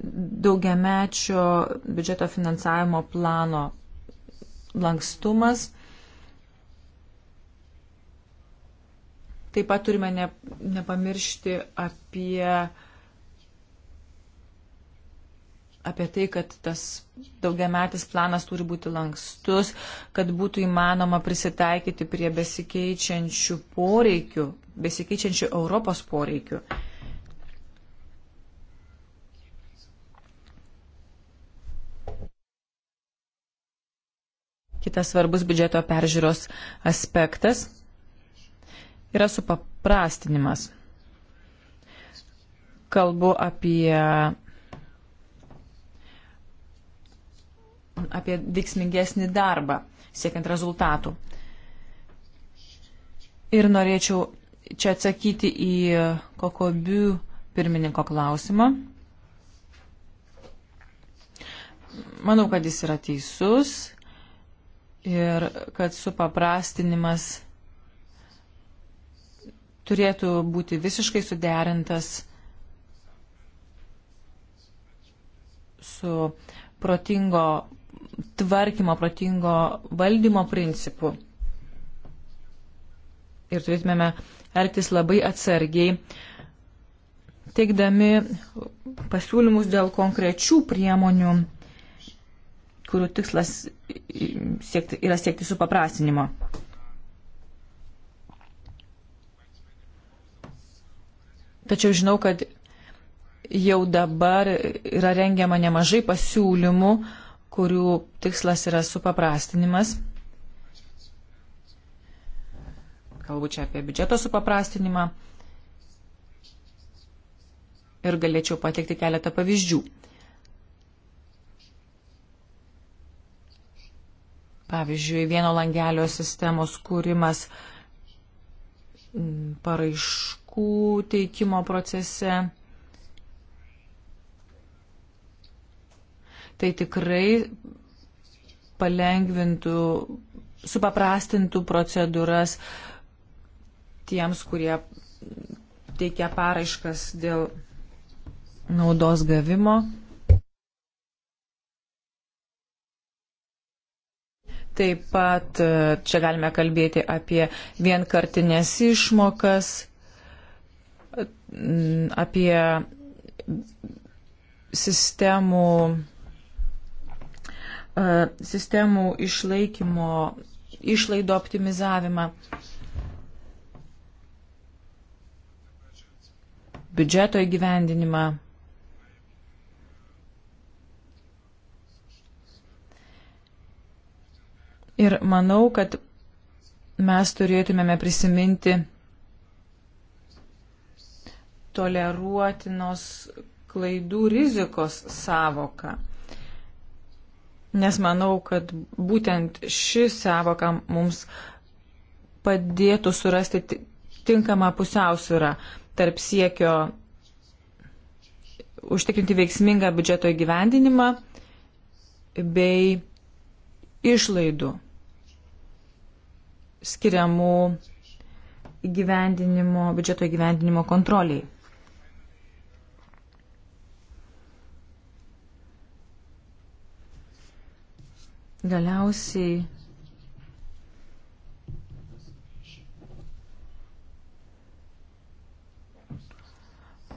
daugiamečio biudžeto finansavimo plano lankstumas. Taip pat turime ne, nepamiršti apie apie tai, kad tas daugiametis planas turi būti lankstus, kad būtų įmanoma prisitaikyti prie besikeičiančių poreikių, besikeičiančių Europos poreikių. Kitas svarbus biudžeto peržiūros aspektas yra supaprastinimas. Kalbu apie apie veiksmingesnį darbą, siekiant rezultatų. Ir norėčiau čia atsakyti į kokobių pirmininko klausimą. Manau, kad jis yra teisus ir kad supaprastinimas turėtų būti visiškai suderintas su protingo tvarkymo, protingo valdymo principų. Ir turėtumėme elgtis labai atsargiai, teikdami pasiūlymus dėl konkrečių priemonių, kurių tikslas siekti, yra siekti supaprastinimo. Tačiau žinau, kad jau dabar yra rengiama nemažai pasiūlymų, kurių tikslas yra supaprastinimas. Kalbu čia apie biudžeto supaprastinimą ir galėčiau pateikti keletą pavyzdžių. Pavyzdžiui, vieno langelio sistemos kūrimas paraiškų teikimo procese Tai tikrai palengvintų, supaprastintų procedūras tiems, kurie teikia paraiškas dėl naudos gavimo. Taip pat e, čia galime kalbėti apie vienkartinės išmokas, apie sistemų E, sistemų išlaikymo, išlaido optimizavimą. biudžeto įgyvendinimą. Ir manau, kad mes turėtumėme prisiminti toleruotinos klaidų rizikos savoką nes manau, kad būtent ši savoka mums padėtų surasti tinkamą pusiausvyrą tarp siekio užtikrinti veiksmingą biudžeto įgyvendinimą bei išlaidų skiriamų įgyvendinimo, biudžeto įgyvendinimo kontroliai. Galiausiai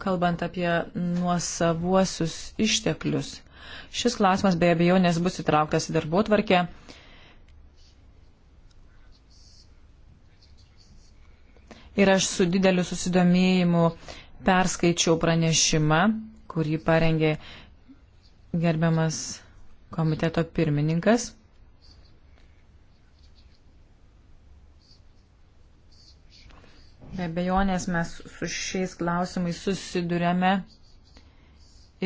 kalbant apie nuosavuosius išteklius. Šis klausimas be abejo nes bus įtrauktas į darbo tvarkę. Ir aš su dideliu susidomėjimu perskaičiau pranešimą, kurį parengė gerbiamas komiteto pirmininkas. Be bejonės mes su šiais klausimais susidurėme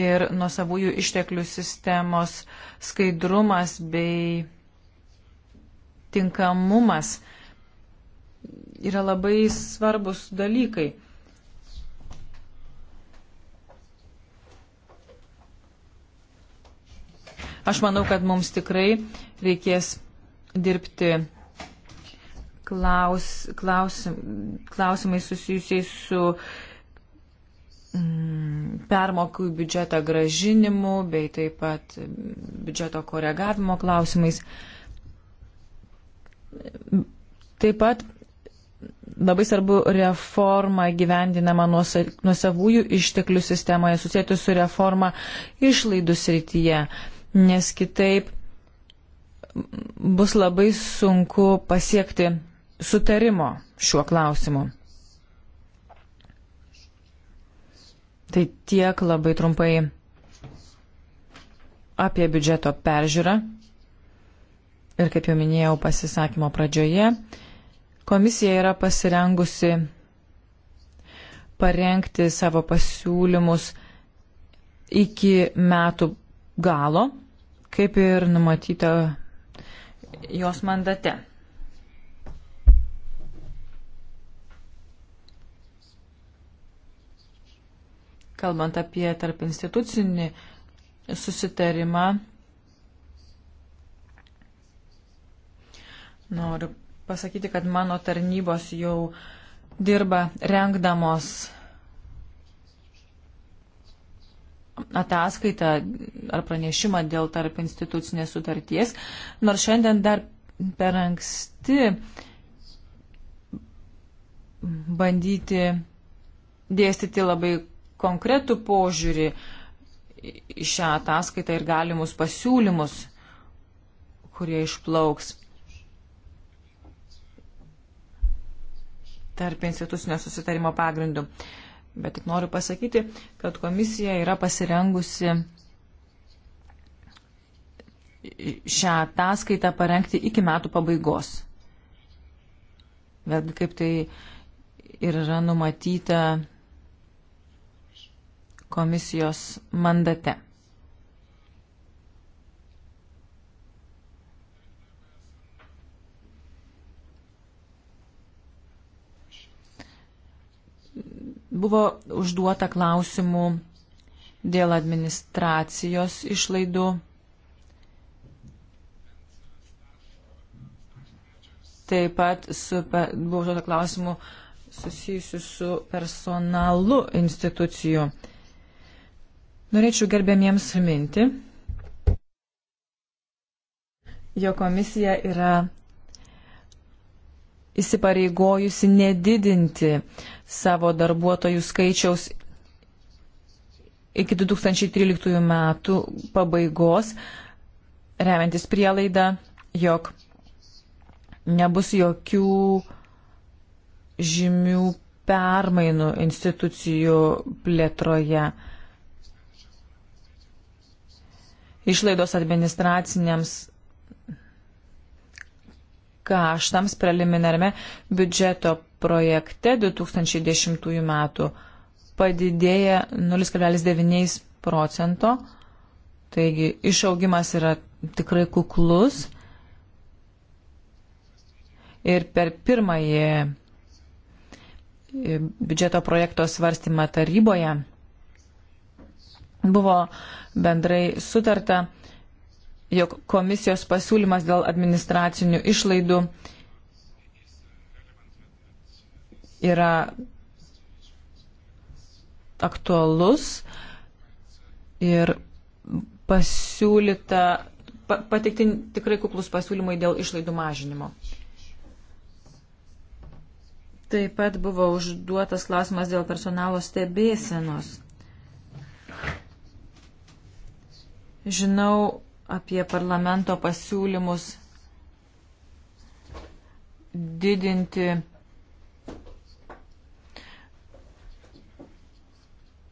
ir nuo savųjų išteklių sistemos skaidrumas bei tinkamumas yra labai svarbus dalykai. Aš manau, kad mums tikrai reikės dirbti klaus, klausim, klausimais susijusiais su mm, permokų biudžeto gražinimu bei taip pat biudžeto koregavimo klausimais. Taip pat labai svarbu reforma gyvendinama nuo savųjų išteklių sistemoje, susijęti su reforma išlaidų srityje, nes kitaip bus labai sunku pasiekti sutarimo šiuo klausimu. Tai tiek labai trumpai apie biudžeto peržiūrą. Ir kaip jau minėjau pasisakymo pradžioje, komisija yra pasirengusi parengti savo pasiūlymus iki metų galo, kaip ir numatyta jos mandate. kalbant apie tarp institucinį susitarimą, noriu pasakyti, kad mano tarnybos jau dirba rengdamos ataskaitą ar pranešimą dėl tarp institucinės sutarties, nors šiandien dar per anksti bandyti dėstyti labai konkretų požiūrį į šią ataskaitą ir galimus pasiūlymus, kurie išplauks. tarp institucinio susitarimo pagrindų. Bet tik noriu pasakyti, kad komisija yra pasirengusi šią ataskaitą parengti iki metų pabaigos. Vėlgi kaip tai ir yra numatyta komisijos mandate. Buvo užduota klausimų dėl administracijos išlaidų. Taip pat su, buvo užduota klausimų susijusių su personalu institucijų. Norėčiau gerbėmiems suminti, jo komisija yra įsipareigojusi nedidinti savo darbuotojų skaičiaus iki 2013 metų pabaigos, remiantis prielaidą, jog nebus jokių žymių permainų institucijų plėtroje. Išlaidos administraciniams kaštams preliminarme biudžeto projekte 2010 metų padidėja 0,9 procento, taigi išaugimas yra tikrai kuklus. Ir per pirmąjį biudžeto projekto svarstymą taryboje Buvo bendrai sutarta, jog komisijos pasiūlymas dėl administracinių išlaidų yra aktualus ir pasiūlyta, pa, patikti tikrai kuklus pasiūlymai dėl išlaidų mažinimo. Taip pat buvo užduotas klausimas dėl personalo stebėsenos. Žinau apie parlamento pasiūlymus didinti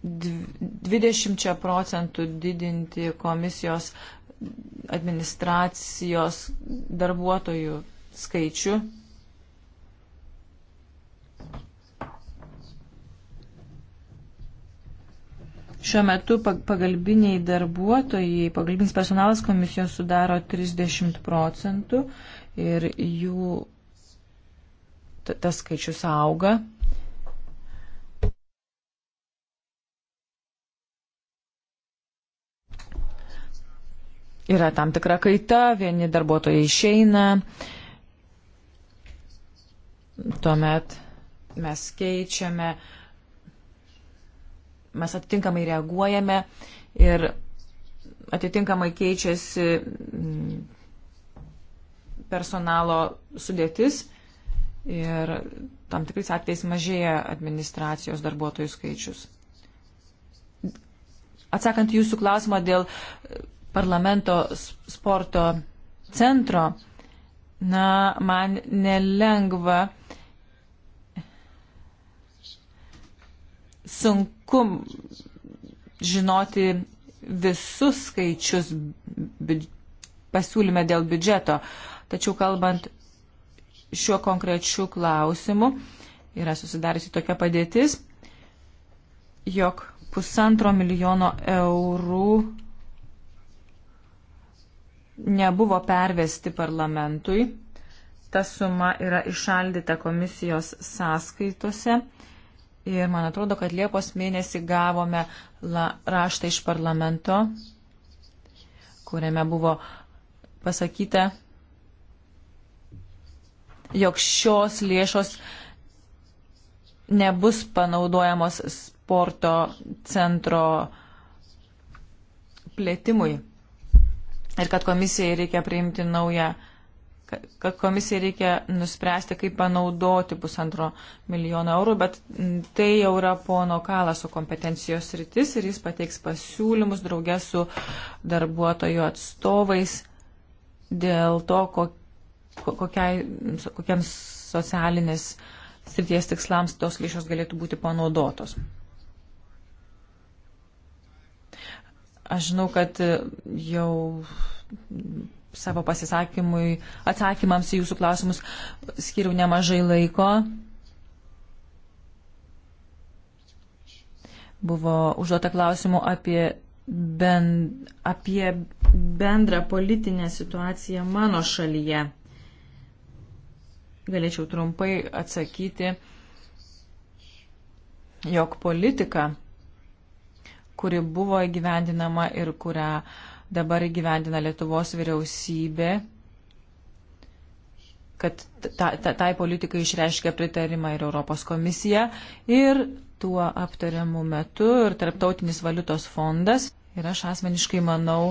dv, 20 procentų didinti komisijos administracijos darbuotojų skaičių Šiuo metu pagalbiniai darbuotojai, pagalbinis personalas komisijos sudaro 30 procentų ir jų tas skaičius auga. Yra tam tikra kaita, vieni darbuotojai išeina, tuomet mes keičiame uh, mes atitinkamai reaguojame ir atitinkamai keičiasi mm, personalo sudėtis ir tam tikrais atvejais mažėja administracijos darbuotojų skaičius. Atsakant jūsų klausimą dėl parlamento sporto centro, na, man nelengva sunku žinoti visus skaičius pasiūlyme dėl biudžeto. Tačiau kalbant šiuo konkrečiu klausimu, yra susidariusi tokia padėtis, jog pusantro milijono eurų nebuvo pervesti parlamentui. Ta suma yra išaldyta komisijos sąskaitose Ir man atrodo, kad Liepos mėnesį gavome la, raštą iš parlamento, kuriame buvo pasakyta, jog šios lėšos nebus panaudojamos sporto centro plėtimui ir kad komisijai reikia priimti naują kad komisijai reikia nuspręsti, kaip panaudoti pusantro milijono eurų, bet tai jau yra pono Kalaso kompetencijos rytis ir jis pateiks pasiūlymus draugė su darbuotojų atstovais dėl to, kokiai, kokiems socialinės srities tikslams tos lėšos galėtų būti panaudotos. Aš žinau, kad jau savo pasisakymui, atsakymams į jūsų klausimus skiriu nemažai laiko. Buvo užduota klausimų apie, ben, apie bendrą politinę situaciją mano šalyje. Galėčiau trumpai atsakyti, jog politika, kuri buvo įgyvendinama ir kurią uh, dabar įgyvendina Lietuvos vyriausybė, kad ta, ta, tai politikai išreiškia pritarimą ir Europos komisija. Ir tuo aptariamu metu ir Tarptautinis valiutos fondas. Ir aš asmeniškai manau,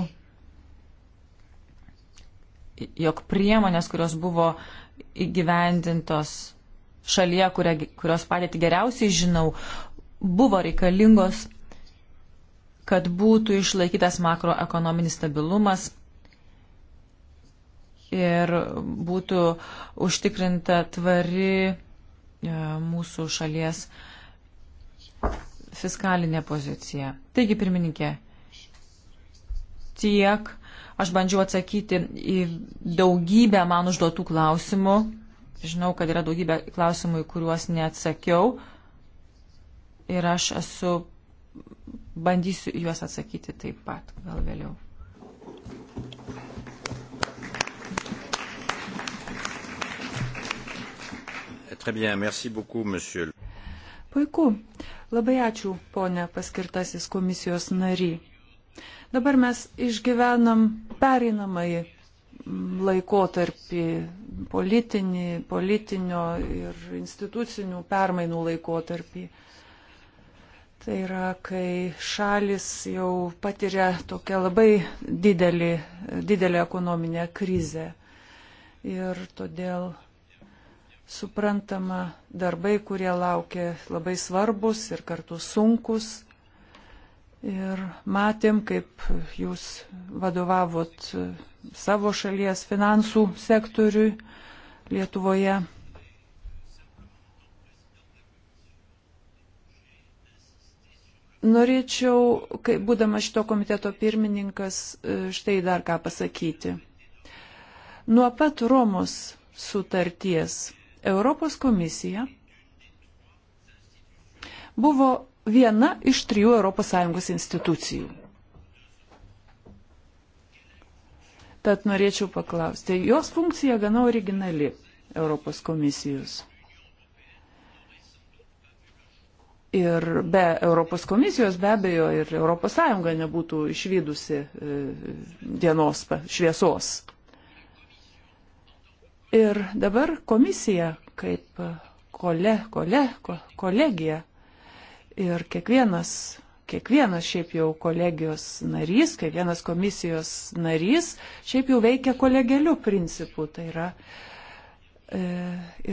jog priemonės, kurios buvo įgyvendintos šalyje, kurią, kurios padėti geriausiai žinau, buvo reikalingos kad būtų išlaikytas makroekonominis stabilumas ir būtų užtikrinta tvari e, mūsų šalies fiskalinė pozicija. Taigi, pirmininkė, tiek aš bandžiau atsakyti į daugybę man užduotų klausimų. Žinau, kad yra daugybė klausimų, į kuriuos neatsakiau. Ir aš esu bandysiu juos atsakyti taip pat, gal vėliau. Très bien, merci beaucoup, monsieur. Puiku. Labai ačiū, ponė paskirtasis komisijos nary. Dabar mes išgyvenam pereinamąjį laikotarpį, politinį, politinio ir institucinių permainų laikotarpį. Tai yra, kai šalis jau patiria tokią labai didelį, didelį ekonominę krizę. Ir todėl suprantama, darbai, kurie laukia labai svarbus ir kartu sunkus. Ir matėm, kaip jūs vadovavot savo šalies finansų sektoriui Lietuvoje. Norėčiau, kai būdama šito komiteto pirmininkas, e, štai dar ką pasakyti. Nuo pat Romos sutarties Europos komisija buvo viena iš trijų ES institucijų. Tad norėčiau paklausti, jos funkcija gana originali Europos komisijos. Ir be Europos komisijos be abejo ir ES nebūtų išvykusi e, dienos šviesos. Ir dabar komisija kaip kole, kole, kolegija ir kiekvienas, kiekvienas šiaip jau kolegijos narys, kiekvienas komisijos narys šiaip jau veikia kolegeliu principu. Tai yra, e,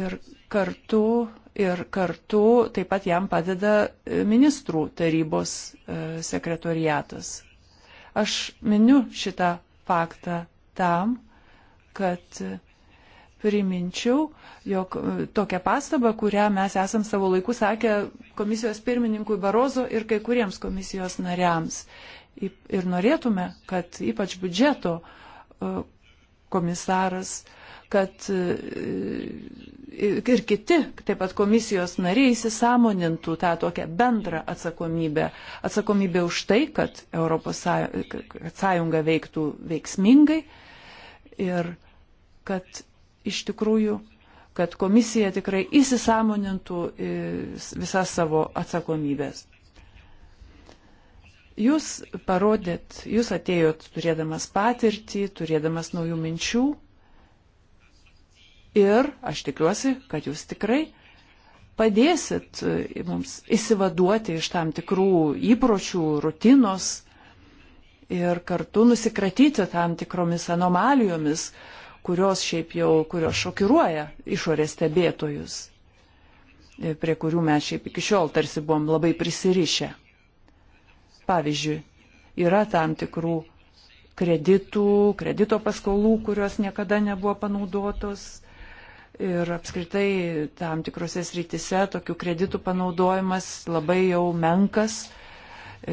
ir kartu ir kartu taip pat jam padeda e, ministrų tarybos e, sekretoriatas. Aš miniu šitą faktą tam, kad e, priminčiau, jog tokia pastaba, kurią mes esam savo laiku sakę komisijos pirmininkui Barozo ir kai kuriems komisijos nariams. Ir norėtume, kad ypač biudžeto komisaras, kad e, ir kiti, taip pat komisijos nariai įsisamonintų tą tokią bendrą atsakomybę. Atsakomybę už tai, kad Europos Sąjunga veiktų veiksmingai ir kad iš tikrųjų kad komisija tikrai įsisamonintų e, visas savo atsakomybės. Jūs parodėt, jūs atėjot turėdamas patirtį, turėdamas naujų minčių ir aš tikiuosi, kad jūs tikrai padėsit e, mums įsivaduoti iš tam tikrų įpročių, rutinos ir kartu nusikratyti tam tikromis anomalijomis, kurios šiaip jau, kurios šokiruoja išorės stebėtojus, e, prie kurių mes šiaip iki šiol tarsi buvom labai prisirišę. Pavyzdžiui, yra tam tikrų kreditų, kredito paskolų, kurios niekada nebuvo panaudotos. Ir apskritai tam tikrose srityse tokių kreditų panaudojimas labai jau menkas.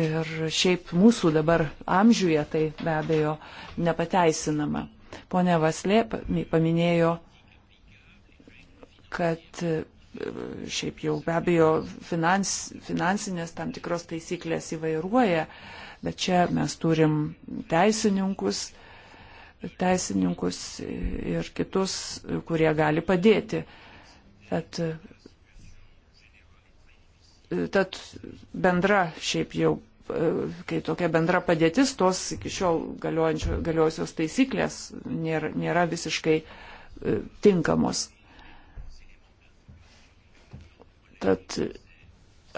Ir šiaip mūsų dabar amžiuje tai be abejo nepateisinama. Pone Vaslė paminėjo, kad šiaip jau be abejo finans, finansinės tam tikros taisyklės įvairuoja, bet čia mes turim teisininkus, teisininkus ir kitus, kurie gali padėti. Tad, tad bendra šiaip jau kai tokia bendra padėtis, tos iki šiol galiojusios taisyklės nėra, nėra visiškai e, tinkamos. Tad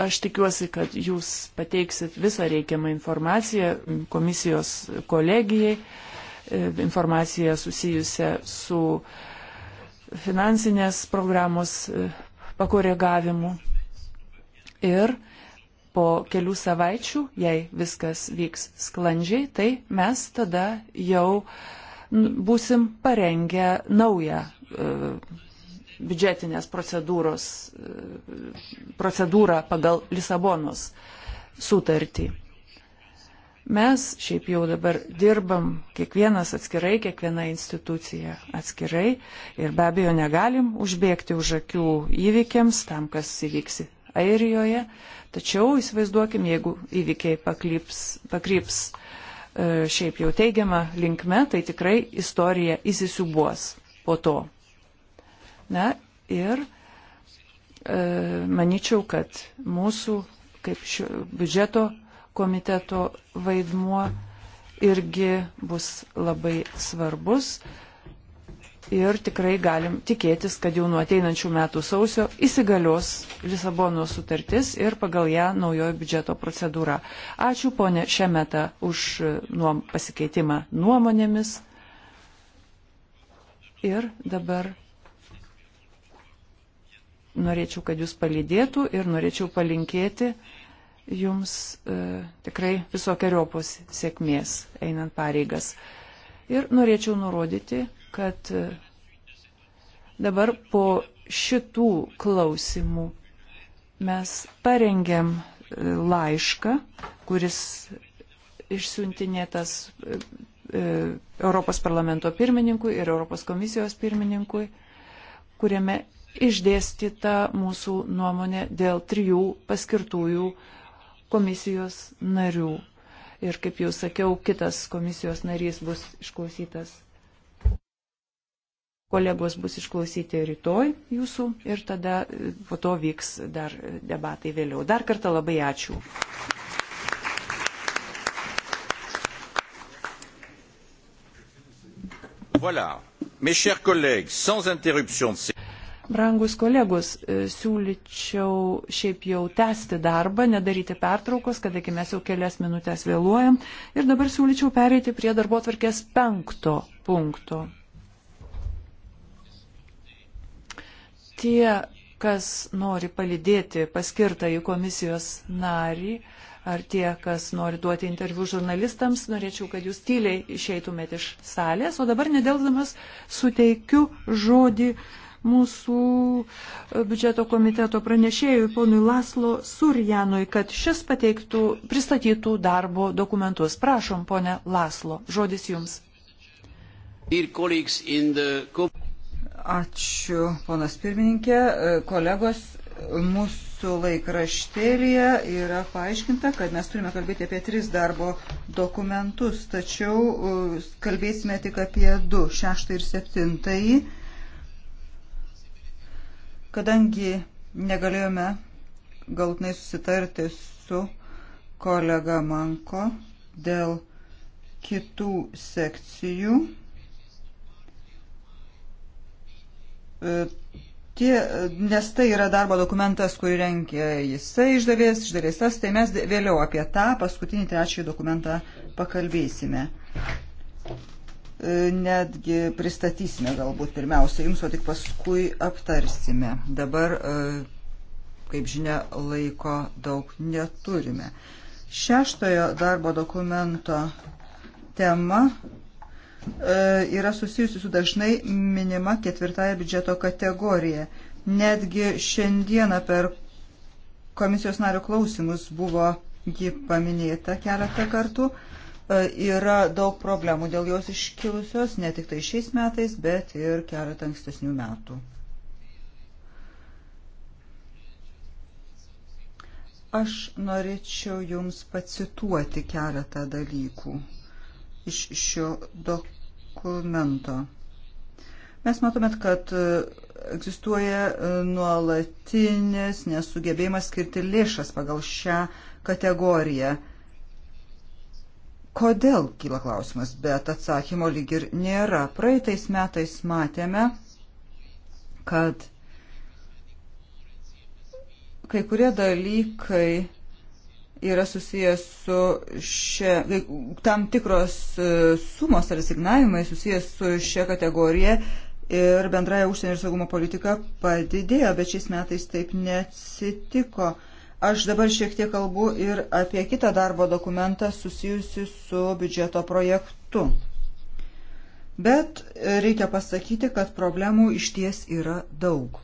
aš tikiuosi, kad jūs pateiksit visą reikiamą informaciją komisijos kolegijai, e, informaciją susijusią su finansinės programos e, pakoregavimu. Ir po kelių savaičių, jei viskas vyks sklandžiai, tai mes tada jau būsim parengę naują e, biudžetinės procedūros, procedūrą pagal Lisabonos sutartį. Mes šiaip jau dabar dirbam kiekvienas atskirai, kiekviena institucija atskirai ir be abejo negalim užbėgti už akių įvykiams tam, kas įvyks Airijoje. Tačiau įsivaizduokim, jeigu įvykiai paklyps, pakryps e, šiaip jau teigiamą linkme, tai tikrai istorija įsisiubuos po to. Na ir e, manyčiau, kad mūsų kaip šio, biudžeto komiteto vaidmuo irgi bus labai svarbus ir tikrai galim tikėtis, kad jau nuo ateinančių metų sausio įsigalios Lisabono sutartis ir pagal ją naujoji biudžeto procedūra. Ačiū ponė Šemeta už e, nuom pasikeitimą nuomonėmis. Ir dabar norėčiau, kad jūs palydėtų ir norėčiau palinkėti jums e, tikrai visokiojopos sėkmės einant pareigas. Ir norėčiau nurodyti, kad e, dabar po šitų klausimų mes parengėm e, laišką, kuris išsiuntinėtas e, e, Europos parlamento pirmininkui ir Europos komisijos pirmininkui, kuriame išdėstyta mūsų nuomonė dėl trijų paskirtųjų komisijos narių. Ir kaip jau sakiau, kitas komisijos narys bus išklausytas. Kolegos bus išklausyti rytoj jūsų ir tada e, po to vyks dar debatai vėliau. Dar kartą labai ačiū. Voilà. Mes chers collègues, sans interruption de Brangus kolegos, e, siūlyčiau šiaip jau tęsti darbą, nedaryti pertraukos, kadangi mes jau kelias minutės vėluojam. Ir dabar siūlyčiau pereiti prie darbo tvarkės penkto punkto. Tie, kas nori palidėti paskirtą į komisijos narį, ar tie, kas nori duoti interviu žurnalistams, norėčiau, kad jūs tyliai išeitumėte iš salės. O dabar nedėldamas suteikiu žodį uh, mūsų e, biudžeto komiteto pranešėjui ponui Laslo Surjanui, kad šis pateiktų, pristatytų darbo dokumentus. Prašom, ponė Laslo, žodis jums. Ačiū, ponas pirmininkė. E, kolegos, mūsų laikraštėlėje yra paaiškinta, kad mes turime kalbėti apie tris darbo dokumentus, tačiau e, kalbėsime tik apie du, šeštą ir septintąjį. Kadangi negalėjome galutinai susitarti su kolega Manko dėl kitų sekcijų, e, Tie, nes tai yra darbo dokumentas, kurį renkė jisai išdavės, išdavės tas, tai mes vėliau apie tą paskutinį trečiąjį dokumentą pakalbėsime netgi pristatysime galbūt pirmiausia jums, o tik paskui aptarsime. Dabar, e, kaip žinia, laiko daug neturime. Šeštojo darbo dokumento tema e, yra susijusi su dažnai minima ketvirtąją biudžeto kategorija. Netgi šiandieną per komisijos nario klausimus buvo ji paminėta keletą kartų. E, yra daug problemų dėl jos iškilusios, ne tik tai šiais metais, bet ir keletą ankstesnių metų. Aš norėčiau Jums pacituoti keletą dalykų iš šio dokumento. Mes matome, kad egzistuoja nuolatinis nesugebėjimas skirti lėšas pagal šią kategoriją Kodėl kyla klausimas, bet atsakymo lyg ir nėra. Praeitais metais matėme, kad kai kurie dalykai yra susijęs su šia, tam tikros e, sumos ar signavimai susijęs su šia kategorija ir bendraja užsienio ir saugumo politika padidėjo, bet šiais metais taip neatsitiko. Aš dabar šiek tiek kalbu ir apie kitą darbo dokumentą susijusi su biudžeto projektu. Bet reikia pasakyti, kad problemų iš ties yra daug.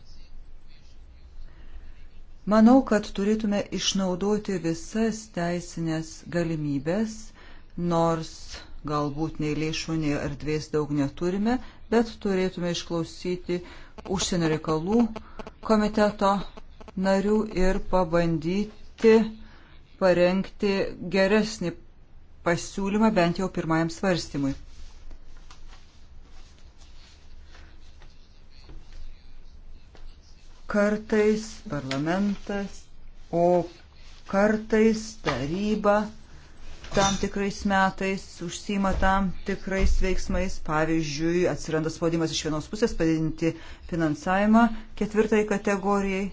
Manau, kad turėtume išnaudoti visas teisinės galimybės, nors galbūt nei lėšų, nei erdvės daug neturime, bet turėtume išklausyti užsienio reikalų komiteto narių ir pabandyti parengti geresnį pasiūlymą bent jau pirmajam svarstymui. Kartais parlamentas, o kartais taryba tam tikrais metais užsima tam tikrais veiksmais, pavyzdžiui, atsiranda spaudimas iš vienos pusės padidinti finansavimą ketvirtai kategorijai,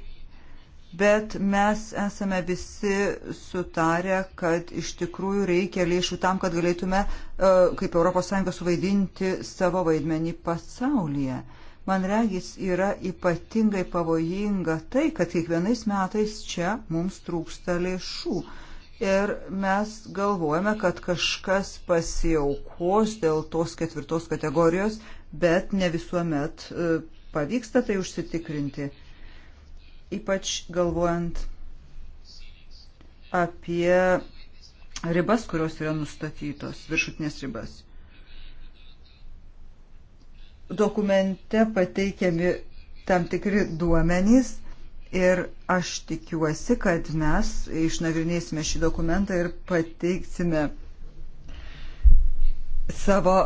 bet mes esame visi sutarę, kad iš tikrųjų reikia lėšų tam, kad galėtume e, kaip ES suvaidinti savo vaidmenį pasaulyje. Man regis yra ypatingai pavojinga tai, kad kiekvienais metais čia mums trūksta lėšų. Ir mes galvojame, kad kažkas pasiaukos dėl tos ketvirtos kategorijos, bet ne visuomet e, pavyksta tai užsitikrinti ypač galvojant apie ribas, kurios yra nustatytos, viršutinės ribas. Dokumente pateikiami tam tikri duomenys ir aš tikiuosi, kad mes išnagrinėsime šį dokumentą ir pateiksime savo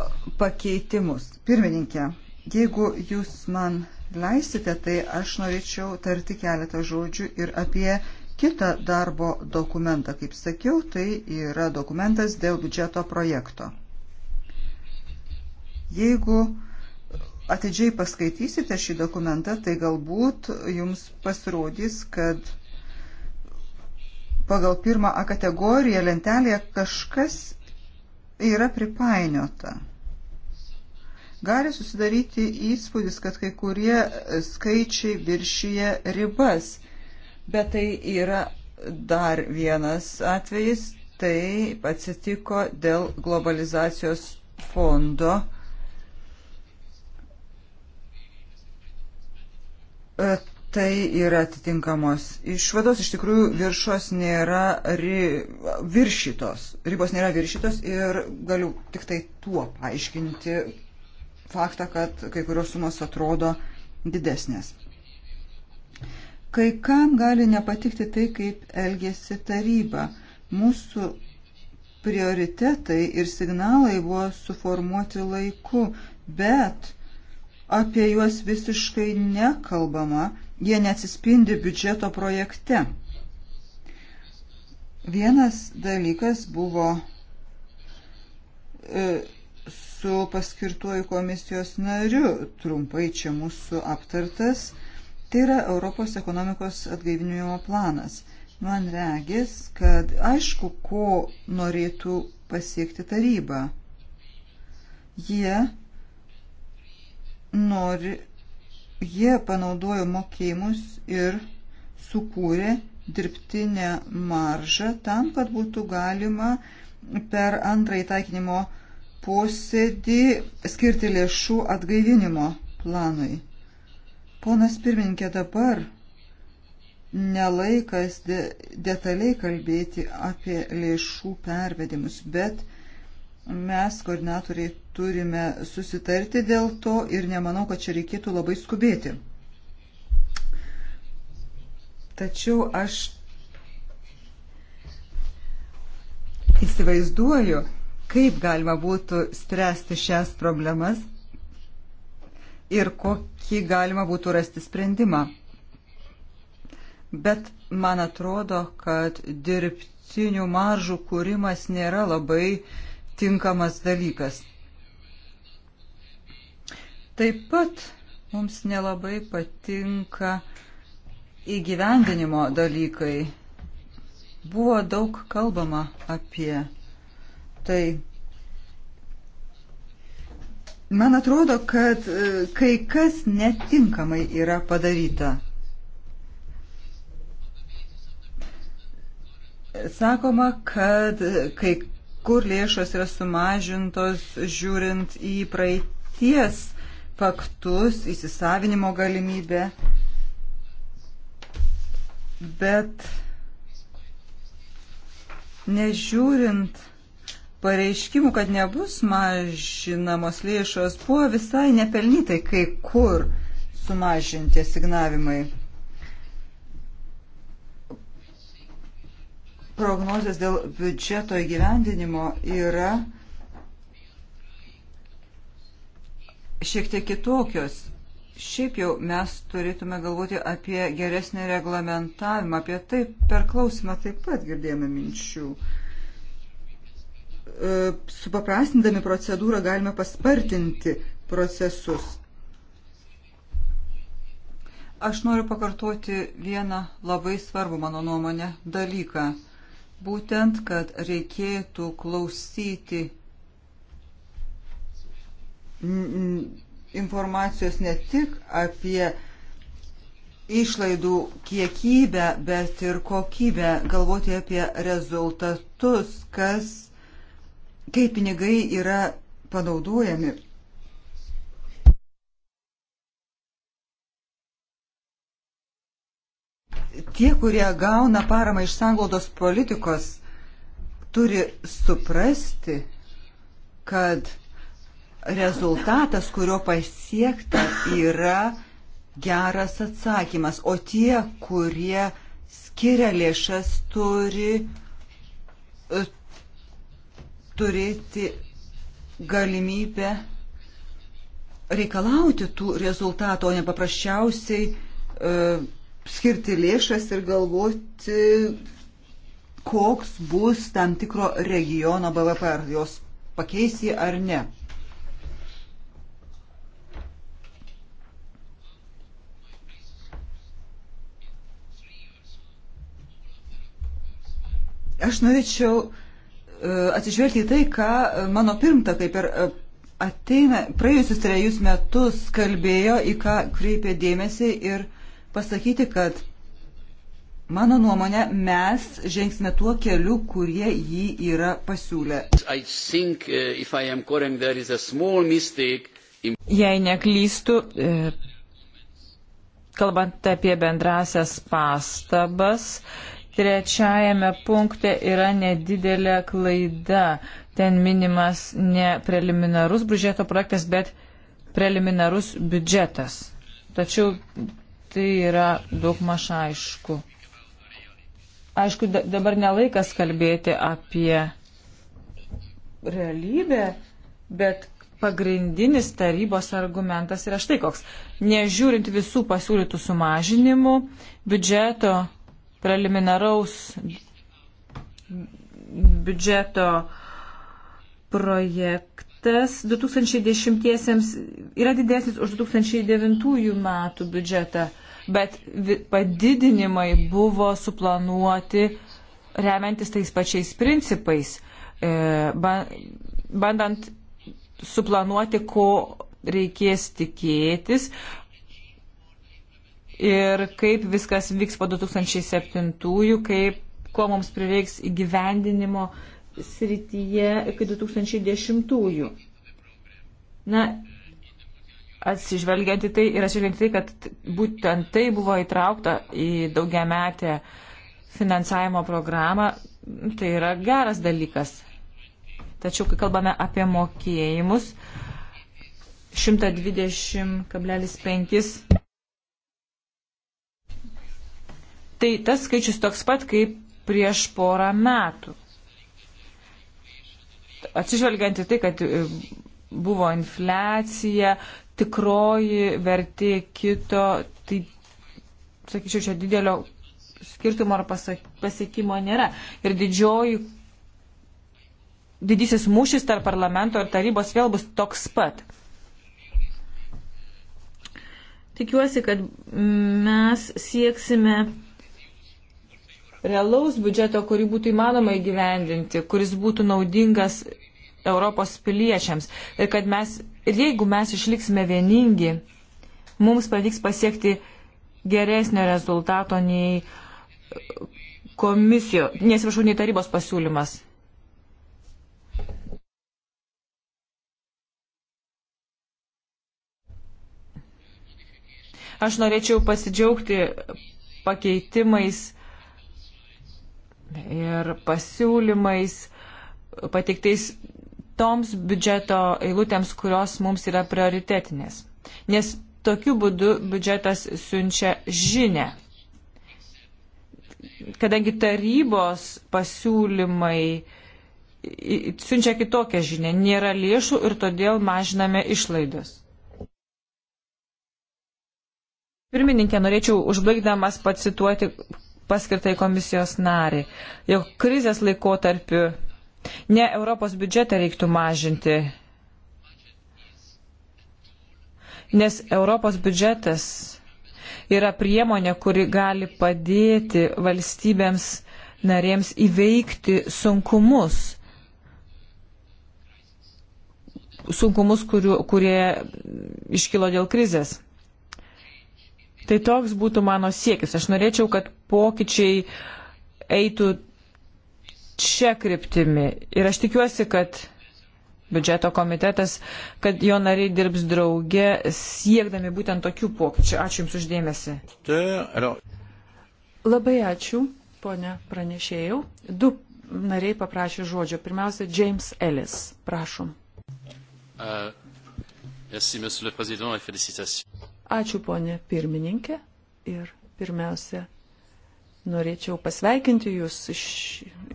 pakeitimus. Pirmininkė, jeigu jūs man leisite, tai aš norėčiau tarti keletą žodžių ir apie kitą darbo dokumentą. Kaip sakiau, tai yra dokumentas dėl biudžeto projekto. Jeigu atidžiai paskaitysite šį dokumentą, tai galbūt jums pasirodys, kad pagal pirmą A kategoriją lentelėje kažkas yra pripainiota gali susidaryti įspūdis, kad kai kurie skaičiai viršyje ribas. Bet tai yra dar vienas atvejis, tai atsitiko dėl globalizacijos fondo. E, tai yra atitinkamos išvados, iš tikrųjų viršos nėra ri, viršytos, ribos nėra viršytos ir galiu tik tai tuo paaiškinti faktą, kad kai kurios sumos atrodo didesnės. Kai kam gali nepatikti tai, kaip elgėsi taryba. Mūsų prioritetai ir signalai buvo suformuoti laiku, bet apie juos visiškai nekalbama, jie neatsispindi biudžeto projekte. Vienas dalykas buvo e, su paskirtuoju komisijos nariu, trumpai čia mūsų aptartas. Tai yra Europos ekonomikos atgaivinimo planas. Man regis, kad aišku, ko norėtų pasiekti taryba. Jie nori, jie panaudojo mokėjimus ir sukūrė dirbtinę maržą tam, kad būtų galima per antrąjį taikinimo uh, posėdį skirti lėšų atgaivinimo planui. Ponas pirmininkė, dabar nelaikas de, detaliai kalbėti apie lėšų pervedimus, bet mes, koordinatoriai, turime susitarti dėl to ir nemanau, kad čia reikėtų labai skubėti. Tačiau aš įsivaizduoju, kaip galima būtų spręsti šias problemas ir kokį galima būtų rasti sprendimą. Bet man atrodo, kad dirbtinių maržų kūrimas nėra labai tinkamas dalykas. Taip pat mums nelabai patinka įgyvendinimo dalykai. Buvo daug kalbama apie Tai man atrodo, kad e, kai kas netinkamai yra padaryta. Sakoma, kad kai kur lėšos yra sumažintos žiūrint į praeities faktus, įsisavinimo galimybę. Bet nežiūrint pareiškimų, kad nebus mažinamos lėšos, buvo visai nepelnytai kai kur sumažinti signavimai. Prognozijas dėl biudžeto įgyvendinimo yra šiek tiek kitokios. Šiaip jau mes turėtume galvoti apie geresnį reglamentavimą, apie tai per klausimą taip pat girdėjome minčių. Uh, E, supaprastindami procedūrą galime paspartinti procesus. Aš noriu pakartoti vieną labai svarbų mano nuomonę dalyką. Būtent, kad reikėtų klausyti informacijos ne tik apie išlaidų kiekybę, bet ir kokybę, galvoti apie rezultatus, kas kaip pinigai yra panaudojami. Tie, kurie gauna paramą iš sanglaudos politikos, turi suprasti, kad rezultatas, kurio pasiekta, yra geras atsakymas, o tie, kurie skiria lėšas, turi turėti galimybę reikalauti tų rezultatų, o ne paprasčiausiai e, skirti lėšas ir galvoti, koks bus tam tikro regiono BVP, ar jos pakeisi ar ne. Aš norėčiau E, atsižvelgti į tai, ką e, mano pirmtakai per e, ateina praėjusius trejus metus kalbėjo, į ką kreipė dėmesį ir pasakyti, kad mano nuomonė mes žengsime tuo keliu, kurie jį yra pasiūlę. Think, uh, correct, in... Jei neklystu, kalbant apie bendrasias pastabas, trečiajame punkte yra nedidelė klaida. Ten minimas ne preliminarus biudžeto projektas, bet preliminarus biudžetas. Tačiau tai yra daug maž aišku. Aišku, dabar nelaikas kalbėti apie realybę, bet pagrindinis tarybos argumentas yra štai koks. Nežiūrint visų pasiūlytų sumažinimų, biudžeto preliminaraus biudžeto projektas 2010-iesiems yra didesnis už 2009 metų biudžetą, bet padidinimai buvo suplanuoti remiantis tais pačiais principais, e, bandant suplanuoti, ko reikės tikėtis, ir kaip viskas vyks po 2007-ųjų, kaip, ko mums prireiks įgyvendinimo srityje iki 2010-ųjų. Na, atsižvelgiant į tai ir atsižvelgiant į tai, kad būtent tai buvo įtraukta į daugiametę finansavimo programą, tai yra geras dalykas. Tačiau, kai kalbame apie mokėjimus, 120,5 tai tas skaičius toks pat kaip prieš porą metų. Atsižvelgiant į tai, kad e, buvo infliacija, tikroji vertė kito, tai, sakyčiau, čia didelio skirtumo ar pasiekimo nėra. Ir didžioji, didysis mūšis tarp parlamento ir tarybos vėl bus toks pat. Tikiuosi, kad mes sieksime realaus biudžeto, kurį būtų įmanoma įgyvendinti, kuris būtų naudingas Europos piliečiams. Ir kad mes, ir jeigu mes išliksime vieningi, mums pavyks pasiekti geresnio rezultato nei komisijos, nesiprašau, nei tarybos pasiūlymas. Aš norėčiau pasidžiaugti pakeitimais ir pasiūlymais pateiktais toms biudžeto eilutėms, kurios mums yra prioritetinės. Nes tokiu būdu biudžetas siunčia žinę. Kadangi tarybos pasiūlymai siunčia kitokią žinę, nėra lėšų ir todėl mažiname išlaidas. Pirmininkė, norėčiau užbaigdamas pacituoti paskirtai komisijos nariai. Jau krizės laikotarpiu ne Europos biudžetą reiktų mažinti, nes Europos biudžetas yra priemonė, kuri gali padėti valstybėms narėms įveikti sunkumus. Sunkumus, kuriu, kurie iškilo dėl krizės. Tai toks būtų mano siekis. Aš norėčiau, kad pokyčiai eitų čia kryptimi. Ir aš tikiuosi, kad biudžeto komitetas, kad jo nariai dirbs drauge, siekdami būtent tokių pokyčių. Ačiū Jums uždėmesi. Labai ačiū, ponė pranešėjau. Du nariai paprašė žodžio. Pirmiausia, James Ellis. Prašom. Uh, merci, Ačiū, ponė pirmininkė. Ir pirmiausia, norėčiau pasveikinti jūs, iš,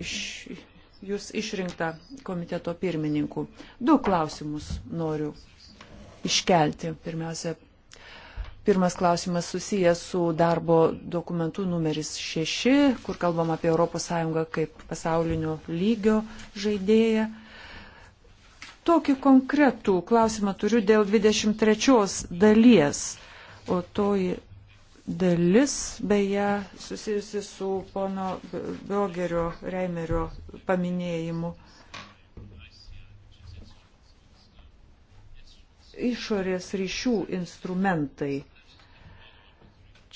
iš, jūs išrinktą komiteto pirmininkų. Du klausimus noriu iškelti. Pirmiausia, pirmas klausimas susijęs su darbo dokumentu numeris 6, kur kalbam apie ES kaip pasaulinio lygio žaidėją Tokį konkretų klausimą turiu dėl 23 dalies, o toji dalis beje susijusi su pono Biogerio Reimerio paminėjimu. Išorės ryšių instrumentai.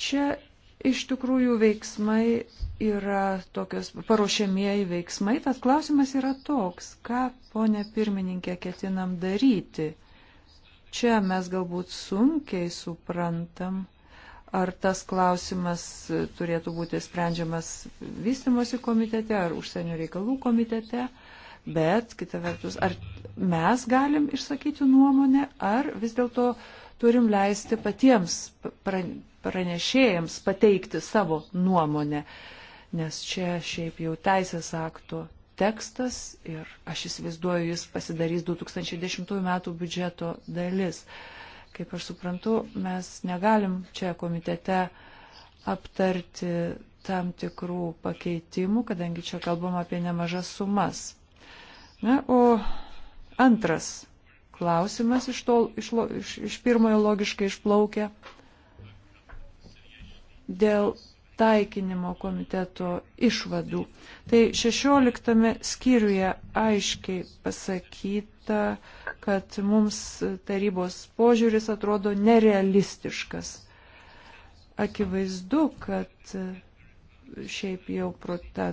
Čia iš tikrųjų veiksmai yra tokios paruošiamieji veiksmai, tad klausimas yra toks, ką ponė pirmininkė ketinam daryti. Čia mes galbūt sunkiai suprantam, ar tas klausimas turėtų būti sprendžiamas vystimosi komitete ar užsienio reikalų komitete, bet kita vertus, ar mes galim išsakyti nuomonę, ar vis dėlto turim leisti patiems pranešėjams pateikti savo nuomonę, nes čia šiaip jau teisės akto tekstas ir aš įsivaizduoju, jis pasidarys 2010 metų biudžeto dalis. Kaip aš suprantu, mes negalim čia komitete aptarti tam tikrų pakeitimų, kadangi čia kalbam apie nemažas sumas. Na, o antras klausimas iš, to, iš, iš, iš pirmojo logiškai išplaukia dėl taikinimo komiteto išvadų. Tai 16 skyriuje aiškiai pasakyta, kad mums tarybos požiūris atrodo nerealistiškas. Akivaizdu, kad šiaip jau pro ta,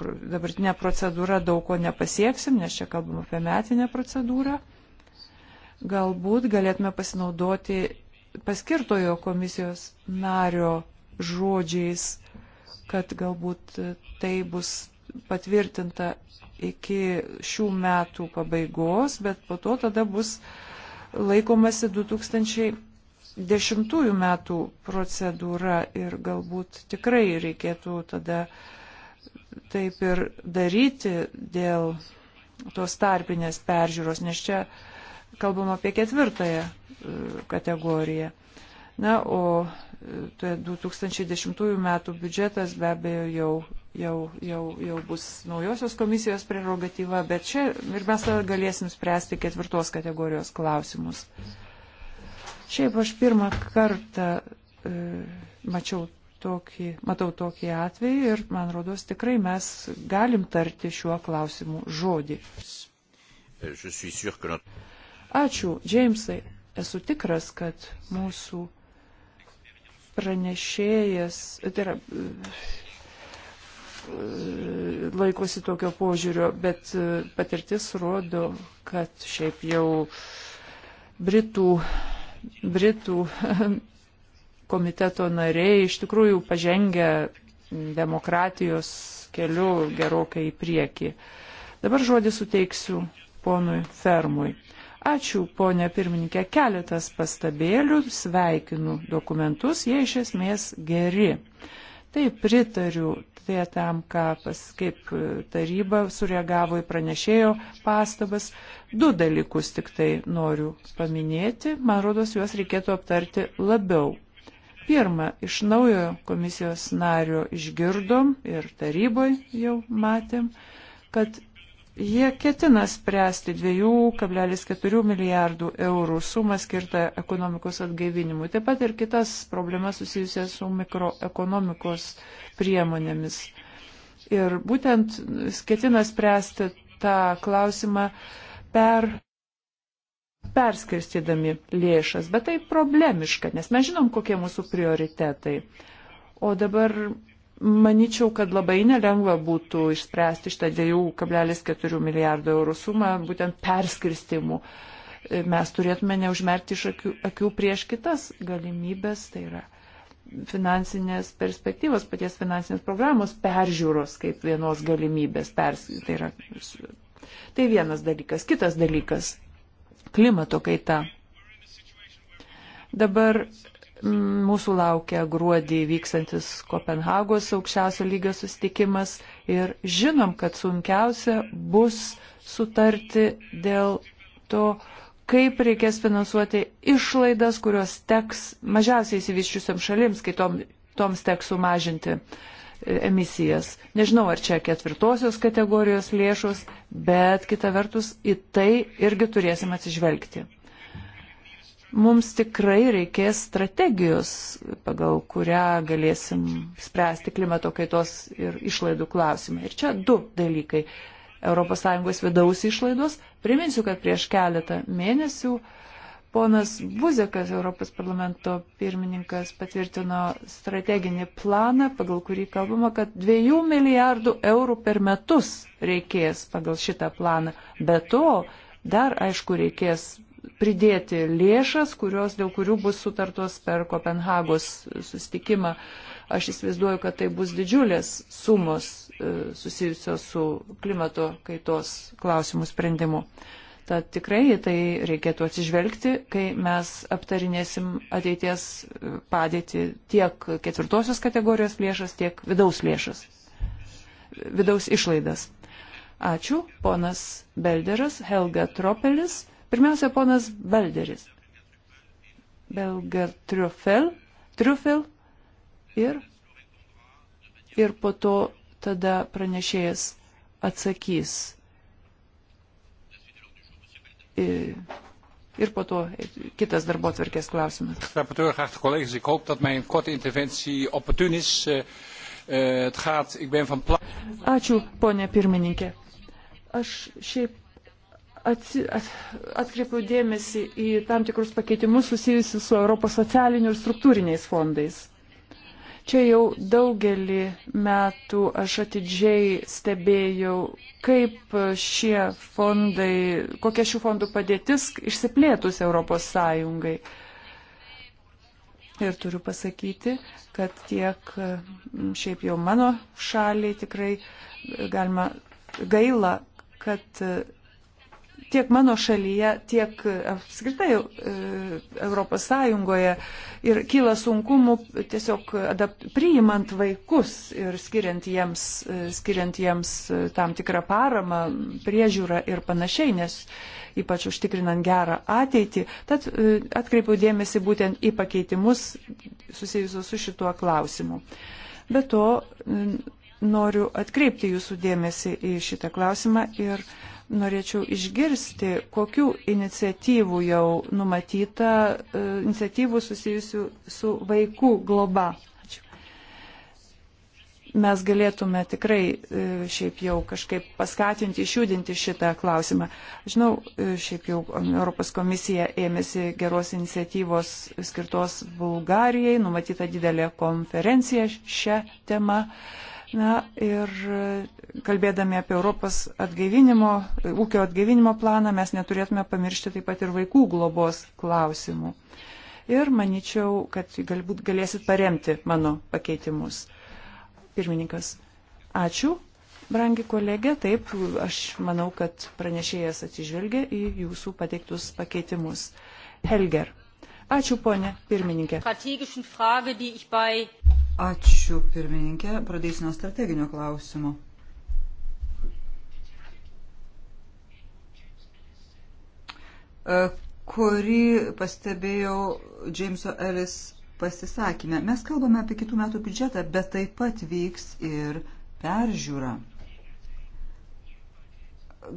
pro, dabartinė procedūra daug ko nepasieksim, nes čia kalbam apie metinę procedūrą. Galbūt galėtume pasinaudoti paskirtojo komisijos nario žodžiais, kad galbūt tai bus patvirtinta iki šių metų pabaigos, bet po to tada bus laikomasi 2010 metų procedūra ir galbūt tikrai reikėtų tada taip ir daryti dėl tos tarpinės peržiūros, nes čia kalbam apie ketvirtąją e, kategoriją. Na, o 2010 tai metų biudžetas be abejo jau, jau, jau, jau bus naujosios komisijos prerogatyva, bet čia ir mes galėsim spręsti ketvirtos kategorijos klausimus. Šiaip aš pirmą kartą e, mačiau tokį, matau tokį atvejį ir, man rodos, tikrai mes galim tarti šiuo klausimu žodį. Ačiū, Džeimsai. Esu tikras, kad mūsų pranešėjas, tai yra, laikosi tokio požiūrio, bet e, patirtis rodo, kad šiaip jau Britų, Britų [laughs] komiteto nariai iš tikrųjų pažengia demokratijos keliu gerokai į priekį. Dabar žodį suteiksiu ponui Fermui. Ačiū, ponė pirmininkė, keletas pastabėlių, sveikinu dokumentus, jie iš esmės geri. Taip, pritariu tai tam, ką pas, kaip taryba sureagavo į pranešėjo pastabas. Du dalykus tik tai noriu paminėti, man rodos, juos reikėtų aptarti labiau. Pirma, iš naujo komisijos nario išgirdom ir taryboj jau matėm, kad Jie ketina spręsti 2,4 milijardų eurų sumą skirtą ekonomikos atgaivinimui, taip pat ir kitas problemas susijusias su mikroekonomikos priemonėmis. Ir būtent ketina spręsti tą klausimą per perskirstydami lėšas, bet tai problemiška, nes mes žinom, kokie mūsų prioritetai. O dabar Maničiau, kad labai nelengva būtų išspręsti šitą 2,4 milijardo eurų sumą būtent perskirstimų. Mes turėtume neužmerkti iš akių, akių prieš kitas galimybės, tai yra finansinės perspektyvos, paties finansinės programos peržiūros kaip vienos galimybės. Pers, tai, yra, tai vienas dalykas. Kitas dalykas - klimato kaita. Dabar Mūsų laukia gruodį vykstantis Kopenhagos aukščiausio lygio susitikimas ir žinom, kad sunkiausia bus sutarti dėl to, kaip reikės finansuoti išlaidas, kurios teks mažiausiai įsivyščiusiam šalims, kai tom, toms teks sumažinti e, emisijas. Nežinau, ar čia ketvirtosios kategorijos lėšos, bet kita vertus į tai irgi turėsim atsižvelgti mums tikrai reikės strategijos, pagal kurią galėsim spręsti klimato kaitos ir išlaidų klausimą. Ir čia du dalykai. ES vidaus išlaidos. Priminsiu, kad prieš keletą mėnesių ponas Buzekas, Europos parlamento pirmininkas, patvirtino strateginį planą, pagal kurį kalbama, kad dviejų milijardų eurų per metus reikės pagal šitą planą. Be to, dar aišku reikės pridėti lėšas, kurios, dėl kurių bus sutartos per Kopenhagos sustikimą. Aš įsivaizduoju, kad tai bus didžiulės sumos e, susijusios su klimato kaitos klausimų sprendimu. Tad tikrai tai reikėtų atsižvelgti, kai mes aptarinėsim ateities e, padėti tiek ketvirtosios kategorijos lėšas, tiek vidaus lėšas, vidaus išlaidas. Ačiū, ponas Belderas, Helga Tropelis Pirmiausia, ponas Balderis. Belger Triufel, Triufel ir, ir po to tada pranešėjas atsakys. Ir, ir po to kitas darbo atvarkės klausimas. Rapporteur, geachte collega's, ik hoop dat mijn korte interventie opportun is. Eh, eh, het gaat, ik ben van plan. Ačiū, ponė pirmininkė. Aš šiaip atsi, at, atkreipiau dėmesį į tam tikrus pakeitimus susijusius su Europos socialiniu ir struktūriniais fondais. Čia jau daugelį metų aš atidžiai stebėjau, kaip šie fondai, kokia šių fondų padėtis išsiplėtus Europos Sąjungai. Ir turiu pasakyti, kad tiek šiaip jau mano šaliai tikrai galima gaila, kad tiek mano šalyje, tiek e, apskritai e, Europos Sąjungoje ir kyla sunkumų tiesiog adapt, priimant vaikus ir skiriant jiems, e, skiriant jiems tam tikrą paramą, priežiūrą ir panašiai, nes ypač užtikrinant gerą ateitį. Tad atkreipiau dėmesį būtent į pakeitimus susijusius su šituo klausimu. Be to, noriu atkreipti jūsų dėmesį į šitą klausimą ir uh, norėčiau išgirsti, kokių iniciatyvų jau numatyta, e, iniciatyvų susijusių su vaikų globa. Ačiū. Mes galėtume tikrai e, šiaip jau kažkaip paskatinti, išjudinti šitą klausimą. Žinau, e, šiaip jau Europos komisija ėmėsi geros iniciatyvos skirtos Bulgarijai, numatyta didelė konferencija šią temą. Uh, Na ir kalbėdami apie Europos atgaivinimo, ūkio atgaivinimo planą, mes neturėtume pamiršti taip pat ir vaikų globos klausimų. Ir manyčiau, kad galbūt galėsit paremti mano pakeitimus. Pirmininkas, ačiū, brangi kolegė, taip, aš manau, kad pranešėjas atsižvelgia į jūsų pateiktus pakeitimus. Helger. Ačiū, ponė pirmininkė. Ačiū, pirmininkė. Pradėsiu nuo strateginio klausimo. E, kurį pastebėjau Džeimso Ellis pasisakymę. Mes kalbame apie kitų metų biudžetą, bet taip pat vyks ir peržiūra.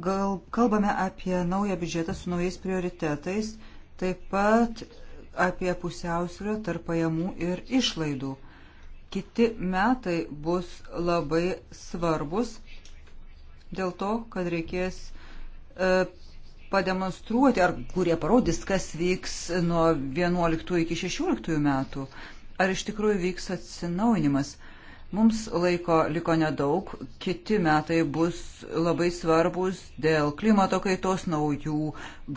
Gal kalbame apie naują biudžetą su naujais prioritetais, taip pat apie pusiausvyrą tarp pajamų ir išlaidų kiti metai bus labai svarbus dėl to, kad reikės e, pademonstruoti, ar kurie parodys, kas vyks nuo 11 iki 16 metų, ar iš tikrųjų vyks atsinaujinimas. Mums laiko liko nedaug, kiti metai bus labai svarbus dėl klimato kaitos, naujų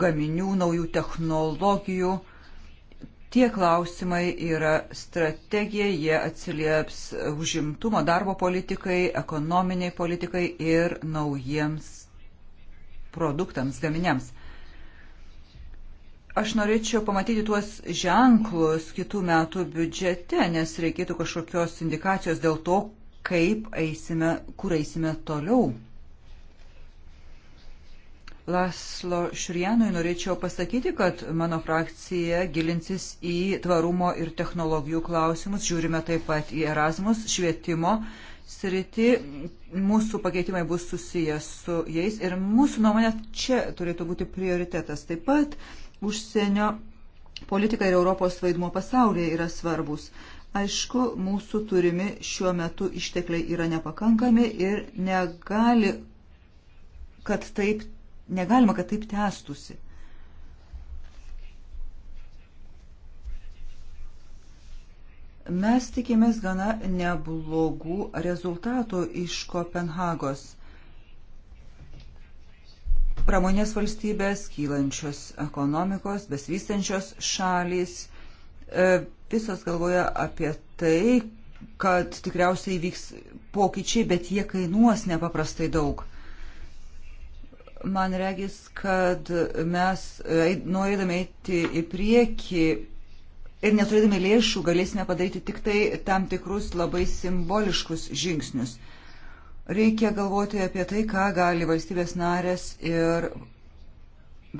gaminių, naujų technologijų. Tie klausimai yra strategija, jie atsilieps užimtumo darbo politikai, ekonominiai politikai ir naujiems produktams, gaminiams. Aš norėčiau pamatyti tuos ženklus kitų metų biudžete, nes reikėtų kažkokios indikacijos dėl to, kaip eisime, kur eisime toliau. Laslo Šrienui norėčiau pasakyti, kad mano frakcija gilinsis į tvarumo ir technologijų klausimus. Žiūrime taip pat į Erasmus švietimo sritį. Mūsų pakeitimai bus susijęs su jais ir mūsų nuomonė čia turėtų būti prioritetas. Taip pat užsienio politika ir Europos vaidmuo pasaulyje yra svarbus. Aišku, mūsų turimi šiuo metu ištekliai yra nepakankami ir negali, kad taip Negalima, kad taip tęstusi. Mes tikimės gana neblogų rezultatų iš Kopenhagos pramonės valstybės, kylančios ekonomikos, besvystančios šalys, e, visos galvoja apie tai, kad tikriausiai vyks pokyčiai, bet jie kainuos nepaprastai daug. Man regis, kad mes norėdami eiti į priekį ir neturėdami lėšų galėsime padaryti tik tai tam tikrus labai simboliškus žingsnius. Reikia galvoti apie tai, ką gali valstybės narės ir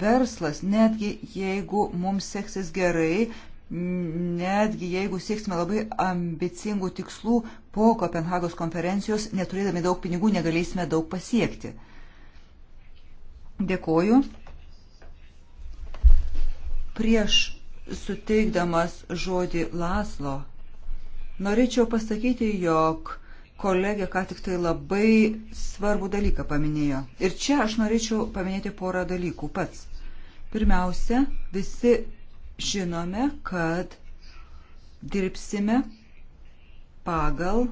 verslas, netgi jeigu mums seksis gerai, netgi jeigu sieksime labai ambicingų tikslų po Kopenhagos konferencijos, neturėdami daug pinigų negalėsime daug pasiekti. Dėkoju. Prieš suteikdamas žodį Laslo, norėčiau pasakyti, jog kolegė ką tik tai labai svarbų dalyką paminėjo. Ir čia aš norėčiau paminėti porą dalykų pats. Pirmiausia, visi žinome, kad dirbsime pagal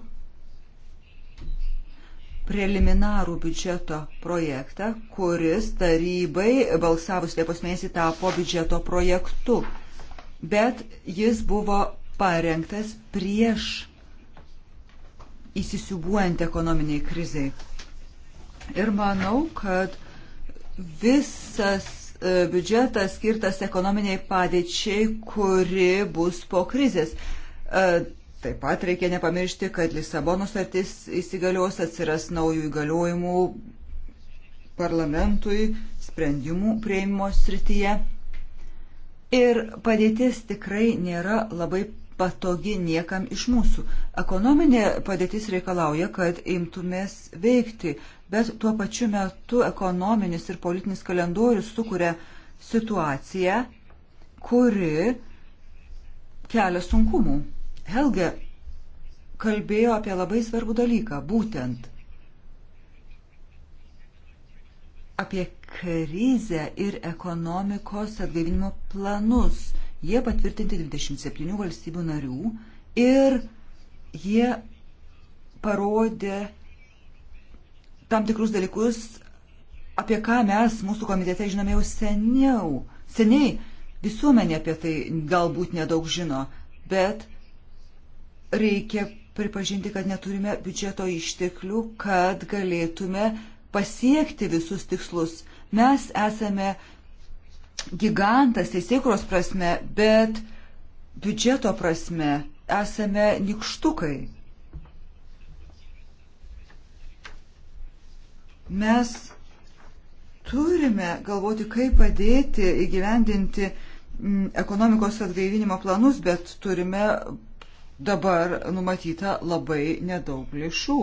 preliminarų biudžeto projektą, kuris tarybai balsavus Liepos mėnesį tapo biudžeto projektu, bet jis buvo parengtas prieš įsisiubuojant ekonominiai krizai. Ir manau, kad visas e, biudžetas skirtas ekonominiai padėčiai, kuri bus po krizės. E, Taip pat reikia nepamiršti, kad Lisabono sutartis įsigalios, atsiras naujų įgaliojimų parlamentui, sprendimų prieimimo srityje. Ir padėtis tikrai nėra labai patogi niekam iš mūsų. Ekonominė padėtis reikalauja, kad imtumės veikti, bet tuo pačiu metu ekonominis ir politinis kalendorius sukuria situaciją, kuri kelia sunkumų Helge kalbėjo apie labai svarbų dalyką, būtent apie krizę ir ekonomikos atgaivinimo planus. Jie patvirtinti 27 valstybių narių ir jie parodė tam tikrus dalykus, apie ką mes mūsų komitete žinome jau seniau. Seniai visuomenė apie tai galbūt nedaug žino, bet reikia pripažinti, kad neturime biudžeto išteklių, kad galėtume pasiekti visus tikslus. Mes esame gigantas teisėkros prasme, bet biudžeto prasme esame nikštukai. Mes turime galvoti, kaip padėti įgyvendinti mm, ekonomikos atgaivinimo planus, bet turime dabar numatyta labai nedaug lėšų.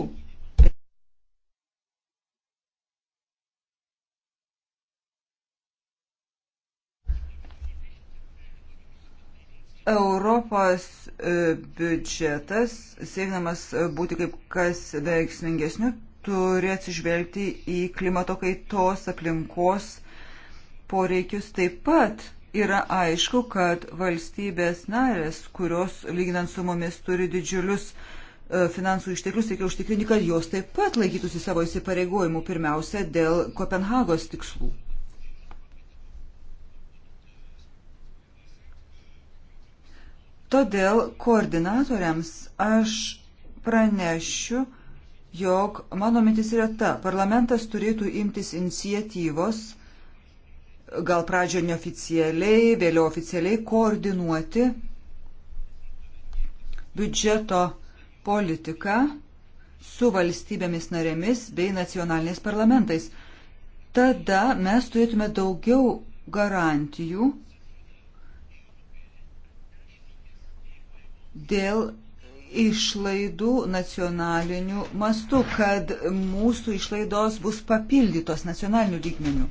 Europos e, biudžetas, siekdamas būti kaip kas veiksmingesniu, turi atsižvelgti į klimato kaitos aplinkos poreikius taip pat yra aišku, kad valstybės narės, kurios lyginant su mumis turi didžiulius e, finansų išteklius, reikia užtikrinti, kad jos taip pat laikytųsi savo įsipareigojimų pirmiausia dėl Kopenhagos tikslų. Todėl koordinatoriams aš pranešiu, jog mano mintis yra ta, parlamentas turėtų imtis inicijatyvos, gal pradžio neoficialiai, vėliau oficialiai koordinuoti biudžeto politiką su valstybėmis narėmis bei nacionaliniais parlamentais. Tada mes turėtume daugiau garantijų dėl išlaidų nacionalinių mastų, kad mūsų išlaidos bus papildytos nacionalinių lygmenių.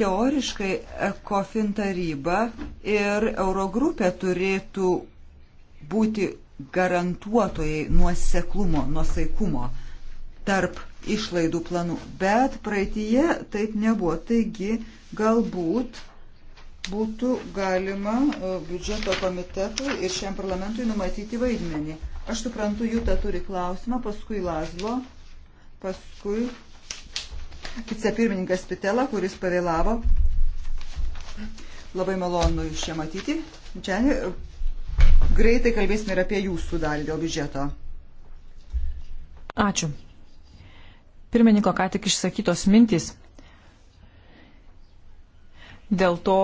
Teoriškai ECOFIN taryba ir Eurogrupė turėtų būti garantuotojai nuoseklumo, nuosaikumo tarp išlaidų planų. Bet praeitie taip nebuvo. Taigi galbūt būtų galima e, biudžeto komitetui ir šiam parlamentui numatyti vaidmenį. Aš suprantu, Jūta turi klausimą, paskui Lazlo, paskui vicepirmininkas Pitela, kuris pavėlavo. Labai malonu iš čia matyti. Čia greitai kalbėsime ir apie jūsų dalį dėl biudžeto. Ačiū. Pirmininko ką tik išsakytos mintys dėl to,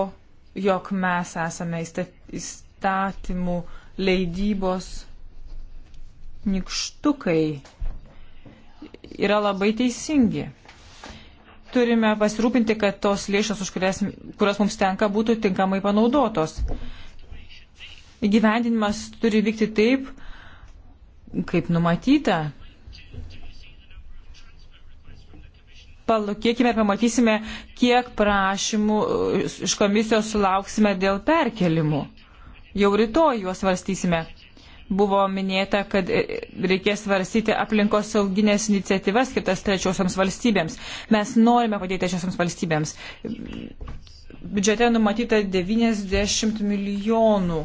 jog mes esame įstatymų leidybos nikštukai yra labai teisingi turime pasirūpinti, kad tos lėšos, kurias, kurios mums tenka, būtų tinkamai panaudotos. Įgyvendinimas turi vykti taip, kaip numatyta. Palūkėkime ir pamatysime, kiek prašymų uh, iš komisijos sulauksime dėl perkelimų. Jau rytoj juos varstysime buvo minėta, kad e, reikės svarstyti aplinkos sauginės iniciatyvas skirtas trečiosiams valstybėms. Mes norime padėti trečiosiams valstybėms. Biudžete numatyta 90 milijonų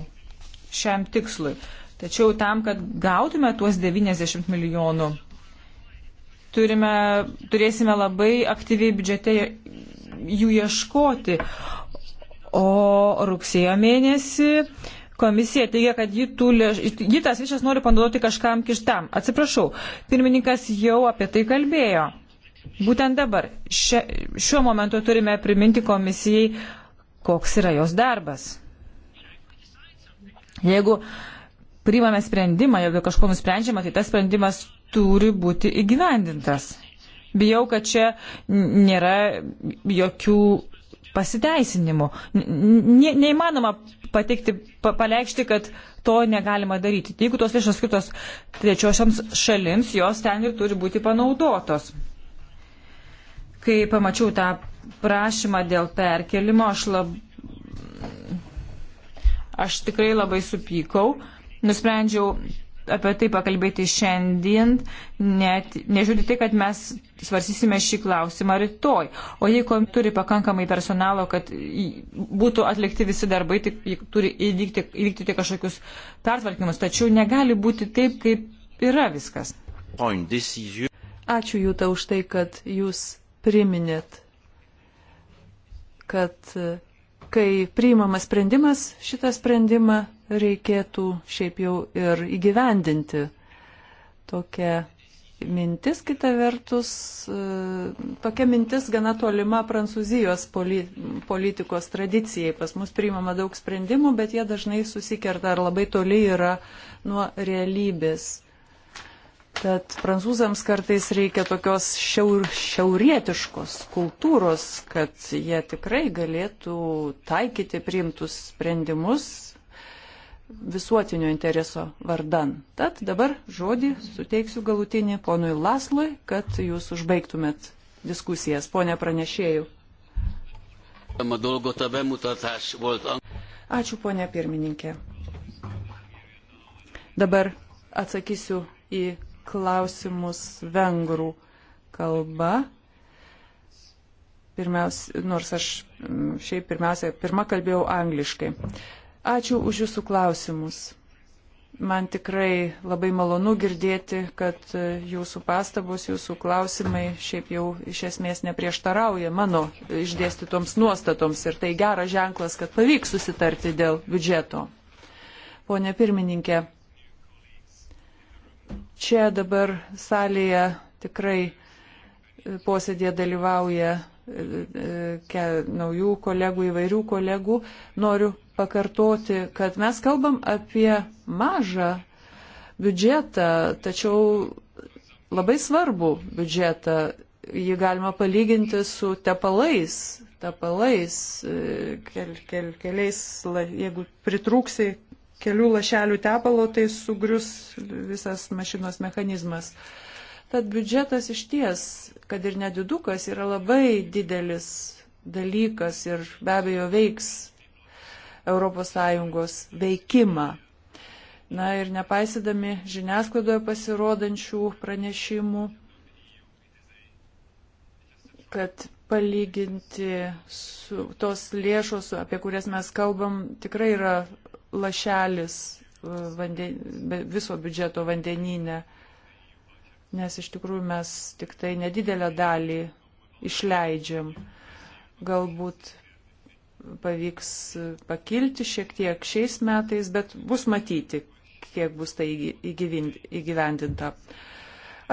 šiam tikslui. Tačiau tam, kad gautume tuos 90 milijonų, turime, turėsime labai aktyviai biudžete jų ieškoti. O rugsėjo mėnesį Komisija teigia, kad ji, lėš, ji tas lėšas nori panaudoti kažkam kištam. Atsiprašau, pirmininkas jau apie tai kalbėjo. Būtent dabar, šia, šiuo momentu turime priminti komisijai, koks yra jos darbas. Jeigu priimame sprendimą, jeigu kažko nusprendžiama, tai tas sprendimas turi būti įgyvendintas. Bijau, kad čia nėra jokių pasiteisinimų. Ne, neįmanoma pateikti, pa, paleikšti, kad to negalima daryti. Jeigu tos lėšos skirtos trečiosiams šalims, jos ten ir turi būti panaudotos. Kai pamačiau tą prašymą dėl perkelimo, aš, lab... aš tikrai labai supykau. Nusprendžiau apie tai pakalbėti šiandien, net nežiūrėti tai, kad mes svarsysime šį klausimą rytoj. O jeigu turi pakankamai personalo, kad būtų atlikti visi darbai, tik turi įvykti, įvykti kažkokius pertvarkymus. Tačiau negali būti taip, kaip yra viskas. Ačiū Jūta už tai, kad jūs priminėt, kad e, kai priimamas sprendimas, šitą sprendimą reikėtų šiaip jau ir įgyvendinti tokią mintis, kita vertus, e, tokia mintis gana tolima prancūzijos politikos tradicijai. Pas mus priimama daug sprendimų, bet jie dažnai susikerta ar labai toli yra nuo realybės. Tad prancūzams kartais reikia tokios šiaur, šiaurietiškos kultūros, kad jie tikrai galėtų taikyti priimtus sprendimus visuotinio intereso vardan. Tad dabar žodį suteiksiu galutinį ponui Laslui, kad jūs užbaigtumėt diskusijas, ponė pranešėjų. Ačiū, ponė pirmininkė. Dabar atsakysiu į klausimus vengrų kalba. Pirmiausia, nors aš šiaip pirmiausia, pirmą kalbėjau angliškai. Uh, Ačiū už Jūsų klausimus. Man tikrai labai malonu girdėti, kad e, Jūsų pastabos, Jūsų klausimai šiaip jau iš esmės neprieštarauja mano išdėstytoms nuostatoms ir tai geras ženklas, kad pavyks susitarti dėl biudžeto. Pone pirmininkė, čia dabar salėje tikrai e, posėdėje dalyvauja e, ke, naujų kolegų, įvairių kolegų. Noriu pakartoti, kad mes kalbam apie mažą biudžetą, tačiau labai svarbu biudžetą. Jį galima palyginti su tepalais, tepalais, e, kel, kel, keliais, jeigu pritrūksai kelių lašelių tepalo, tai sugrius visas mašinos mechanizmas. Tad biudžetas iš ties, kad ir nedidukas, yra labai didelis dalykas ir be abejo veiks ES veikimą. Na ir nepaisydami žiniasklaidoje pasirodančių pranešimų, kad palyginti su tos lėšos, apie kurias mes kalbam, tikrai yra lašelis uh, vanden, viso biudžeto vandeninė, nes iš tikrųjų mes tik tai nedidelę dalį išleidžiam. Galbūt pavyks pakilti šiek tiek šiais metais, bet bus matyti, kiek bus tai įgyvendinta.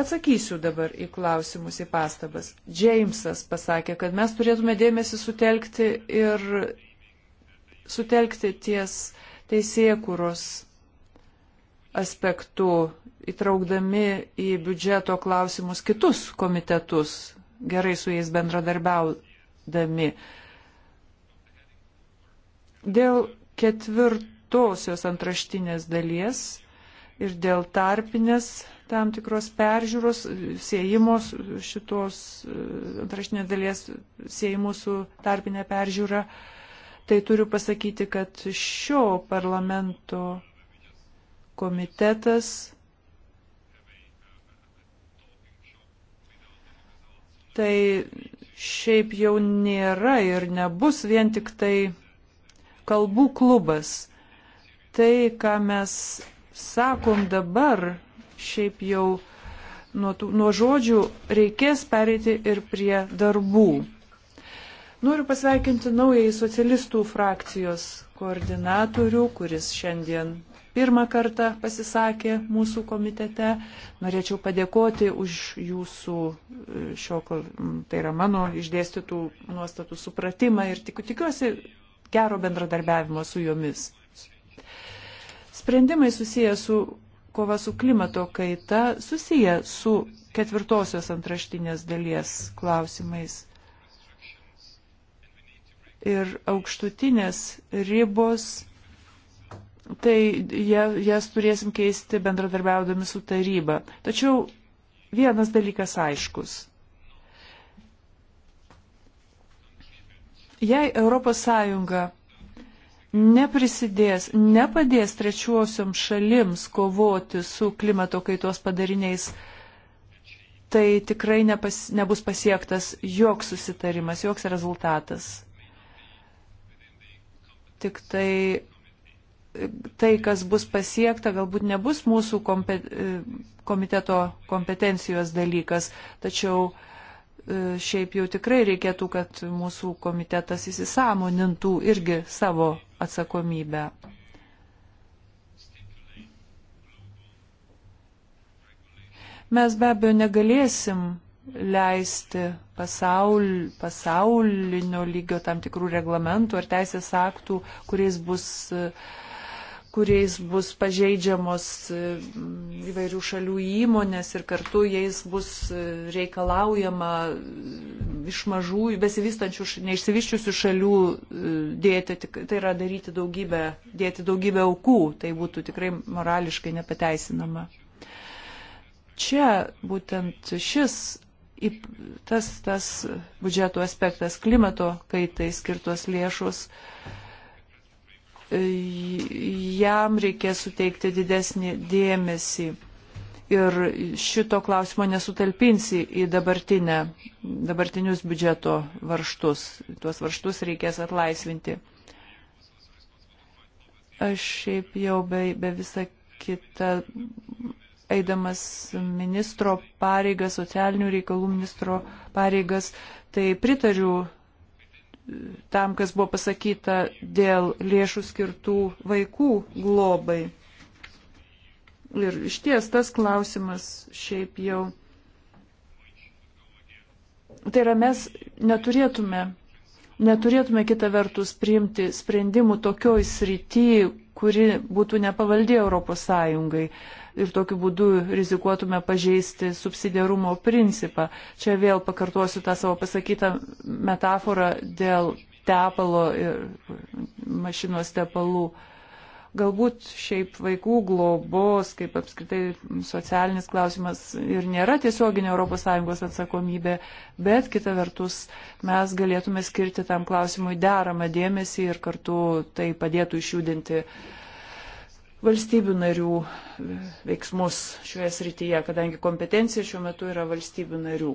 Atsakysiu dabar į klausimus, į pastabas. Džeimsas pasakė, kad mes turėtume dėmesį sutelkti ir sutelkti ties teisėkuros aspektu, įtraukdami į biudžeto klausimus kitus komitetus, gerai su jais bendradarbiaudami. Dėl ketvirtosios antraštinės dalies ir dėl tarpinės tam tikros peržiūros, siejimos šitos e, antraštinės dalies siejimų su tarpinė peržiūra, tai turiu pasakyti, kad šio parlamento komitetas tai šiaip jau nėra ir nebus vien tik tai kalbų klubas. Tai, ką mes sakom dabar, šiaip jau nuo, tų, nuo žodžių reikės pereiti ir prie darbų. Noriu pasveikinti naująjį socialistų frakcijos koordinatorių, kuris šiandien pirmą kartą pasisakė mūsų komitete. Norėčiau padėkoti už jūsų e, šio, tai yra mano išdėstytų nuostatų supratimą ir tik, tikiuosi gero bendradarbiavimo su jomis. Sprendimai susiję su kova su klimato kaita susiję su ketvirtosios antraštinės dalies klausimais ir aukštutinės ribos, tai jas turėsim keisti bendradarbiaudami su taryba. Tačiau vienas dalykas aiškus. Jei ES neprisidės, nepadės trečiuosiom šalims kovoti su klimato kaitos padariniais, tai tikrai nepas, nebus pasiektas joks susitarimas, joks rezultatas. Tik tai tai, kas bus pasiekta, galbūt nebus mūsų kompe, komiteto kompetencijos dalykas, tačiau uh, E, šiaip jau tikrai reikėtų, kad mūsų komitetas įsisamonintų irgi savo atsakomybę. Mes be abejo negalėsim leisti pasaul, pasaulinio lygio tam tikrų reglamentų ar teisės aktų, kuriais bus uh, kuriais bus pažeidžiamos e, įvairių šalių įmonės ir kartu jais bus e, reikalaujama e, iš mažų, besivystančių, neišsivyščiusių šalių dėti, tai yra daryti daugybę, dėti daugybę aukų, tai būtų tikrai morališkai nepateisinama. Čia būtent šis, tas, tas budžeto aspektas klimato kaitai skirtos lėšos, uh, jam reikės suteikti didesnį dėmesį. Ir šito klausimo nesutalpinsi į dabartinę, dabartinius biudžeto varštus. Tuos varštus reikės atlaisvinti. Aš šiaip jau be, be visą kitą, eidamas ministro pareigas, socialinių reikalų ministro pareigas, tai pritariu tam, kas buvo pasakyta dėl lėšų skirtų vaikų globai. Ir iš ties tas klausimas šiaip jau. Tai yra mes neturėtume, neturėtume kitą vertus priimti sprendimų tokioj srity, kuri būtų nepavaldė Europos Sąjungai. Uh, ir tokiu būdu rizikuotume pažeisti subsidiarumo principą. Čia vėl pakartosiu tą savo pasakytą metaforą dėl tepalo ir mašinos tepalų. Galbūt šiaip vaikų globos, kaip apskritai socialinis klausimas ir nėra tiesioginė ES atsakomybė, bet kita vertus mes galėtume skirti tam klausimui deramą dėmesį ir kartu tai padėtų išjudinti uh, valstybių narių veiksmus šioje srityje, kadangi kompetencija šiuo metu yra valstybių narių.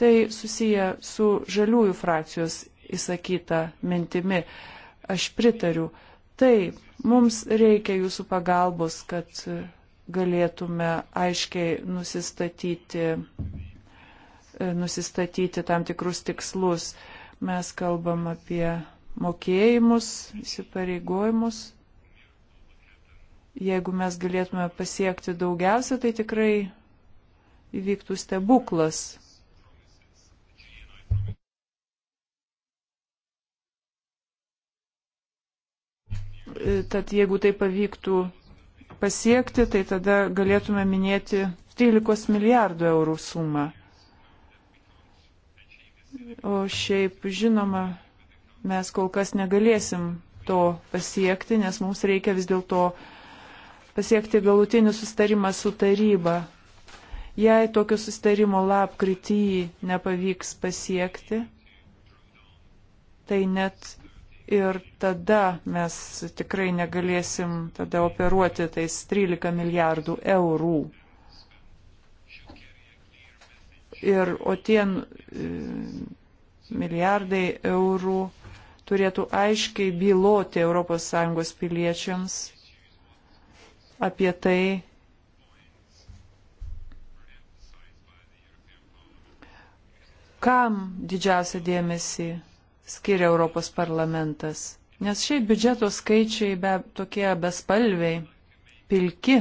Tai susiję su žaliųjų frakcijos įsakyta mintimi. Aš pritariu. Taip, mums reikia jūsų pagalbos, kad galėtume aiškiai nusistatyti, nusistatyti tam tikrus tikslus. Mes kalbam apie mokėjimus, įsipareigojimus, Jeigu mes galėtume pasiekti daugiausia, tai tikrai įvyktų stebuklas. Tad jeigu tai pavyktų pasiekti, tai tada galėtume minėti 13 milijardų eurų sumą. O šiaip, žinoma, mes kol kas negalėsim to pasiekti, nes mums reikia vis dėlto pasiekti galutinį sustarimą su taryba. Jei tokio sustarimo lapkritį nepavyks pasiekti, tai net ir tada mes tikrai negalėsim tada operuoti tais 13 milijardų eurų. Ir o tie e, milijardai eurų turėtų aiškiai byloti ES piliečiams apie tai, kam didžiausią dėmesį skiria Europos parlamentas. Nes šiaip biudžeto skaičiai be, tokie bespalviai, pilki.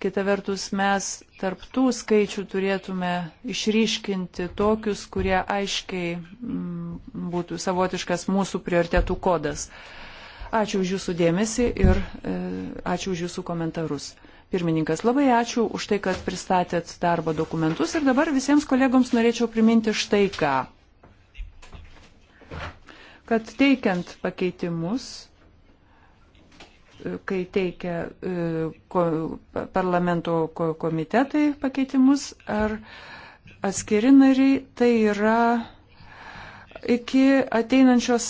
Kita vertus, mes tarptų skaičių turėtume išryškinti tokius, kurie aiškiai m, mm, būtų savotiškas mūsų prioritetų kodas. Uh, Ačiū už Jūsų dėmesį ir e, ačiū už Jūsų komentarus. Pirmininkas, labai ačiū už tai, kad pristatėt darbo dokumentus ir dabar visiems kolegoms norėčiau priminti štai ką. Kad teikiant pakeitimus, e, kai teikia e, ko, parlamento komitetai pakeitimus ar atskiri nariai, tai yra iki ateinančios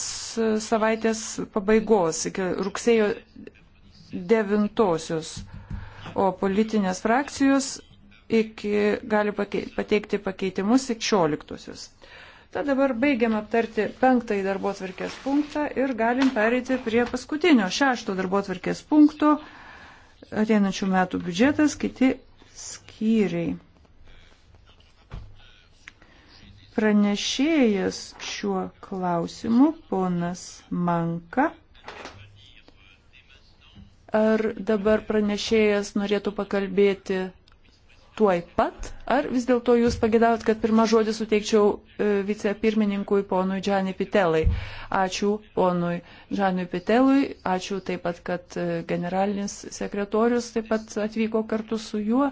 savaitės pabaigos, iki rugsėjo 9-osios, o politinės frakcijos iki, gali pateikti pakeitimus iki 16-osios. Tad dabar baigiam aptarti penktąjį darbo atvarkės punktą ir galim pereiti prie paskutinio šešto darbo atvarkės punkto ateinančių metų biudžetas, kiti skyriai. pranešėjas šiuo klausimu, ponas Manka. Ar dabar pranešėjas norėtų pakalbėti tuoj pat, ar vis dėlto jūs pagėdavot, kad pirmą žodį suteikčiau e, vicepirmininkui ponui Džanui Pitelai. Ačiū ponui Džanui Pitelui, ačiū taip pat, kad e, generalinis sekretorius taip pat atvyko kartu su juo.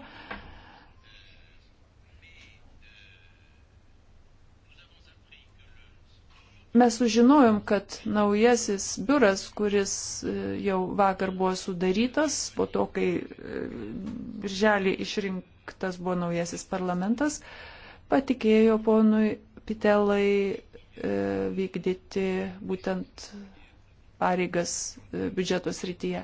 mes sužinojom, kad naujasis biuras, kuris e, jau vakar buvo sudarytas, po to, kai e, birželį išrinktas buvo naujasis parlamentas, patikėjo ponui Pitelai e, vykdyti būtent pareigas biudžeto srityje.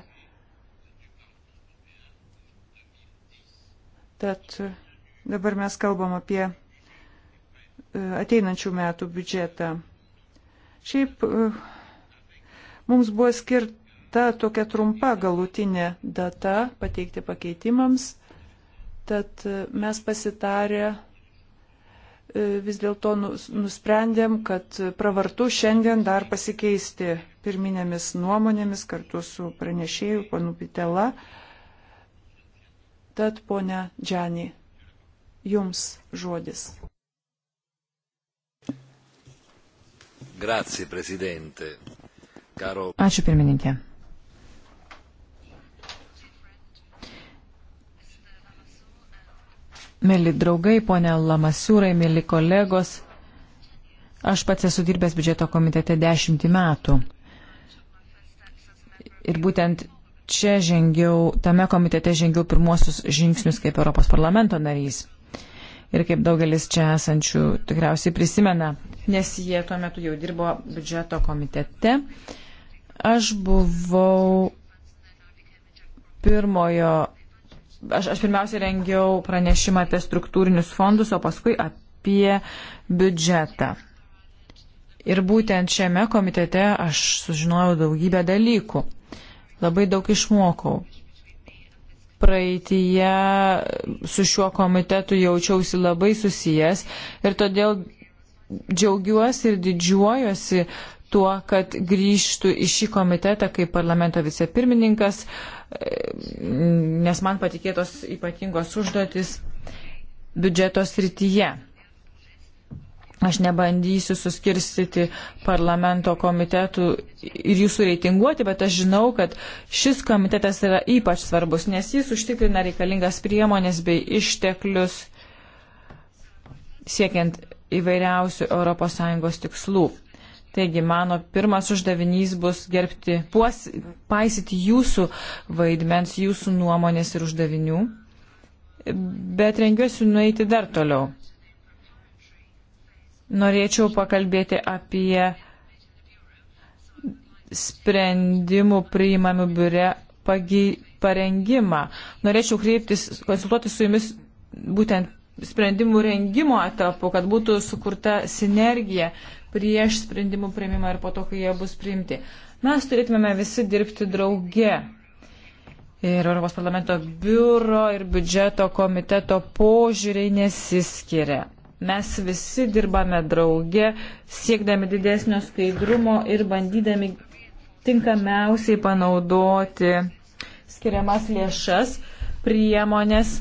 Tad dabar mes kalbam apie ateinančių metų biudžetą Šiaip uh, mums buvo skirta tokia trumpa galutinė data pateikti pakeitimams, tad uh, mes pasitarę uh, vis dėlto nu, nusprendėm, kad pravartu šiandien dar pasikeisti pirminėmis nuomonėmis kartu su pranešėju panu Pitela. Tad ponia Džani, jums žodis. Grazie, prezidente. Karo... Ačiū pirmininkė. Mėly draugai, ponė Lamasiūrai, mėly kolegos, aš pats esu dirbęs biudžeto komitete dešimtį metų. Ir būtent čia žengiau, tame komitete žengiau pirmuosius žingsnius kaip Europos parlamento narys ir kaip daugelis čia esančių tikriausiai prisimena, nes jie tuo metu jau dirbo biudžeto komitete. Aš buvau pirmojo, aš, aš pirmiausia rengiau pranešimą apie struktūrinius fondus, o paskui apie biudžetą. Ir būtent šiame komitete aš sužinojau daugybę dalykų. Labai daug išmokau praeitįje su šiuo komitetu jaučiausi labai susijęs ir todėl džiaugiuosi ir didžiuojuosi tuo, kad grįžtų į šį komitetą kaip parlamento vicepirmininkas, e, nes man patikėtos ypatingos užduotis biudžeto srityje. Aš nebandysiu suskirstyti parlamento komitetų ir jūsų reitinguoti, bet aš žinau, kad šis komitetas yra ypač svarbus, nes jis užtikrina reikalingas priemonės bei išteklius siekiant įvairiausių ES tikslų. Taigi mano pirmas uždavinys bus gerbti, puos, paisyti jūsų vaidmens, jūsų nuomonės ir uždavinių, bet rengiuosi nueiti dar toliau norėčiau pakalbėti apie sprendimų priimamių biure pagi, parengimą. Norėčiau kreiptis, konsultuoti su jumis būtent sprendimų rengimo etapu, kad būtų sukurta sinergija prieš sprendimų priimimą ir po to, kai jie bus priimti. Mes turėtume visi dirbti drauge. Ir Europos parlamento biuro ir biudžeto komiteto požiūriai nesiskiria. Mes visi dirbame drauge, siekdami didesnio skaidrumo ir bandydami tinkamiausiai panaudoti skiriamas lėšas, priemonės,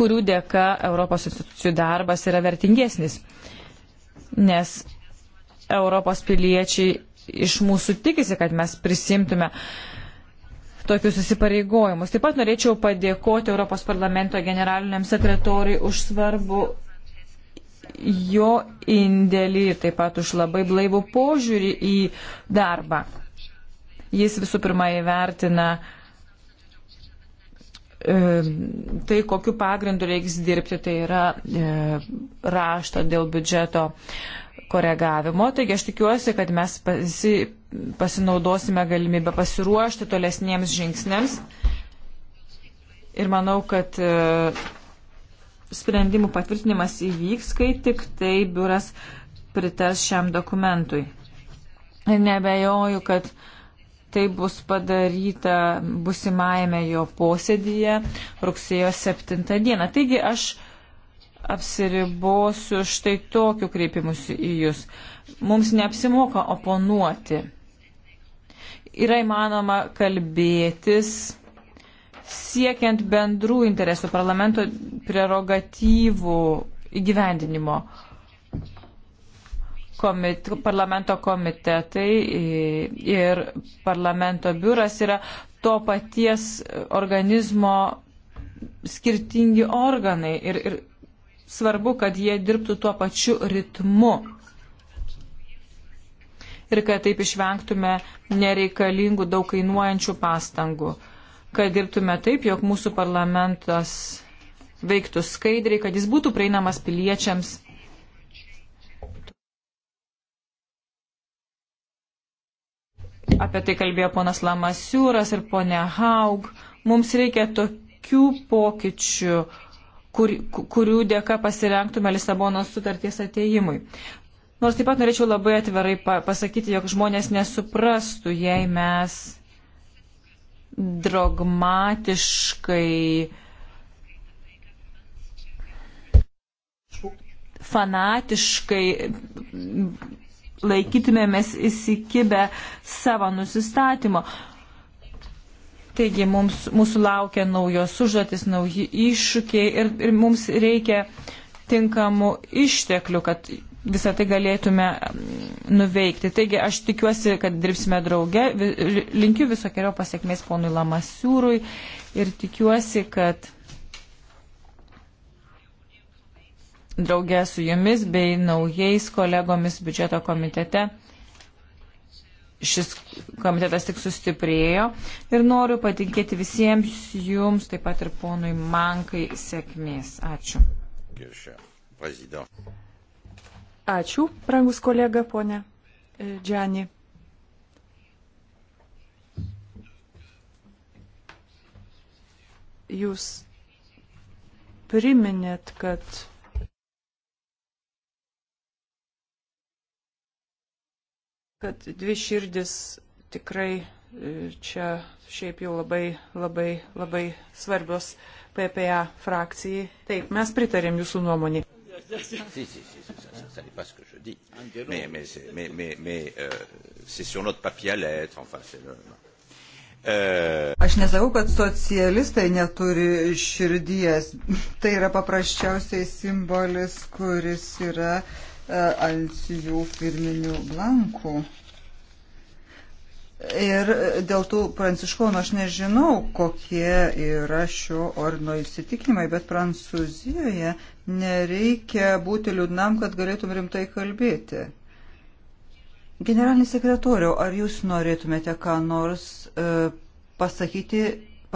kurių dėka Europos institucijų darbas yra vertingesnis. Nes Europos piliečiai iš mūsų tikisi, kad mes prisimtume tokius įsipareigojimus. Taip pat norėčiau padėkoti Europos parlamento generaliniam sekretoriui už svarbu jo indėlį ir taip pat už labai blaivų požiūrį į darbą. Jis visų pirma įvertina e, tai, kokiu pagrindu reiks dirbti, tai yra e, rašto dėl biudžeto koregavimo. Taigi aš tikiuosi, kad mes pasi, pasinaudosime galimybę pasiruošti tolesniems žingsniams. Ir manau, kad e, sprendimų patvirtinimas įvyks, kai tik tai biuras pritars šiam dokumentui. Nebejoju, kad tai bus padaryta busimajame jo posėdyje rugsėjo 7 dieną. Taigi aš apsiribosiu štai tokiu kreipimusi į jūs. Mums neapsimoka oponuoti. Yra įmanoma kalbėtis siekiant bendrų interesų parlamento prerogatyvų įgyvendinimo. Komit, parlamento komitetai ir parlamento biuras yra to paties organizmo skirtingi organai ir, ir svarbu, kad jie dirbtų tuo pačiu ritmu ir kad taip išvengtume nereikalingų daug kainuojančių pastangų kad dirbtume taip, jog mūsų parlamentas veiktų skaidriai, kad jis būtų prieinamas piliečiams. Apie tai kalbėjo ponas Lamasiūras ir ponė Haug. Mums reikia tokių pokyčių, kur, kurių dėka pasirenktume Lisabonos sutarties ateimui. Nors taip pat norėčiau labai atvirai pasakyti, jog žmonės nesuprastų, jei mes dogmatiškai fanatiškai laikytumėmės įsikibę savo nusistatymo. Taigi mums, mūsų laukia naujos užduotis, nauji iššūkiai ir, ir mums reikia tinkamų išteklių, kad visą tai galėtume mm, nuveikti. Taigi aš tikiuosi, kad dirbsime drauge. Linkiu visokiojo pasiekmės ponui Lamasiūrui ir tikiuosi, kad drauge su jumis bei naujais kolegomis biudžeto komitete šis komitetas tik sustiprėjo ir noriu patikėti visiems jums, taip pat ir ponui Mankai, sėkmės. Ačiū. Geršia, Ačiū, brangus kolega, ponė e, Džiani. Jūs priminėt, kad kad dvi širdis tikrai e, čia šiaip jau labai, labai, labai svarbios PPA frakcijai. Taip, mes pritarėm jūsų nuomonį. Si, si, si, ça, ça, ça n'est pas ce que je dis. Mais, mais, mais, mais, mais euh, c'est sur notre papier à lettres, enfin, c'est le... E... Aš nesakau, kad socialistai neturi širdies. [laughs] Tai yra paprasčiausiai simbolis, kuris yra e, ant jų firminių blankų. Ir dėl tų pranciškonų aš nežinau, kokie yra šio ordino įsitikinimai, bet Prancūzijoje Nereikia būti liūdnam, kad galėtum rimtai kalbėti. Generalinis sekretoriau, ar jūs norėtumėte ką nors e, pasakyti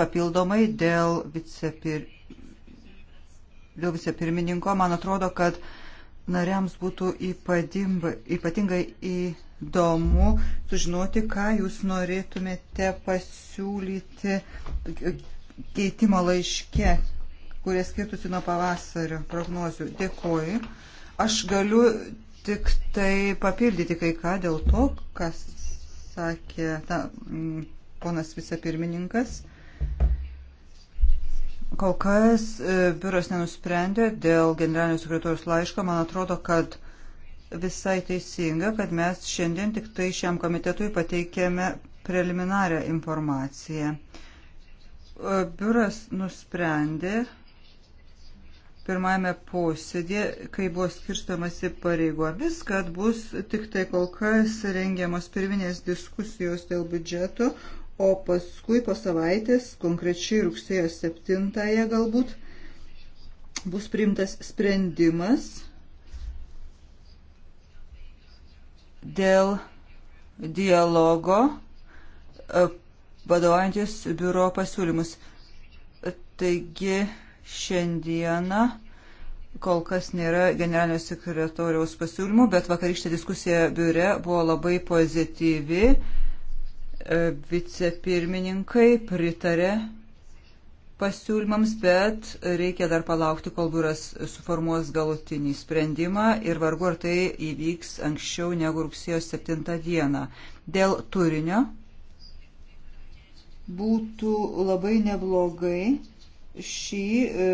papildomai dėl, vicepir... dėl vicepirmininko? Man atrodo, kad nariams būtų ypadimba, ypatingai įdomu sužinoti, ką jūs norėtumėte pasiūlyti keitimo laiške kurie skirtųsi nuo pavasario prognozių. Dėkoju. Aš galiu tik tai papildyti kai ką dėl to, kas sakė ta, mm, ponas vicepirmininkas. Kol kas e, biuras nenusprendė dėl generalinio sekretorius laiško. Man atrodo, kad visai teisinga, kad mes šiandien tik tai šiam komitetui pateikėme preliminarią informaciją. E, biuras nusprendė pirmajame posėdėje, kai buvo skirstamasi pareigomis, kad bus tik tai kol kas rengiamos pirminės diskusijos dėl biudžeto, o paskui po savaitės, konkrečiai rugsėjo 7-ąją galbūt, bus priimtas sprendimas dėl dialogo e, vadovaujantis biuro pasiūlymus. Taigi, Šiandieną kol kas nėra generalinio sekretoriaus pasiūlymų, bet vakarykštė diskusija biure buvo labai pozityvi. E, vicepirmininkai pritarė pasiūlymams, bet reikia dar palaukti, kol biuras suformuos galutinį sprendimą ir vargu ar tai įvyks anksčiau negu rugsėjo 7 dieną. Dėl turinio būtų labai neblogai šį e,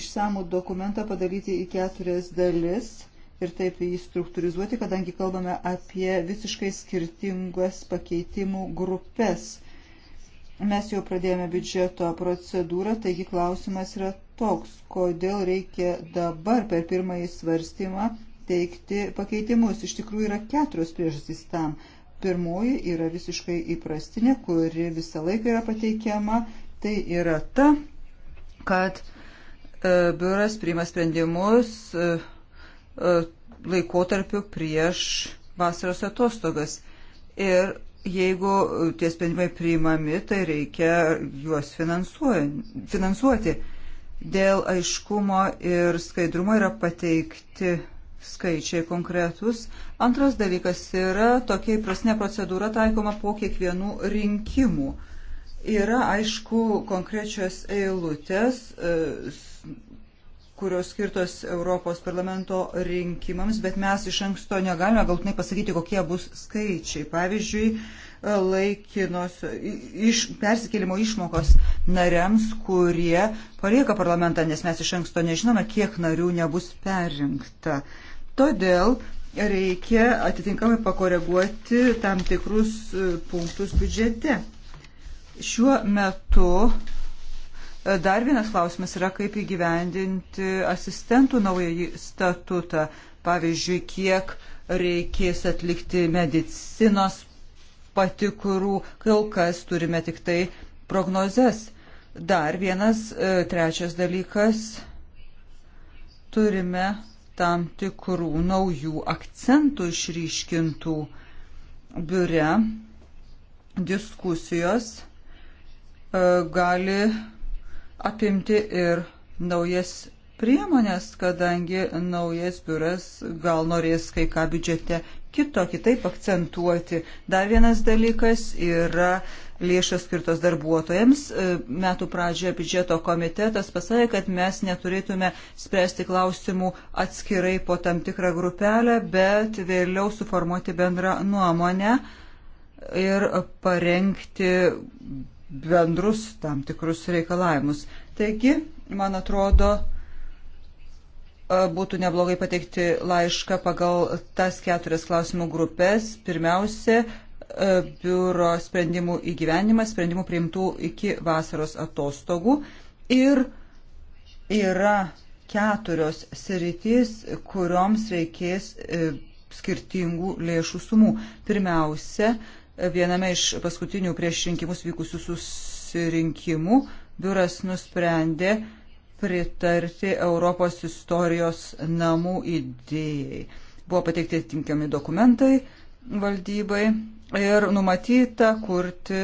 išsamų dokumentą padaryti į keturias dalis ir taip jį struktūrizuoti, kadangi kalbame apie visiškai skirtingas pakeitimų grupės. Mes jau pradėjome biudžeto procedūrą, taigi klausimas yra toks, kodėl reikia dabar per pirmąjį svarstymą teikti pakeitimus. Iš tikrųjų yra keturios priežastys tam. Pirmoji yra visiškai įprastinė, kuri visą laiką yra pateikiama. Tai yra ta kad e, biuras priima sprendimus e, e, laikotarpiu prieš vasaros atostogas. Ir jeigu tie sprendimai priimami, tai reikia juos finansuoti. Dėl aiškumo ir skaidrumo yra pateikti skaičiai konkretus. Antras dalykas yra tokia įprasnė procedūra taikoma po kiekvienų rinkimų. Yra, aišku, konkrečios eilutės, e, kurios skirtos Europos parlamento rinkimams, bet mes iš anksto negalime galtinai pasakyti, kokie bus skaičiai. Pavyzdžiui, e, laikinos iš, persikėlimo išmokos nariams, kurie palieka parlamentą, nes mes iš anksto nežinome, kiek narių nebus perrinkta. Todėl reikia atitinkamai pakoreguoti tam tikrus e, punktus biudžete. Šiuo metu e, dar vienas klausimas yra, kaip įgyvendinti asistentų naująjį statutą. Pavyzdžiui, kiek reikės atlikti medicinos patikrų, kol kas turime tik tai prognozes. Dar vienas, e, trečias dalykas, turime tam tikrų naujų akcentų išryškintų biure diskusijos E, gali apimti ir naujas priemonės, kadangi naujas biuras gal norės kai ką biudžete kito, kitaip akcentuoti. Dar vienas dalykas yra lėšas skirtos darbuotojams. E, metų pradžioje biudžeto komitetas pasakė, kad mes neturėtume spręsti klausimų atskirai po tam tikrą grupelę, bet vėliau suformuoti bendrą nuomonę ir parengti bendrus tam tikrus reikalavimus. Taigi, man atrodo, e, būtų neblogai pateikti laišką pagal tas keturias klausimų grupės. Pirmiausia, e, biuro sprendimų įgyvenimas, sprendimų priimtų iki vasaros atostogų. Ir yra keturios sritys, kurioms reikės e, skirtingų lėšų sumų. Pirmiausia, viename iš paskutinių prieš rinkimus vykusių susirinkimų biuras nusprendė pritarti Europos istorijos namų idėjai. Buvo pateikti tinkami dokumentai valdybai ir numatyta kurti,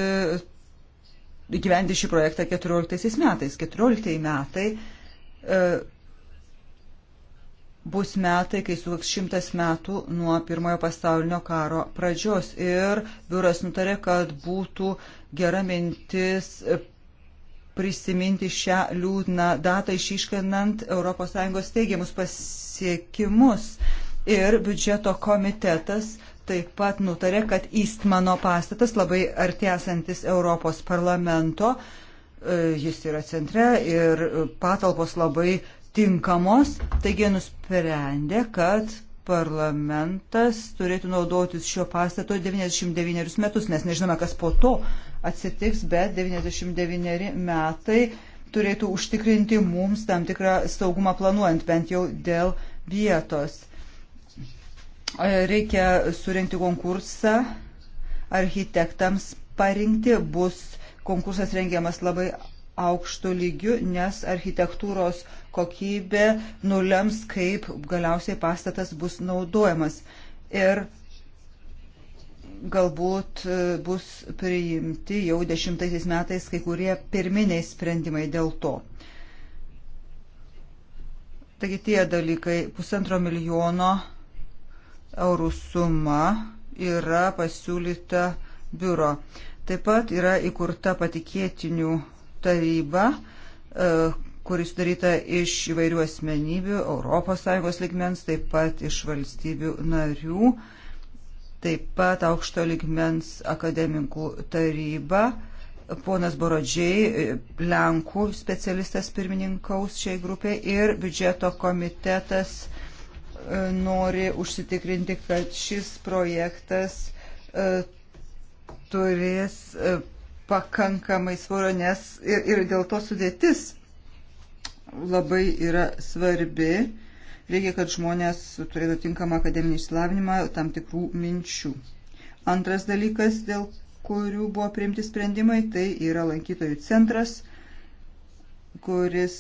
gyventi šį projektą 14 metais. 14 metai e, bus metai, kai suvaks šimtas metų nuo pirmojo pasaulinio karo pradžios. Ir biuras nutarė, kad būtų gera mintis prisiminti šią liūdną datą išiškinant ES teigiamus pasiekimus. Ir biudžeto komitetas taip pat nutarė, kad Eastmano pastatas, labai artėsantis Europos parlamento, e, jis yra centre ir patalpos labai tinkamos, taigi nusprendė, kad parlamentas turėtų naudotis šio pastato 99 metus, nes nežinome, kas po to atsitiks, bet 99 metai turėtų užtikrinti mums tam tikrą saugumą planuojant, bent jau dėl vietos. E, reikia surinkti konkursą architektams parinkti, bus konkursas rengiamas labai aukštų lygių, nes architektūros kokybė nulems, kaip galiausiai pastatas bus naudojamas. Ir galbūt e, bus priimti jau dešimtaisiais metais kai kurie pirminiai sprendimai dėl to. Taigi tie dalykai pusantro milijono eurų suma yra pasiūlyta biuro. Taip pat yra įkurta patikėtinių taryba, e, kuris sudaryta iš įvairių asmenybių, ES ligmens, taip pat iš valstybių narių, taip pat aukšto ligmens akademikų taryba. Ponas Borodžiai, Lenkų specialistas pirmininkaus šiai grupė ir biudžeto komitetas e, nori užsitikrinti, kad šis projektas e, turės e, pakankamai svorio, nes ir, ir dėl to sudėtis labai yra svarbi. Reikia, kad žmonės turėtų tinkamą akademinį išsilavinimą tam tikrų minčių. Antras dalykas, dėl kurių buvo priimti sprendimai, tai yra lankytojų centras, kuris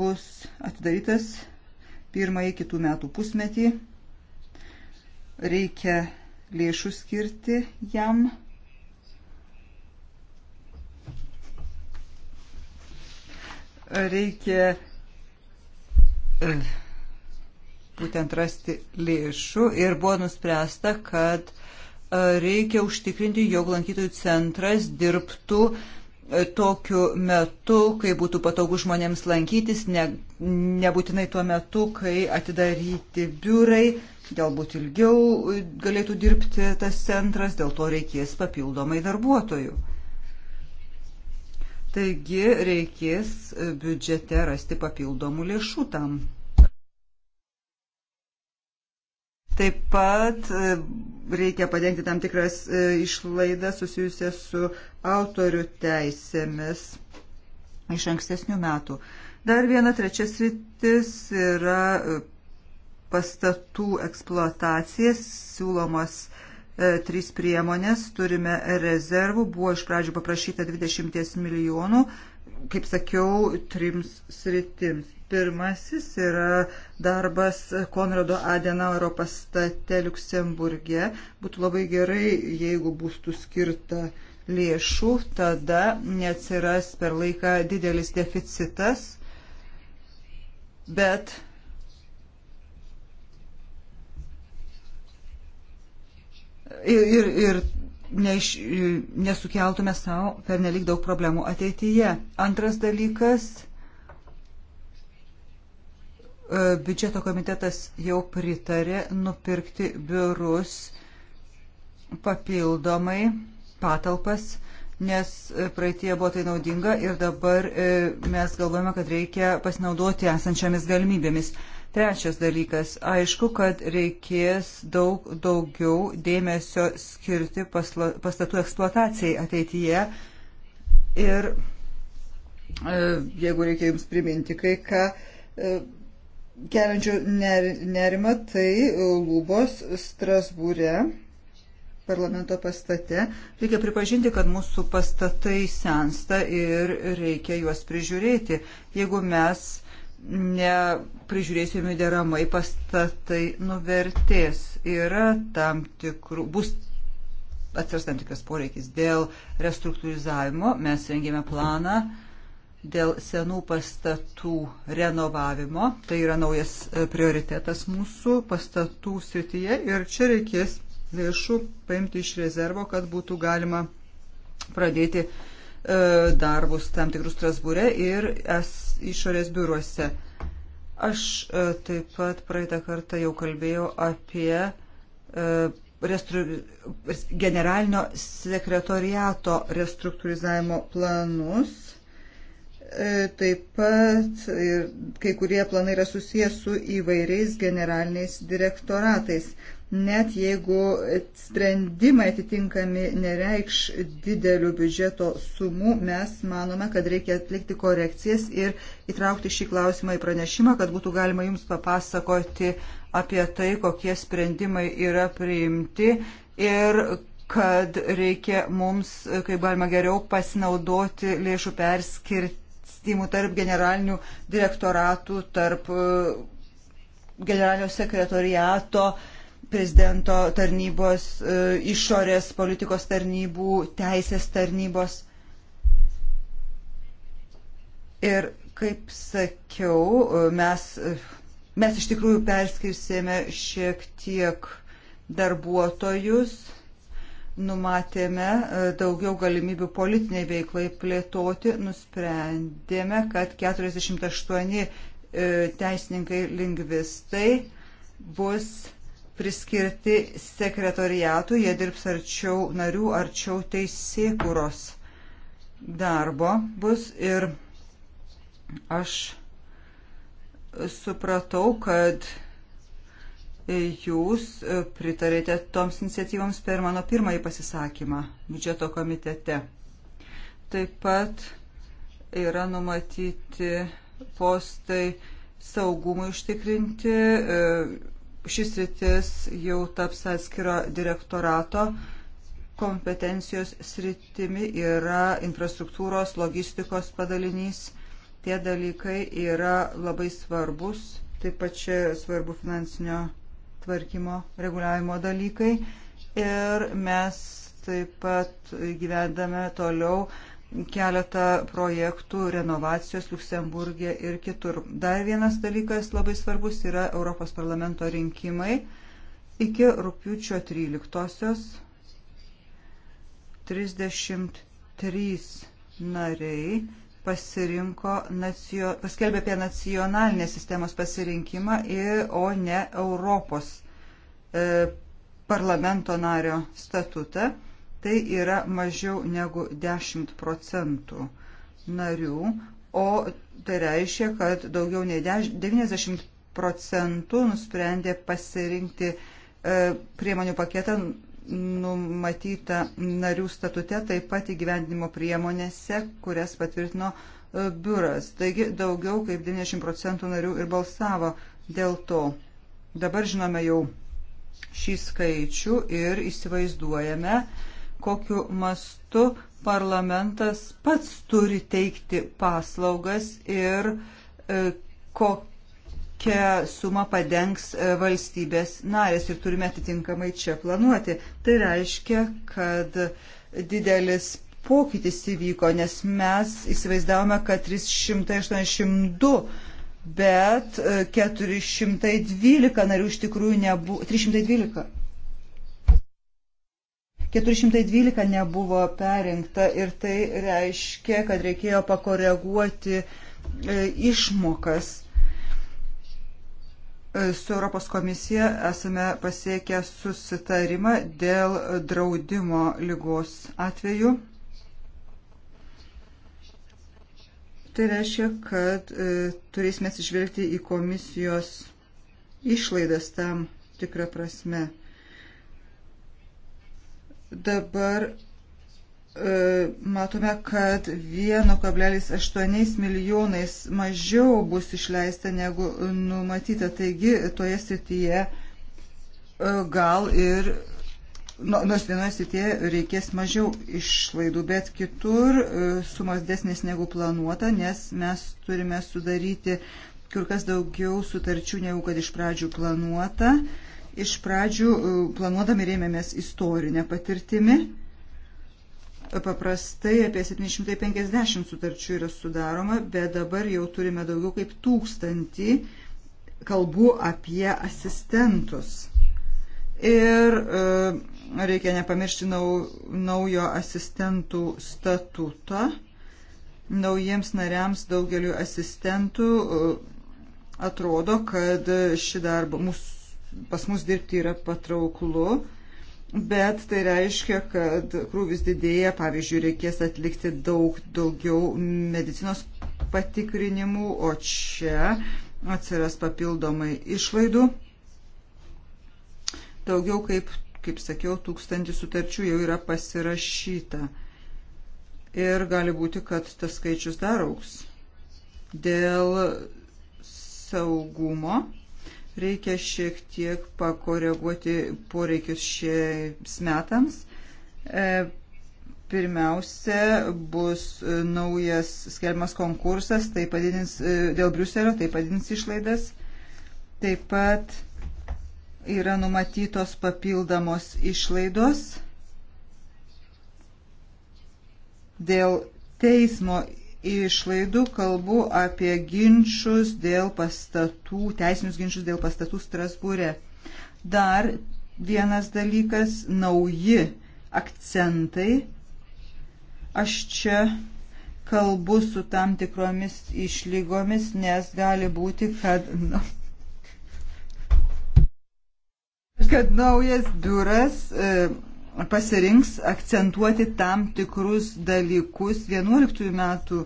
bus atidarytas pirmąjį kitų metų pusmetį. Reikia lėšų skirti jam reikia e, būtent rasti lėšų ir buvo nuspręsta, kad e, reikia užtikrinti, jog lankytojų centras dirbtų e, tokiu metu, kai būtų patogu žmonėms lankytis, ne, nebūtinai tuo metu, kai atidaryti biurai, galbūt ilgiau galėtų dirbti tas centras, dėl to reikės papildomai darbuotojų. Taigi reikės e, biudžete rasti papildomų lėšų tam. Taip pat e, reikia padengti tam tikras e, išlaidas susijusias su autorių teisėmis iš ankstesnių metų. Dar viena trečia sritis yra pastatų eksploatacijas siūlomas E, trys priemonės, turime rezervų, buvo iš pradžių paprašyta 20 milijonų, kaip sakiau, trims sritims. Pirmasis yra darbas Konrado Adenauro pastate Luksemburgė. Būtų labai gerai, jeigu būtų skirta lėšų, tada neatsiras per laiką didelis deficitas, bet ir, ir neiš, nesukeltume savo per nelik daug problemų ateityje. Antras dalykas. E, biudžeto komitetas jau pritarė nupirkti biurus papildomai patalpas, nes e, praeitie buvo tai naudinga ir dabar e, mes galvojame, kad reikia pasinaudoti esančiomis galimybėmis. Trečias dalykas. Aišku, kad reikės daug daugiau dėmesio skirti pasla, pastatų eksploatacijai ateityje. Ir e, jeigu reikia jums priminti kai ką e, keliančių nerimą, tai lubos Strasbūre parlamento pastate. Reikia pripažinti, kad mūsų pastatai sensta ir reikia juos prižiūrėti. Jeigu mes neprižiūrėsime deramai, pastatai nuvertės. Yra tam tikrų, bus atsiras tam tikras poreikis dėl restruktūrizavimo. Mes rengėme planą dėl senų pastatų renovavimo. Tai yra naujas e, prioritetas mūsų pastatų srityje ir čia reikės lėšų paimti iš rezervo, kad būtų galima pradėti e, darbus tam tikrus Strasbūre ir es išorės biuruose. Aš e, taip pat praeitą kartą jau kalbėjau apie e, restru... generalinio sekretoriato restruktūrizavimo planus. E, taip pat ir kai kurie planai yra susijęs su įvairiais generaliniais direktoratais net jeigu sprendimai atitinkami nereikš didelių biudžeto sumų, mes manome, kad reikia atlikti korekcijas ir įtraukti šį klausimą į pranešimą, kad būtų galima jums papasakoti apie tai, kokie sprendimai yra priimti ir kad reikia mums, kaip galima geriau, pasinaudoti lėšų perskirtimų tarp generalinių direktoratų, tarp e, generalinio sekretoriato, uh, prezidento tarnybos, e, išorės politikos tarnybų, teisės tarnybos. Ir kaip sakiau, e, mes, e, mes iš tikrųjų perskirsėme šiek tiek darbuotojus, numatėme daugiau galimybių politiniai veiklai plėtoti, nusprendėme, kad 48 teisininkai lingvistai bus priskirti sekretoriatų, jie dirbs arčiau narių, arčiau teisėkūros darbo bus ir aš supratau, kad jūs pritarėte toms iniciatyvams per mano pirmąjį pasisakymą biudžeto komitete. Taip pat yra numatyti postai saugumui užtikrinti, šis sritis jau taps atskiro direktorato kompetencijos sritimi yra infrastruktūros, logistikos padalinys. Tie dalykai yra labai svarbus, taip pat čia svarbu finansinio tvarkymo reguliavimo dalykai. Ir mes taip pat gyvendame toliau keletą projektų renovacijos Luksemburgė ir kitur. Dar vienas dalykas labai svarbus yra Europos parlamento rinkimai iki rūpiučio 13-osios 33 nariai pasirinko, nacio, paskelbė apie nacionalinės sistemos pasirinkimą, ir, o ne Europos e, parlamento nario statutą. E, tai yra mažiau negu 10 procentų narių, o tai reiškia, kad daugiau nei 90 procentų nusprendė pasirinkti e, priemonių paketą numatyta narių statute, taip pat įgyvendinimo priemonėse, kurias patvirtino e, biuras. Taigi daugiau kaip 90 procentų narių ir balsavo dėl to. Dabar žinome jau šį skaičių ir įsivaizduojame, kokiu mastu parlamentas pats turi teikti paslaugas ir e, kokią sumą padengs e, valstybės narės ir turime atitinkamai čia planuoti. Tai reiškia, kad didelis pokytis įvyko, nes mes įsivaizdavome, kad 382, bet 412 e, narių iš tikrųjų nebuvo, 312 412 nebuvo perinkta ir tai reiškia, kad reikėjo pakoreguoti e, išmokas. E, su Europos komisija esame pasiekę susitarimą dėl draudimo lygos atveju. Tai reiškia, kad e, turėsime atsižvelgti į komisijos išlaidas tam tikrą prasme. E, Dabar e, matome, kad 1,8 milijonais mažiau bus išleista negu numatyta. Taigi toje srityje e, gal ir, nu, nors vienoje srityje reikės mažiau išlaidų, bet kitur e, sumas desnės negu planuota, nes mes turime sudaryti kur kas daugiau sutarčių negu kad iš pradžių planuota. Uh, Iš pradžių e, planuodami rėmėmės istorinę patirtimį. Paprastai apie 750 sutarčių yra sudaroma, bet dabar jau turime daugiau kaip tūkstantį kalbų apie asistentus. Ir e, reikia nepamiršti nau, naujo asistentų statutą. Naujiems nariams daugeliu asistentų e, atrodo, kad ši darbo, mūsų pas mus dirbti yra patrauklu, bet tai reiškia, kad krūvis didėja, pavyzdžiui, reikės atlikti daug daugiau medicinos patikrinimų, o čia atsiras papildomai išlaidų. Daugiau kaip, kaip sakiau, tūkstantį sutarčių jau yra pasirašyta. Ir gali būti, kad tas skaičius dar auks. Dėl saugumo Reikia šiek tiek pakoreguoti poreikius šiems metams. E, pirmiausia, bus naujas skelbiamas konkursas, tai padidins e, dėl Briuselio, tai padidins išlaidas. Taip pat yra numatytos papildomos išlaidos dėl teismo išlaidų kalbu apie ginčius dėl pastatų, teisinius ginčius dėl pastatų Strasbūre. Dar vienas dalykas - nauji akcentai. Aš čia kalbu su tam tikromis išlygomis, nes gali būti, kad. Nu, kad naujas biuras. E, pasirinks akcentuoti tam tikrus dalykus 11 metų,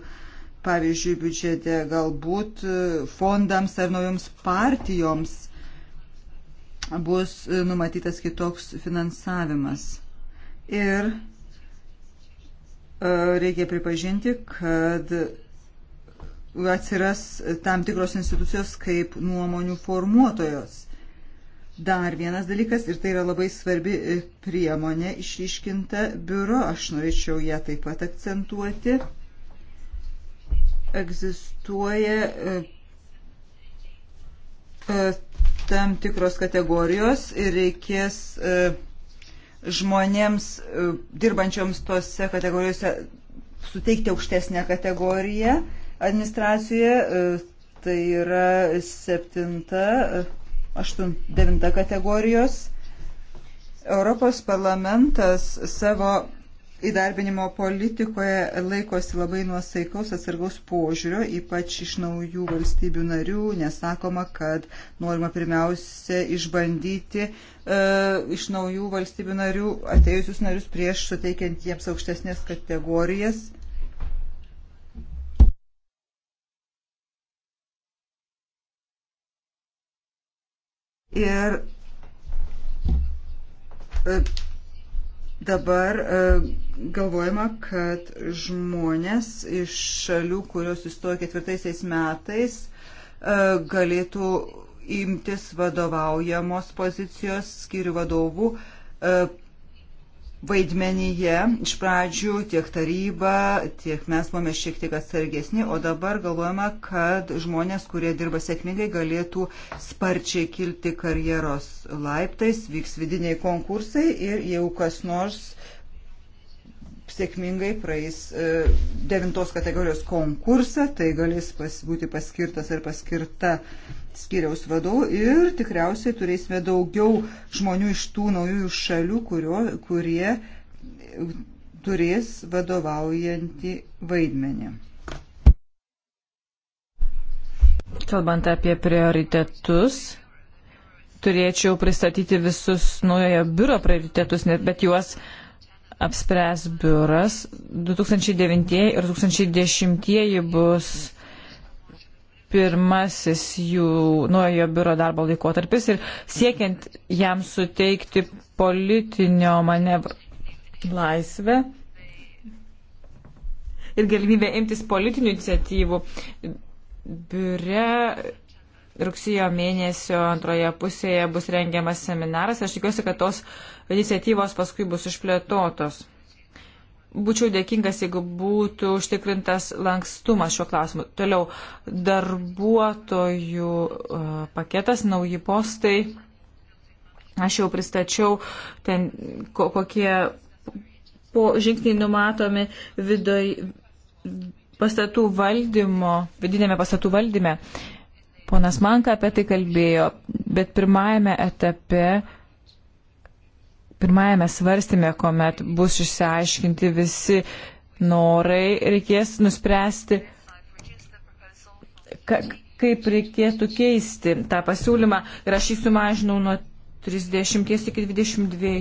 pavyzdžiui, biudžete, galbūt e, fondams ar naujoms partijoms bus e, numatytas kitoks finansavimas. Ir e, reikia pripažinti, kad atsiras tam tikros institucijos kaip nuomonių formuotojos Dar vienas dalykas, ir tai yra labai svarbi e, priemonė išryškinta biuro, aš norėčiau ją taip pat akcentuoti, egzistuoja e, e, tam tikros kategorijos ir reikės žmonėms dirbančioms tose kategorijose suteikti aukštesnę kategoriją administracijoje, tai yra septinta 9 kategorijos. Europos parlamentas savo įdarbinimo politikoje laikosi labai nuosaikaus atsargaus požiūrio, ypač iš naujų valstybių narių, nesakoma, kad norima pirmiausia išbandyti e, iš naujų valstybių narių atėjusius narius prieš suteikiant jiems aukštesnės kategorijas Ir e, Dabar e, galvojama, kad žmonės iš šalių, kurios įstojo ketvirtaisiais metais, e, galėtų imtis vadovaujamos pozicijos skirių vadovų vaidmenyje. Iš pradžių tiek taryba, tiek mes buvome šiek tiek atsargesni, o dabar galvojame, kad žmonės, kurie dirba sėkmingai, galėtų sparčiai kilti karjeros laiptais, vyks vidiniai konkursai ir jau kas nors sėkmingai praeis e, devintos kategorijos konkursą, tai galės pas, būti paskirtas ar paskirta skyriaus vadovų ir tikriausiai turėsime daugiau žmonių iš tų naujųjų šalių, kurio, kurie turės vadovaujantį vaidmenį. Kalbant apie prioritetus, turėčiau pristatyti visus naujojo biuro prioritetus, bet juos uh, apspręs biuras. 2009 ir 2010 bus pirmasis jų naujojo biuro darbo laikotarpis ir siekiant jam suteikti politinio manevro laisvę ir galimybę imtis politinių iniciatyvų, biure rugsėjo mėnesio antroje pusėje bus rengiamas seminaras. Aš tikiuosi, kad tos iniciatyvos paskui bus išplėtotos. Būčiau dėkingas, jeigu būtų užtikrintas lankstumas šiuo klausimu. Toliau, darbuotojų e, paketas, nauji postai. Aš jau pristačiau ten, kokie po žingsniai numatomi vidoj, pastatų valdymo, vidinėme pastatų valdyme. Ponas Manka apie tai kalbėjo, bet pirmajame etape pirmajame svarstymė, kuomet bus išsiaiškinti visi norai, reikės nuspręsti, ka, kaip reikėtų keisti tą pasiūlymą. Ir aš jį sumažinau nuo 30 iki 22.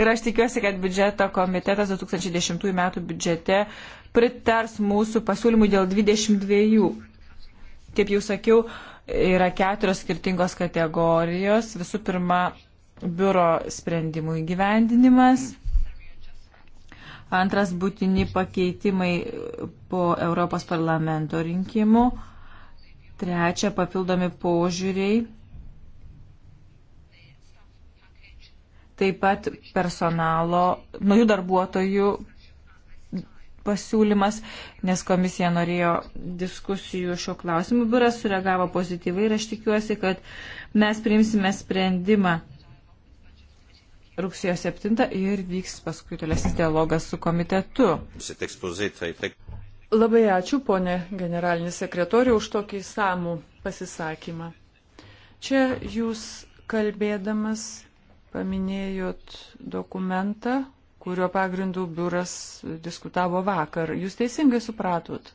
Ir aš tikiuosi, kad biudžeto komitetas 2010 m. biudžete pritars mūsų pasiūlymui dėl 22. Kaip jau sakiau, yra keturios skirtingos kategorijos. Visų pirma, biuro sprendimų įgyvendinimas. Antras būtini pakeitimai po Europos parlamento rinkimų. Trečia, papildomi požiūriai. Taip pat personalo, naujų darbuotojų pasiūlymas, nes komisija norėjo diskusijų šio klausimu. Biuras sureagavo pozityvai ir aš tikiuosi, kad mes priimsime sprendimą rugsėjo 7 ir vyks paskui tolesnis dialogas su komitetu. Labai ačiū, ponė generalinis sekretoriu, už tokį samų pasisakymą. Čia jūs kalbėdamas paminėjot dokumentą, kurio pagrindų biuras diskutavo vakar. Jūs teisingai supratot,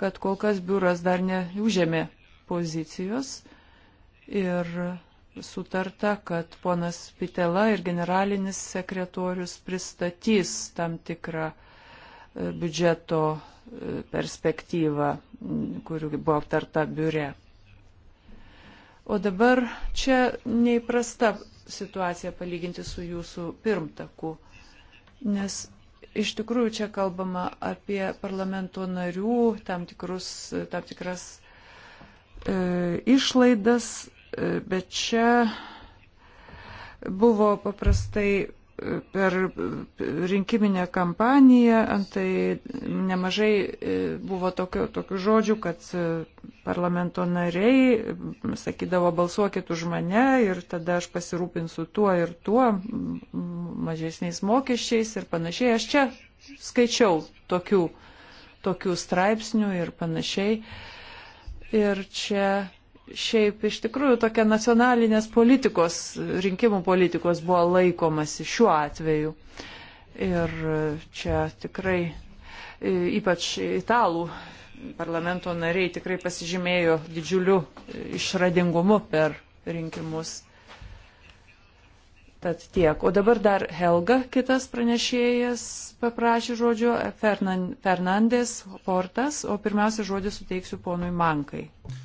kad kol kas biuras dar neužėmė pozicijos ir sutarta, kad ponas Pitela ir generalinis sekretorius pristatys tam tikrą e, biudžeto e, perspektyvą, kuri buvo aptarta biure. O dabar čia neįprasta situaciją palyginti su jūsų pirmtaku. Nes iš tikrųjų čia kalbama apie parlamento narių tam, tikrus, tam tikras e, išlaidas, e, bet čia buvo paprastai per rinkiminę kampaniją, antai nemažai e, buvo tokio, tokių žodžių, kad e, parlamento nariai sakydavo balsuokit už mane ir tada aš pasirūpinsiu tuo ir tuo, mažesniais mokesčiais ir panašiai. Aš čia skaičiau tokių, tokių straipsnių ir panašiai. Ir čia šiaip iš tikrųjų tokia nacionalinės politikos, rinkimų politikos buvo laikomasi šiuo atveju. Ir čia tikrai e, ypač italų parlamento nariai tikrai pasižymėjo didžiuliu e, išradingumu per rinkimus. Tad tiek. O dabar dar Helga, kitas pranešėjas, paprašė žodžio Fernandės Portas, o pirmiausia žodį suteiksiu ponui Mankai. Uh,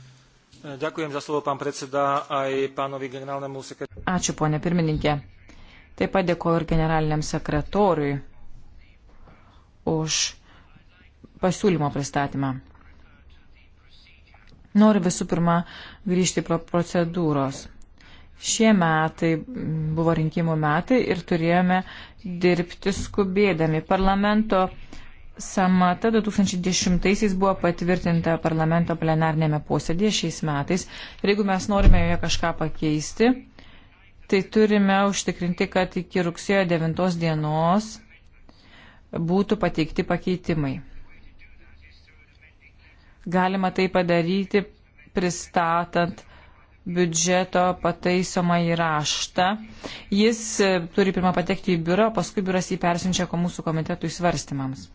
Dėkuojam za slovo, pan predseda, ai panovi generaliniam sekretoriui. Ačiū, ponė pirmininkė. Taip pat dėkoju ir generaliniam sekretoriui už pasiūlymo pristatymą. Noriu visų pirma grįžti prie procedūros. Šie metai buvo rinkimų metai ir turėjome dirbti skubėdami. Parlamento uh, Samata 2010-aisiais buvo patvirtinta parlamento plenarnėme posėdėje šiais metais. Ir jeigu mes norime joje kažką pakeisti, tai turime užtikrinti, kad iki rugsėjo 9 dienos būtų pateikti pakeitimai. Galima tai padaryti pristatant biudžeto pataisomą įraštą. Jis turi pirmą patekti į biurą, paskui biuras jį persiunčia ko mūsų komitetui svarstymams.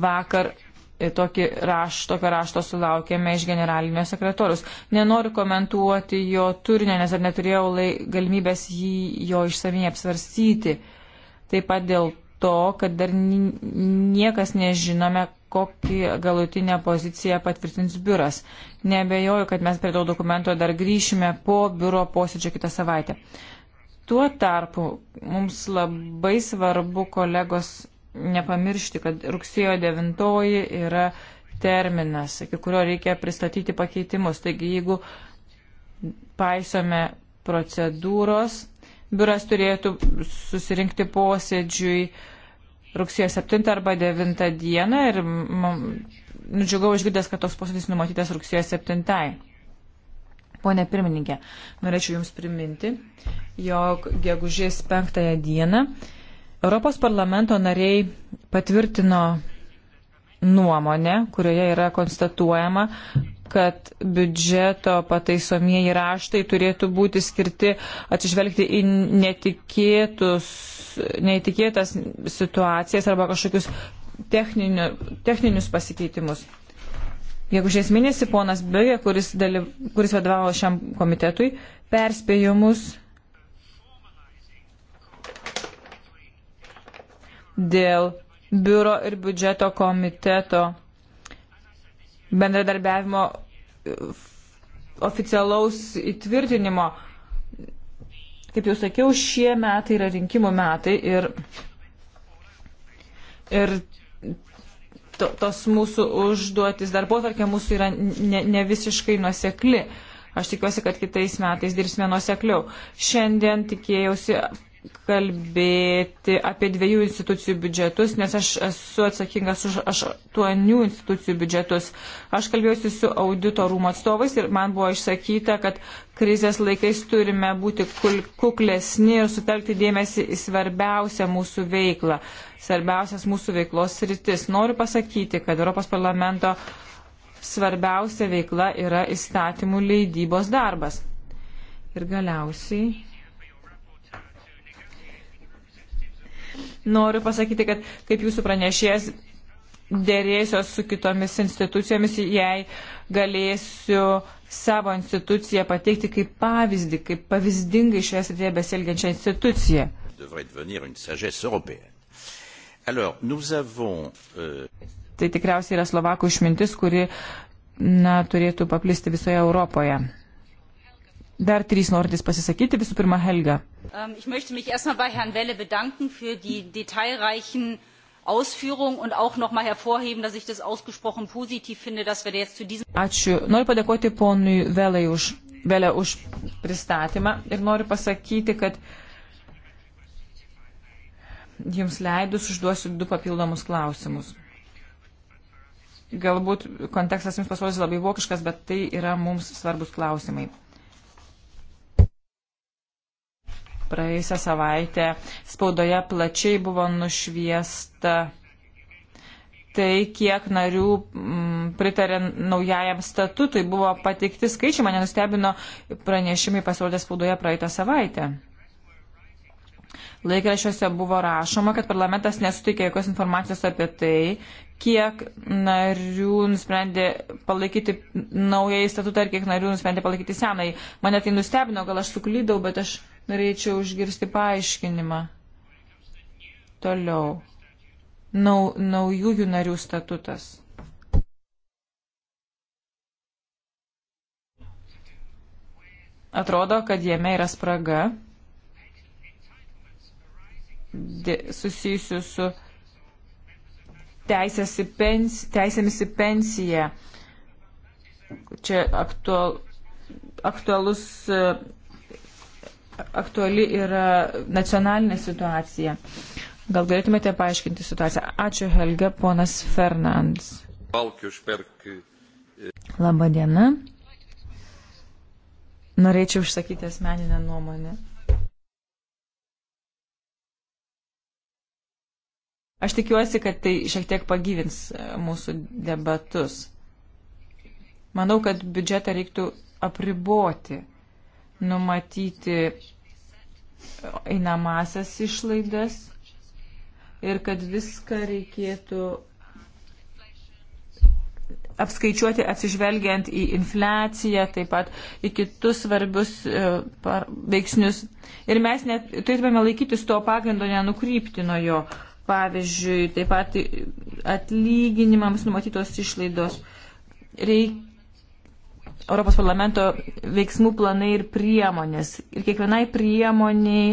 vakar tokį raš, tokio rašto sulaukėme iš generalinio sekretorius. Nenoriu komentuoti jo turinio, nes ar neturėjau lai, galimybės jį jo išsamiai apsvarstyti. Taip pat dėl to, kad dar niekas nežinome, kokią galutinę poziciją patvirtins biuras. Nebejoju, kad mes prie to dokumento dar grįšime po biuro posėdžio kitą savaitę. Tuo tarpu mums labai svarbu kolegos nepamiršti, kad rugsėjo 9 yra terminas, iki kurio reikia pristatyti pakeitimus. Taigi, jeigu paisome procedūros, biuras turėtų susirinkti posėdžiui rugsėjo 7 arba 9 dieną ir nudžiugau išgirdęs, kad toks posėdis numatytas rugsėjo 7. Pone pirmininkė, norėčiau Jums priminti, jog gegužės 5 dieną Europos parlamento nariai patvirtino nuomonę, kurioje yra konstatuojama, kad biudžeto pataisomieji raštai turėtų būti skirti atsižvelgti į netikėtus, netikėtas situacijas arba kažkokius techninių, techninius pasikeitimus. Jeigu šiais mėnesį ponas Bėgė, kuris, dalyv, kuris vadovavo šiam komitetui, perspėjimus dėl biuro ir biudžeto komiteto bendradarbiavimo e, oficialaus įtvirtinimo. Kaip jau sakiau, šie metai yra rinkimų metai ir, ir to, tos mūsų užduotis, darbo tarkia mūsų yra ne, ne visiškai nuosekli. Aš tikiuosi, kad kitais metais dirbsime nuosekliau. Šiandien tikėjausi kalbėti apie dviejų institucijų biudžetus, nes aš esu atsakingas už aštuonių institucijų biudžetus. Aš kalbėjausi su audito rūmo atstovais ir man buvo išsakyta, kad krizės laikais turime būti kuklesni ir sutelkti dėmesį į svarbiausią mūsų veiklą, svarbiausias mūsų veiklos rytis. Noriu pasakyti, kad Europos parlamento svarbiausia veikla yra įstatymų leidybos darbas. Ir galiausiai Noriu pasakyti, kad kaip jūsų pranešėjas dėrėsios su kitomis institucijomis, jei galėsiu savo instituciją pateikti kaip pavyzdį, kaip pavyzdingai šioje srityje besielgiančią instituciją. Alors, avons, euh... Tai tikriausiai yra Slovakų išmintis, kuri na, turėtų paplisti visoje Europoje. Dar trys norintys pasisakyti, visų pirma Helga. Ähm, ich möchte mich erstmal bei Herrn Welle bedanken für die detailreichen Ausführungen und auch nochmal hervorheben, dass ich das ausgesprochen positiv finde, dass wir jetzt zu diesem. Ačiū. Noriu padėkoti ponui Velai už, Velė už pristatymą ir noriu pasakyti, kad jums leidus užduosiu du papildomus klausimus galbūt kontekstas jums pasirodys labai vokiškas, bet tai yra mums svarbus klausimai. praėjusią savaitę spaudoje plačiai buvo nušviesta tai, kiek narių m, mm, pritarė naujajam statutui, buvo pateikti skaičiai, mane nustebino pranešimai pasirodė spaudoje praeitą savaitę. Laikrašiuose buvo rašoma, kad parlamentas nesuteikė jokios informacijos apie tai, kiek narių nusprendė palaikyti naująjį statutą ir kiek narių nusprendė palaikyti senąjį. Mane tai nustebino, gal aš suklydau, bet aš norėčiau užgirsti paaiškinimą. Toliau. Nau, naujųjų narių statutas. Atrodo, kad jame yra spraga susijusių su į pens, teisėmis į pensiją. Čia aktual, aktualus aktuali yra nacionalinė situacija. Gal galėtumėte paaiškinti situaciją? Ačiū Helge, ponas Fernands. Labą dieną. Norėčiau išsakyti asmeninę nuomonę. Aš tikiuosi, kad tai šiek tiek pagyvins e, mūsų debatus. Manau, kad biudžetą reiktų apriboti numatyti einamasias išlaidas ir kad viską reikėtų apskaičiuoti atsižvelgiant į infliaciją, taip pat į kitus svarbius e, veiksnius. Ir mes net turėtume laikytis to pagrindo, nenukrypti nuo jo. Pavyzdžiui, taip pat atlyginimams numatytos išlaidos. Reikia Europos parlamento veiksmų planai ir priemonės. Ir kiekvienai priemoniai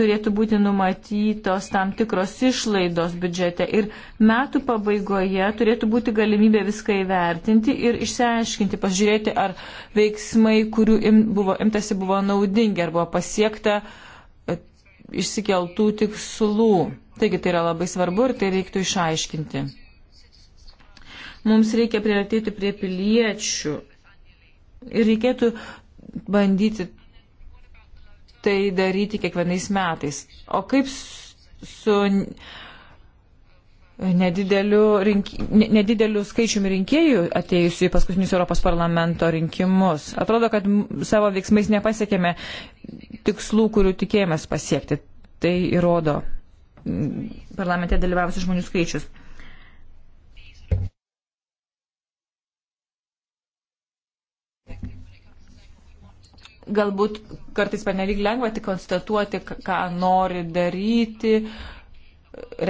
turėtų būti numatytos tam tikros išlaidos biudžete ir metų pabaigoje turėtų būti galimybė viską įvertinti ir išsiaiškinti, pažiūrėti, ar veiksmai, kurių im, buvo, imtasi, buvo naudingi, ar buvo pasiekta e, išsikeltų tikslų. Taigi tai yra labai svarbu ir tai reiktų išaiškinti. Mums reikia priartėti prie piliečių ir reikėtų bandyti tai daryti kiekvienais metais. O kaip su nedideliu, rinki, nedideliu skaičiumi rinkėjų atėjusių į paskutinius Europos parlamento rinkimus. Atrodo, kad savo veiksmais nepasiekėme tikslų, kurių tikėjomės pasiekti. Tai įrodo parlamente dalyvavusių žmonių skaičius. galbūt kartais pernelyg lengva tik konstatuoti, ką nori daryti,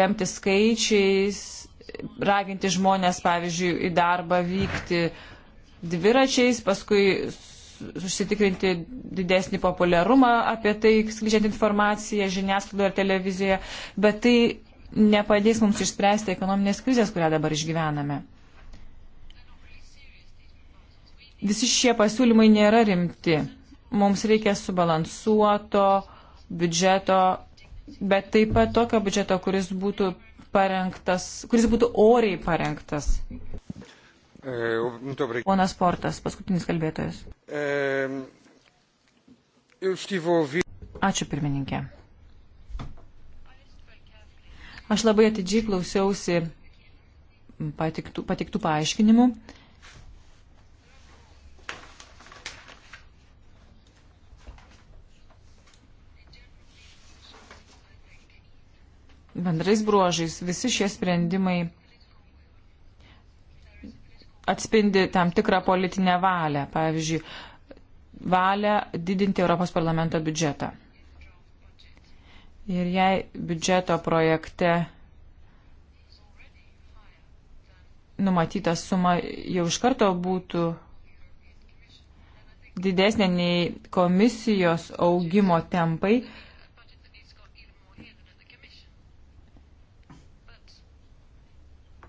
remti skaičiais, raginti žmonės, pavyzdžiui, į darbą vykti dviračiais, paskui užsitikrinti didesnį populiarumą apie tai, skleidžiant informaciją žiniasklaidoje ir televizijoje, bet tai nepadės mums išspręsti ekonominės krizės, kurią dabar išgyvename. Visi šie pasiūlymai nėra rimti Mums reikia subalansuoto biudžeto, bet taip pat tokio biudžeto, kuris būtų parengtas, kuris būtų oriai parengtas. Eh, Ponas Portas, paskutinis kalbėtojas. Eh, Ačiū pirmininkė. Aš labai atidžiai klausiausi patiktų, patiktų paaiškinimų bendrais bruožais visi šie sprendimai atspindi tam tikrą politinę valią, pavyzdžiui, valią didinti Europos parlamento biudžetą. Ir jei biudžeto projekte numatyta suma jau iš karto būtų didesnė nei komisijos augimo tempai,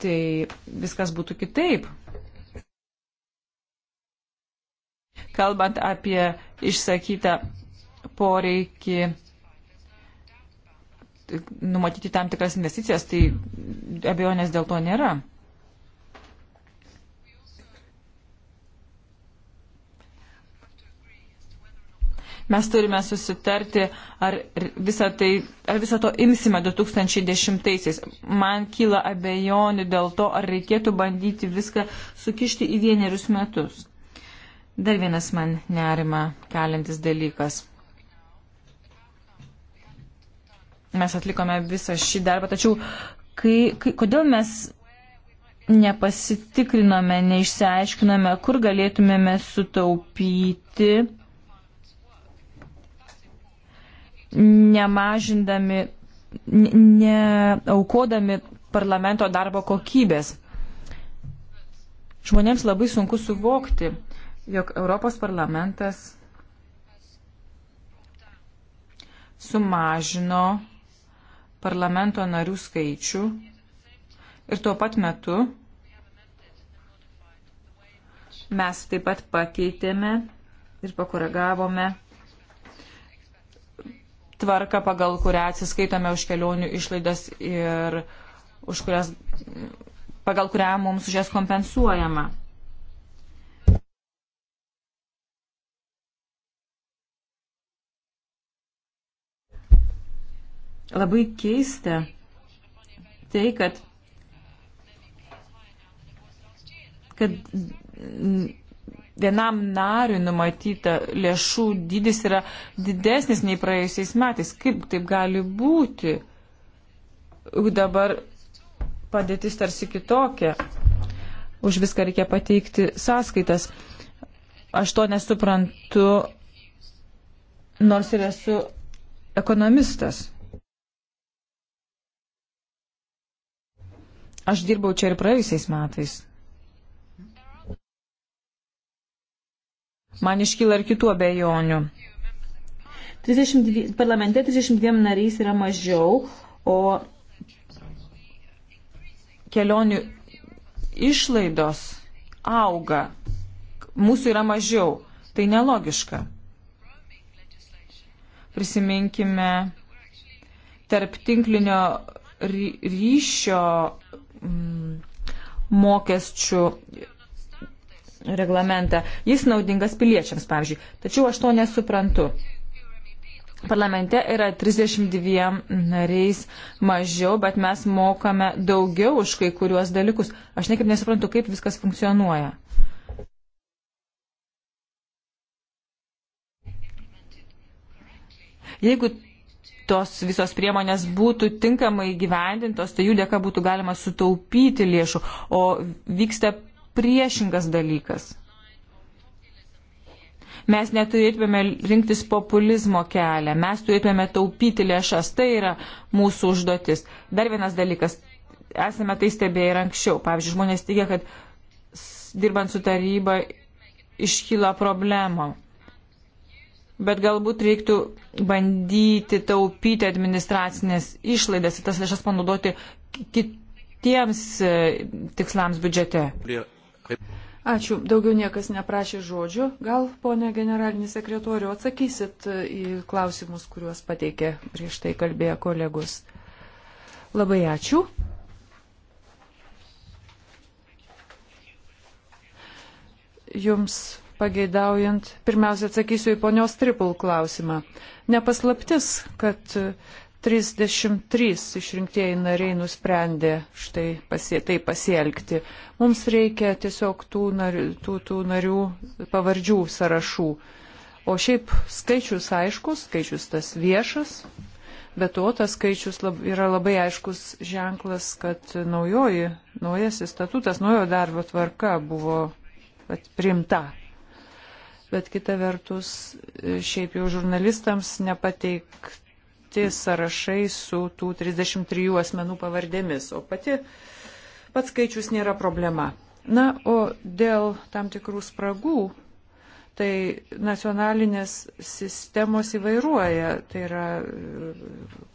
tai viskas būtų kitaip. Kalbant apie išsakytą poreikį numatyti tam tikras investicijas, tai abejonės dėl to nėra. Mes turime susitarti, ar visą, tai, ar visą to imsime 2010-aisiais. Man kyla abejonių dėl to, ar reikėtų bandyti viską sukišti į vienerius metus. Dar vienas man nerima keliantis dalykas. Mes atlikome visą šį darbą, tačiau kai, kai, kodėl mes nepasitikrinome, neišsiaiškinome, kur galėtumėme sutaupyti nemažindami, neaukodami parlamento darbo kokybės. Žmonėms labai sunku suvokti, jog Europos parlamentas sumažino parlamento narių skaičių ir tuo pat metu mes taip pat pakeitėme ir pakoregavome tvarką, pagal kurią atsiskaitome už kelionių išlaidas ir už kurias, pagal kurią mums už jas kompensuojama. Labai keista tai, kad, kad vienam nariui numatyta lėšų dydis yra didesnis nei praėjusiais metais. Kaip taip gali būti? Dabar padėtis tarsi kitokia. Už viską reikia pateikti sąskaitas. Aš to nesuprantu, nors ir esu ekonomistas. Aš dirbau čia ir praėjusiais metais. Man iškyla ir kitų abejonių. 32, parlamente 32 nariais yra mažiau, o kelionių išlaidos auga. Mūsų yra mažiau. Tai nelogiška. Prisiminkime tarp tinklinio ryšio mm, mokesčių reglamentą. Jis naudingas piliečiams, pavyzdžiui. Tačiau aš to nesuprantu. Parlamente yra 32 nariais mažiau, bet mes mokame daugiau už kai kuriuos dalykus. Aš niekaip nesuprantu, kaip viskas funkcionuoja. Jeigu tos visos priemonės būtų tinkamai gyvendintos, tai jų dėka būtų galima sutaupyti lėšų, o vyksta priešingas dalykas. Mes neturėtume rinktis populizmo kelią, mes turėtume taupyti lėšas, tai yra mūsų užduotis. Dar vienas dalykas, esame tai stebėję ir anksčiau. Pavyzdžiui, žmonės teigia, kad dirbant su taryba iškyla problema. Bet galbūt reiktų bandyti taupyti administracinės išlaidas ir tas lėšas panaudoti kitiems e, tikslams biudžete. Ačiū. Daugiau niekas neprašė žodžio. Gal, ponė generalinis sekretoriu, atsakysit į klausimus, kuriuos pateikė prieš tai kalbėję kolegos. Labai ačiū. Jums pageidaujant, pirmiausia atsakysiu į ponios Tripul klausimą. Nepaslaptis, kad 33 išrinktieji nariai nusprendė štai pasie, tai pasielgti. Mums reikia tiesiog tų narių, tų, tų narių pavardžių sąrašų. O šiaip skaičius aiškus, skaičius tas viešas, bet to tas skaičius lab, yra labai aiškus ženklas, kad naujoji, naujasis statutas, naujo darbo tvarka buvo primta bet kita vertus šiaip jau žurnalistams nepateikta pateikti sąrašai su tų 33 asmenų pavardėmis, o pati pats skaičius nėra problema. Na, o dėl tam tikrų spragų, tai nacionalinės sistemos įvairuoja, tai yra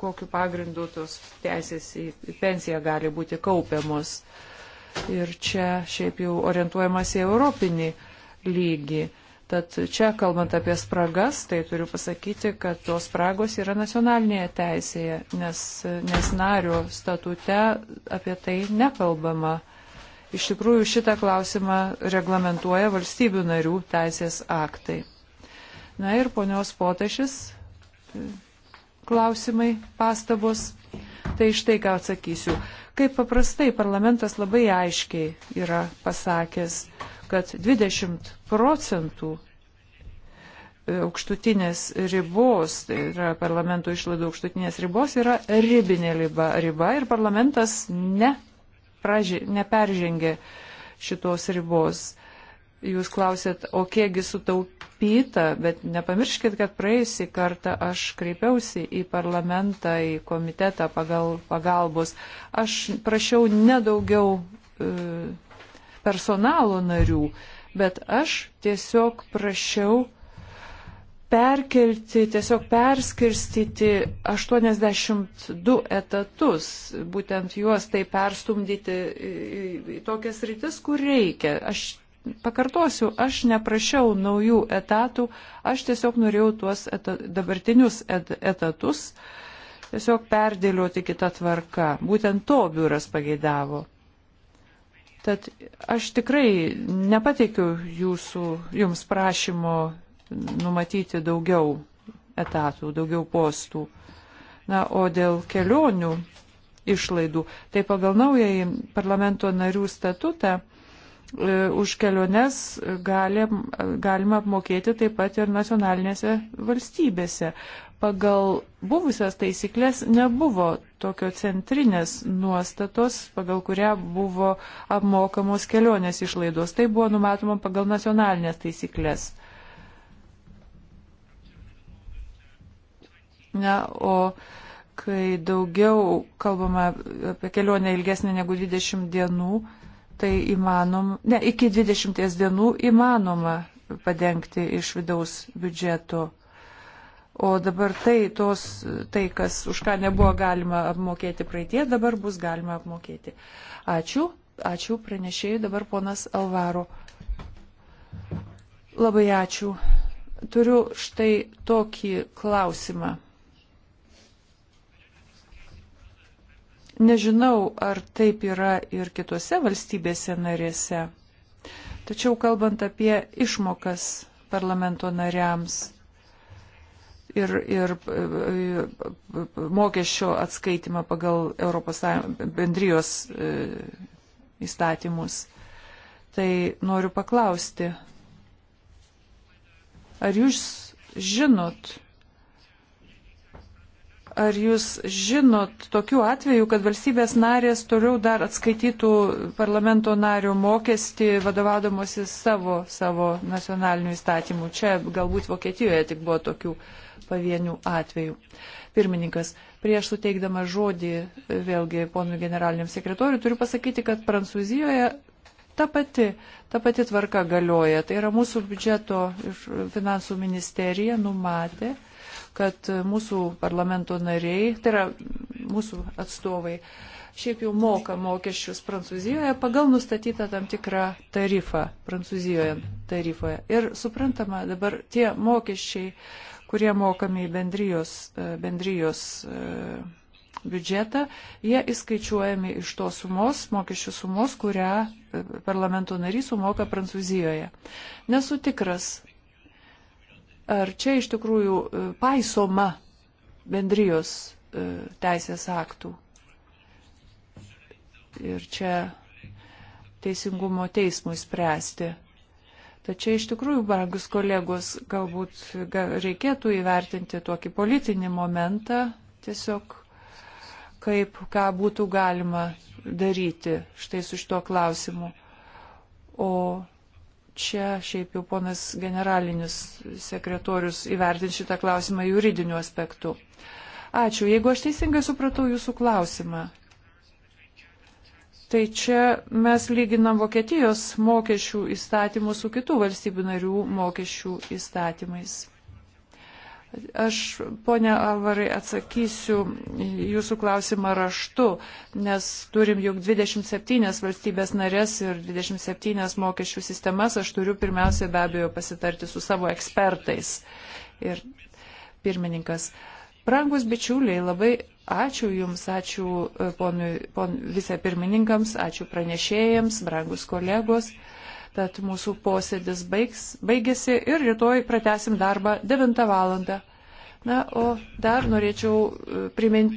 kokiu pagrindu tos teisės į pensiją gali būti kaupiamos. Ir čia šiaip jau orientuojamas į europinį lygį. Tad čia, kalbant apie spragas, tai turiu pasakyti, kad tos spragos yra nacionalinėje teisėje, nes, nes nario statute apie tai nekalbama. Iš tikrųjų, šitą klausimą reglamentuoja valstybių narių teisės aktai. Na ir ponios potašis klausimai, pastabos. Tai štai ką atsakysiu. Kaip paprastai parlamentas labai aiškiai yra pasakęs, kad 20 procentų e, aukštutinės ribos, tai yra parlamento išlaidų aukštutinės ribos, yra ribinė riba, riba ir parlamentas ne, praži, neperžengė šitos ribos. Jūs klausėt, o kiekgi sutaupyta, bet nepamirškit, kad praėjusį kartą aš kreipiausi į parlamentą, į komitetą pagal pagalbos. Aš prašiau nedaugiau. E, personalo narių, bet aš tiesiog prašiau perkelti, tiesiog perskirstyti 82 etatus, būtent juos tai perstumdyti į tokias rytis, kur reikia. Aš pakartosiu, aš neprašiau naujų etatų, aš tiesiog norėjau tuos eta, dabartinius et, etatus tiesiog perdėlioti kitą tvarką. Būtent to biuras pageidavo. Tad aš tikrai nepateikiu jūsų, jums prašymo numatyti daugiau etatų, daugiau postų. Na, o dėl kelionių išlaidų, tai pagal naująjį parlamento narių statutą e, už keliones gali, galima apmokėti taip pat ir nacionalinėse valstybėse pagal buvusias taisyklės nebuvo tokio centrinės nuostatos, pagal kurią buvo apmokamos kelionės išlaidos. Tai buvo numatoma pagal nacionalinės taisyklės. Na, o kai daugiau kalbama apie kelionę ilgesnę negu 20 dienų, tai įmanoma, ne, iki 20 dienų įmanoma padengti iš vidaus biudžeto. O dabar tai, tos, tai, kas už ką nebuvo galima apmokėti praeitie, dabar bus galima apmokėti. Ačiū, ačiū pranešėjai, dabar ponas Alvaro. Labai ačiū. Turiu štai tokį klausimą. Nežinau, ar taip yra ir kitose valstybėse narėse. Tačiau kalbant apie išmokas parlamento nariams, ir, ir e, mokesčio atskaitimą pagal Europos bendrijos e, įstatymus. Tai noriu paklausti, ar jūs žinot, ar jūs žinot tokių atvejų, kad valstybės narės toliau dar atskaitytų parlamento nario mokestį vadovaudamosi savo, savo nacionalinių įstatymų? Čia galbūt Vokietijoje tik buvo tokių uh, pavienių atvejų. Pirmininkas, prieš suteikdama žodį e, vėlgi ponui generaliniam sekretoriui, turiu pasakyti, kad Prancūzijoje ta pati, ta pati tvarka galioja. Tai yra mūsų biudžeto ir finansų ministerija numatė, kad mūsų parlamento nariai, tai yra mūsų atstovai, šiaip jau moka mokesčius Prancūzijoje pagal nustatytą tam tikrą tarifą Prancūzijoje tarifoje. Ir suprantama, dabar tie mokesčiai kurie mokami į bendrijos, e, bendrijos e, biudžetą, jie įskaičiuojami iš tos sumos, mokesčių sumos, kurią e, parlamento narys sumoka Prancūzijoje. Nesu tikras, ar čia iš tikrųjų paisoma bendrijos teisės aktų. Ir čia teisingumo teismui spręsti Tačiau iš tikrųjų, brangus kolegos, galbūt reikėtų įvertinti tokį politinį momentą, tiesiog kaip, ką būtų galima daryti štai su šito klausimu. O čia šiaip jau ponas generalinis sekretorius įvertins šitą klausimą juridiniu aspektu. Ačiū. Jeigu aš teisingai supratau jūsų klausimą, Tai čia mes lyginam Vokietijos mokesčių įstatymus su kitų valstybių narių mokesčių įstatymais. Aš, ponia Alvarai, atsakysiu jūsų klausimą raštu, nes turim juk 27 valstybės narės ir 27 mokesčių sistemas. Aš turiu pirmiausia be abejo pasitarti su savo ekspertais. Ir pirmininkas. Prangus bičiuliai, labai Ačiū Jums, ačiū e, ponui, pon, vicepirmininkams, ačiū pranešėjams, brangus kolegos. Tad mūsų posėdis baigs, baigėsi ir rytoj pratesim darbą 9 val. Na, o dar norėčiau e, priminti.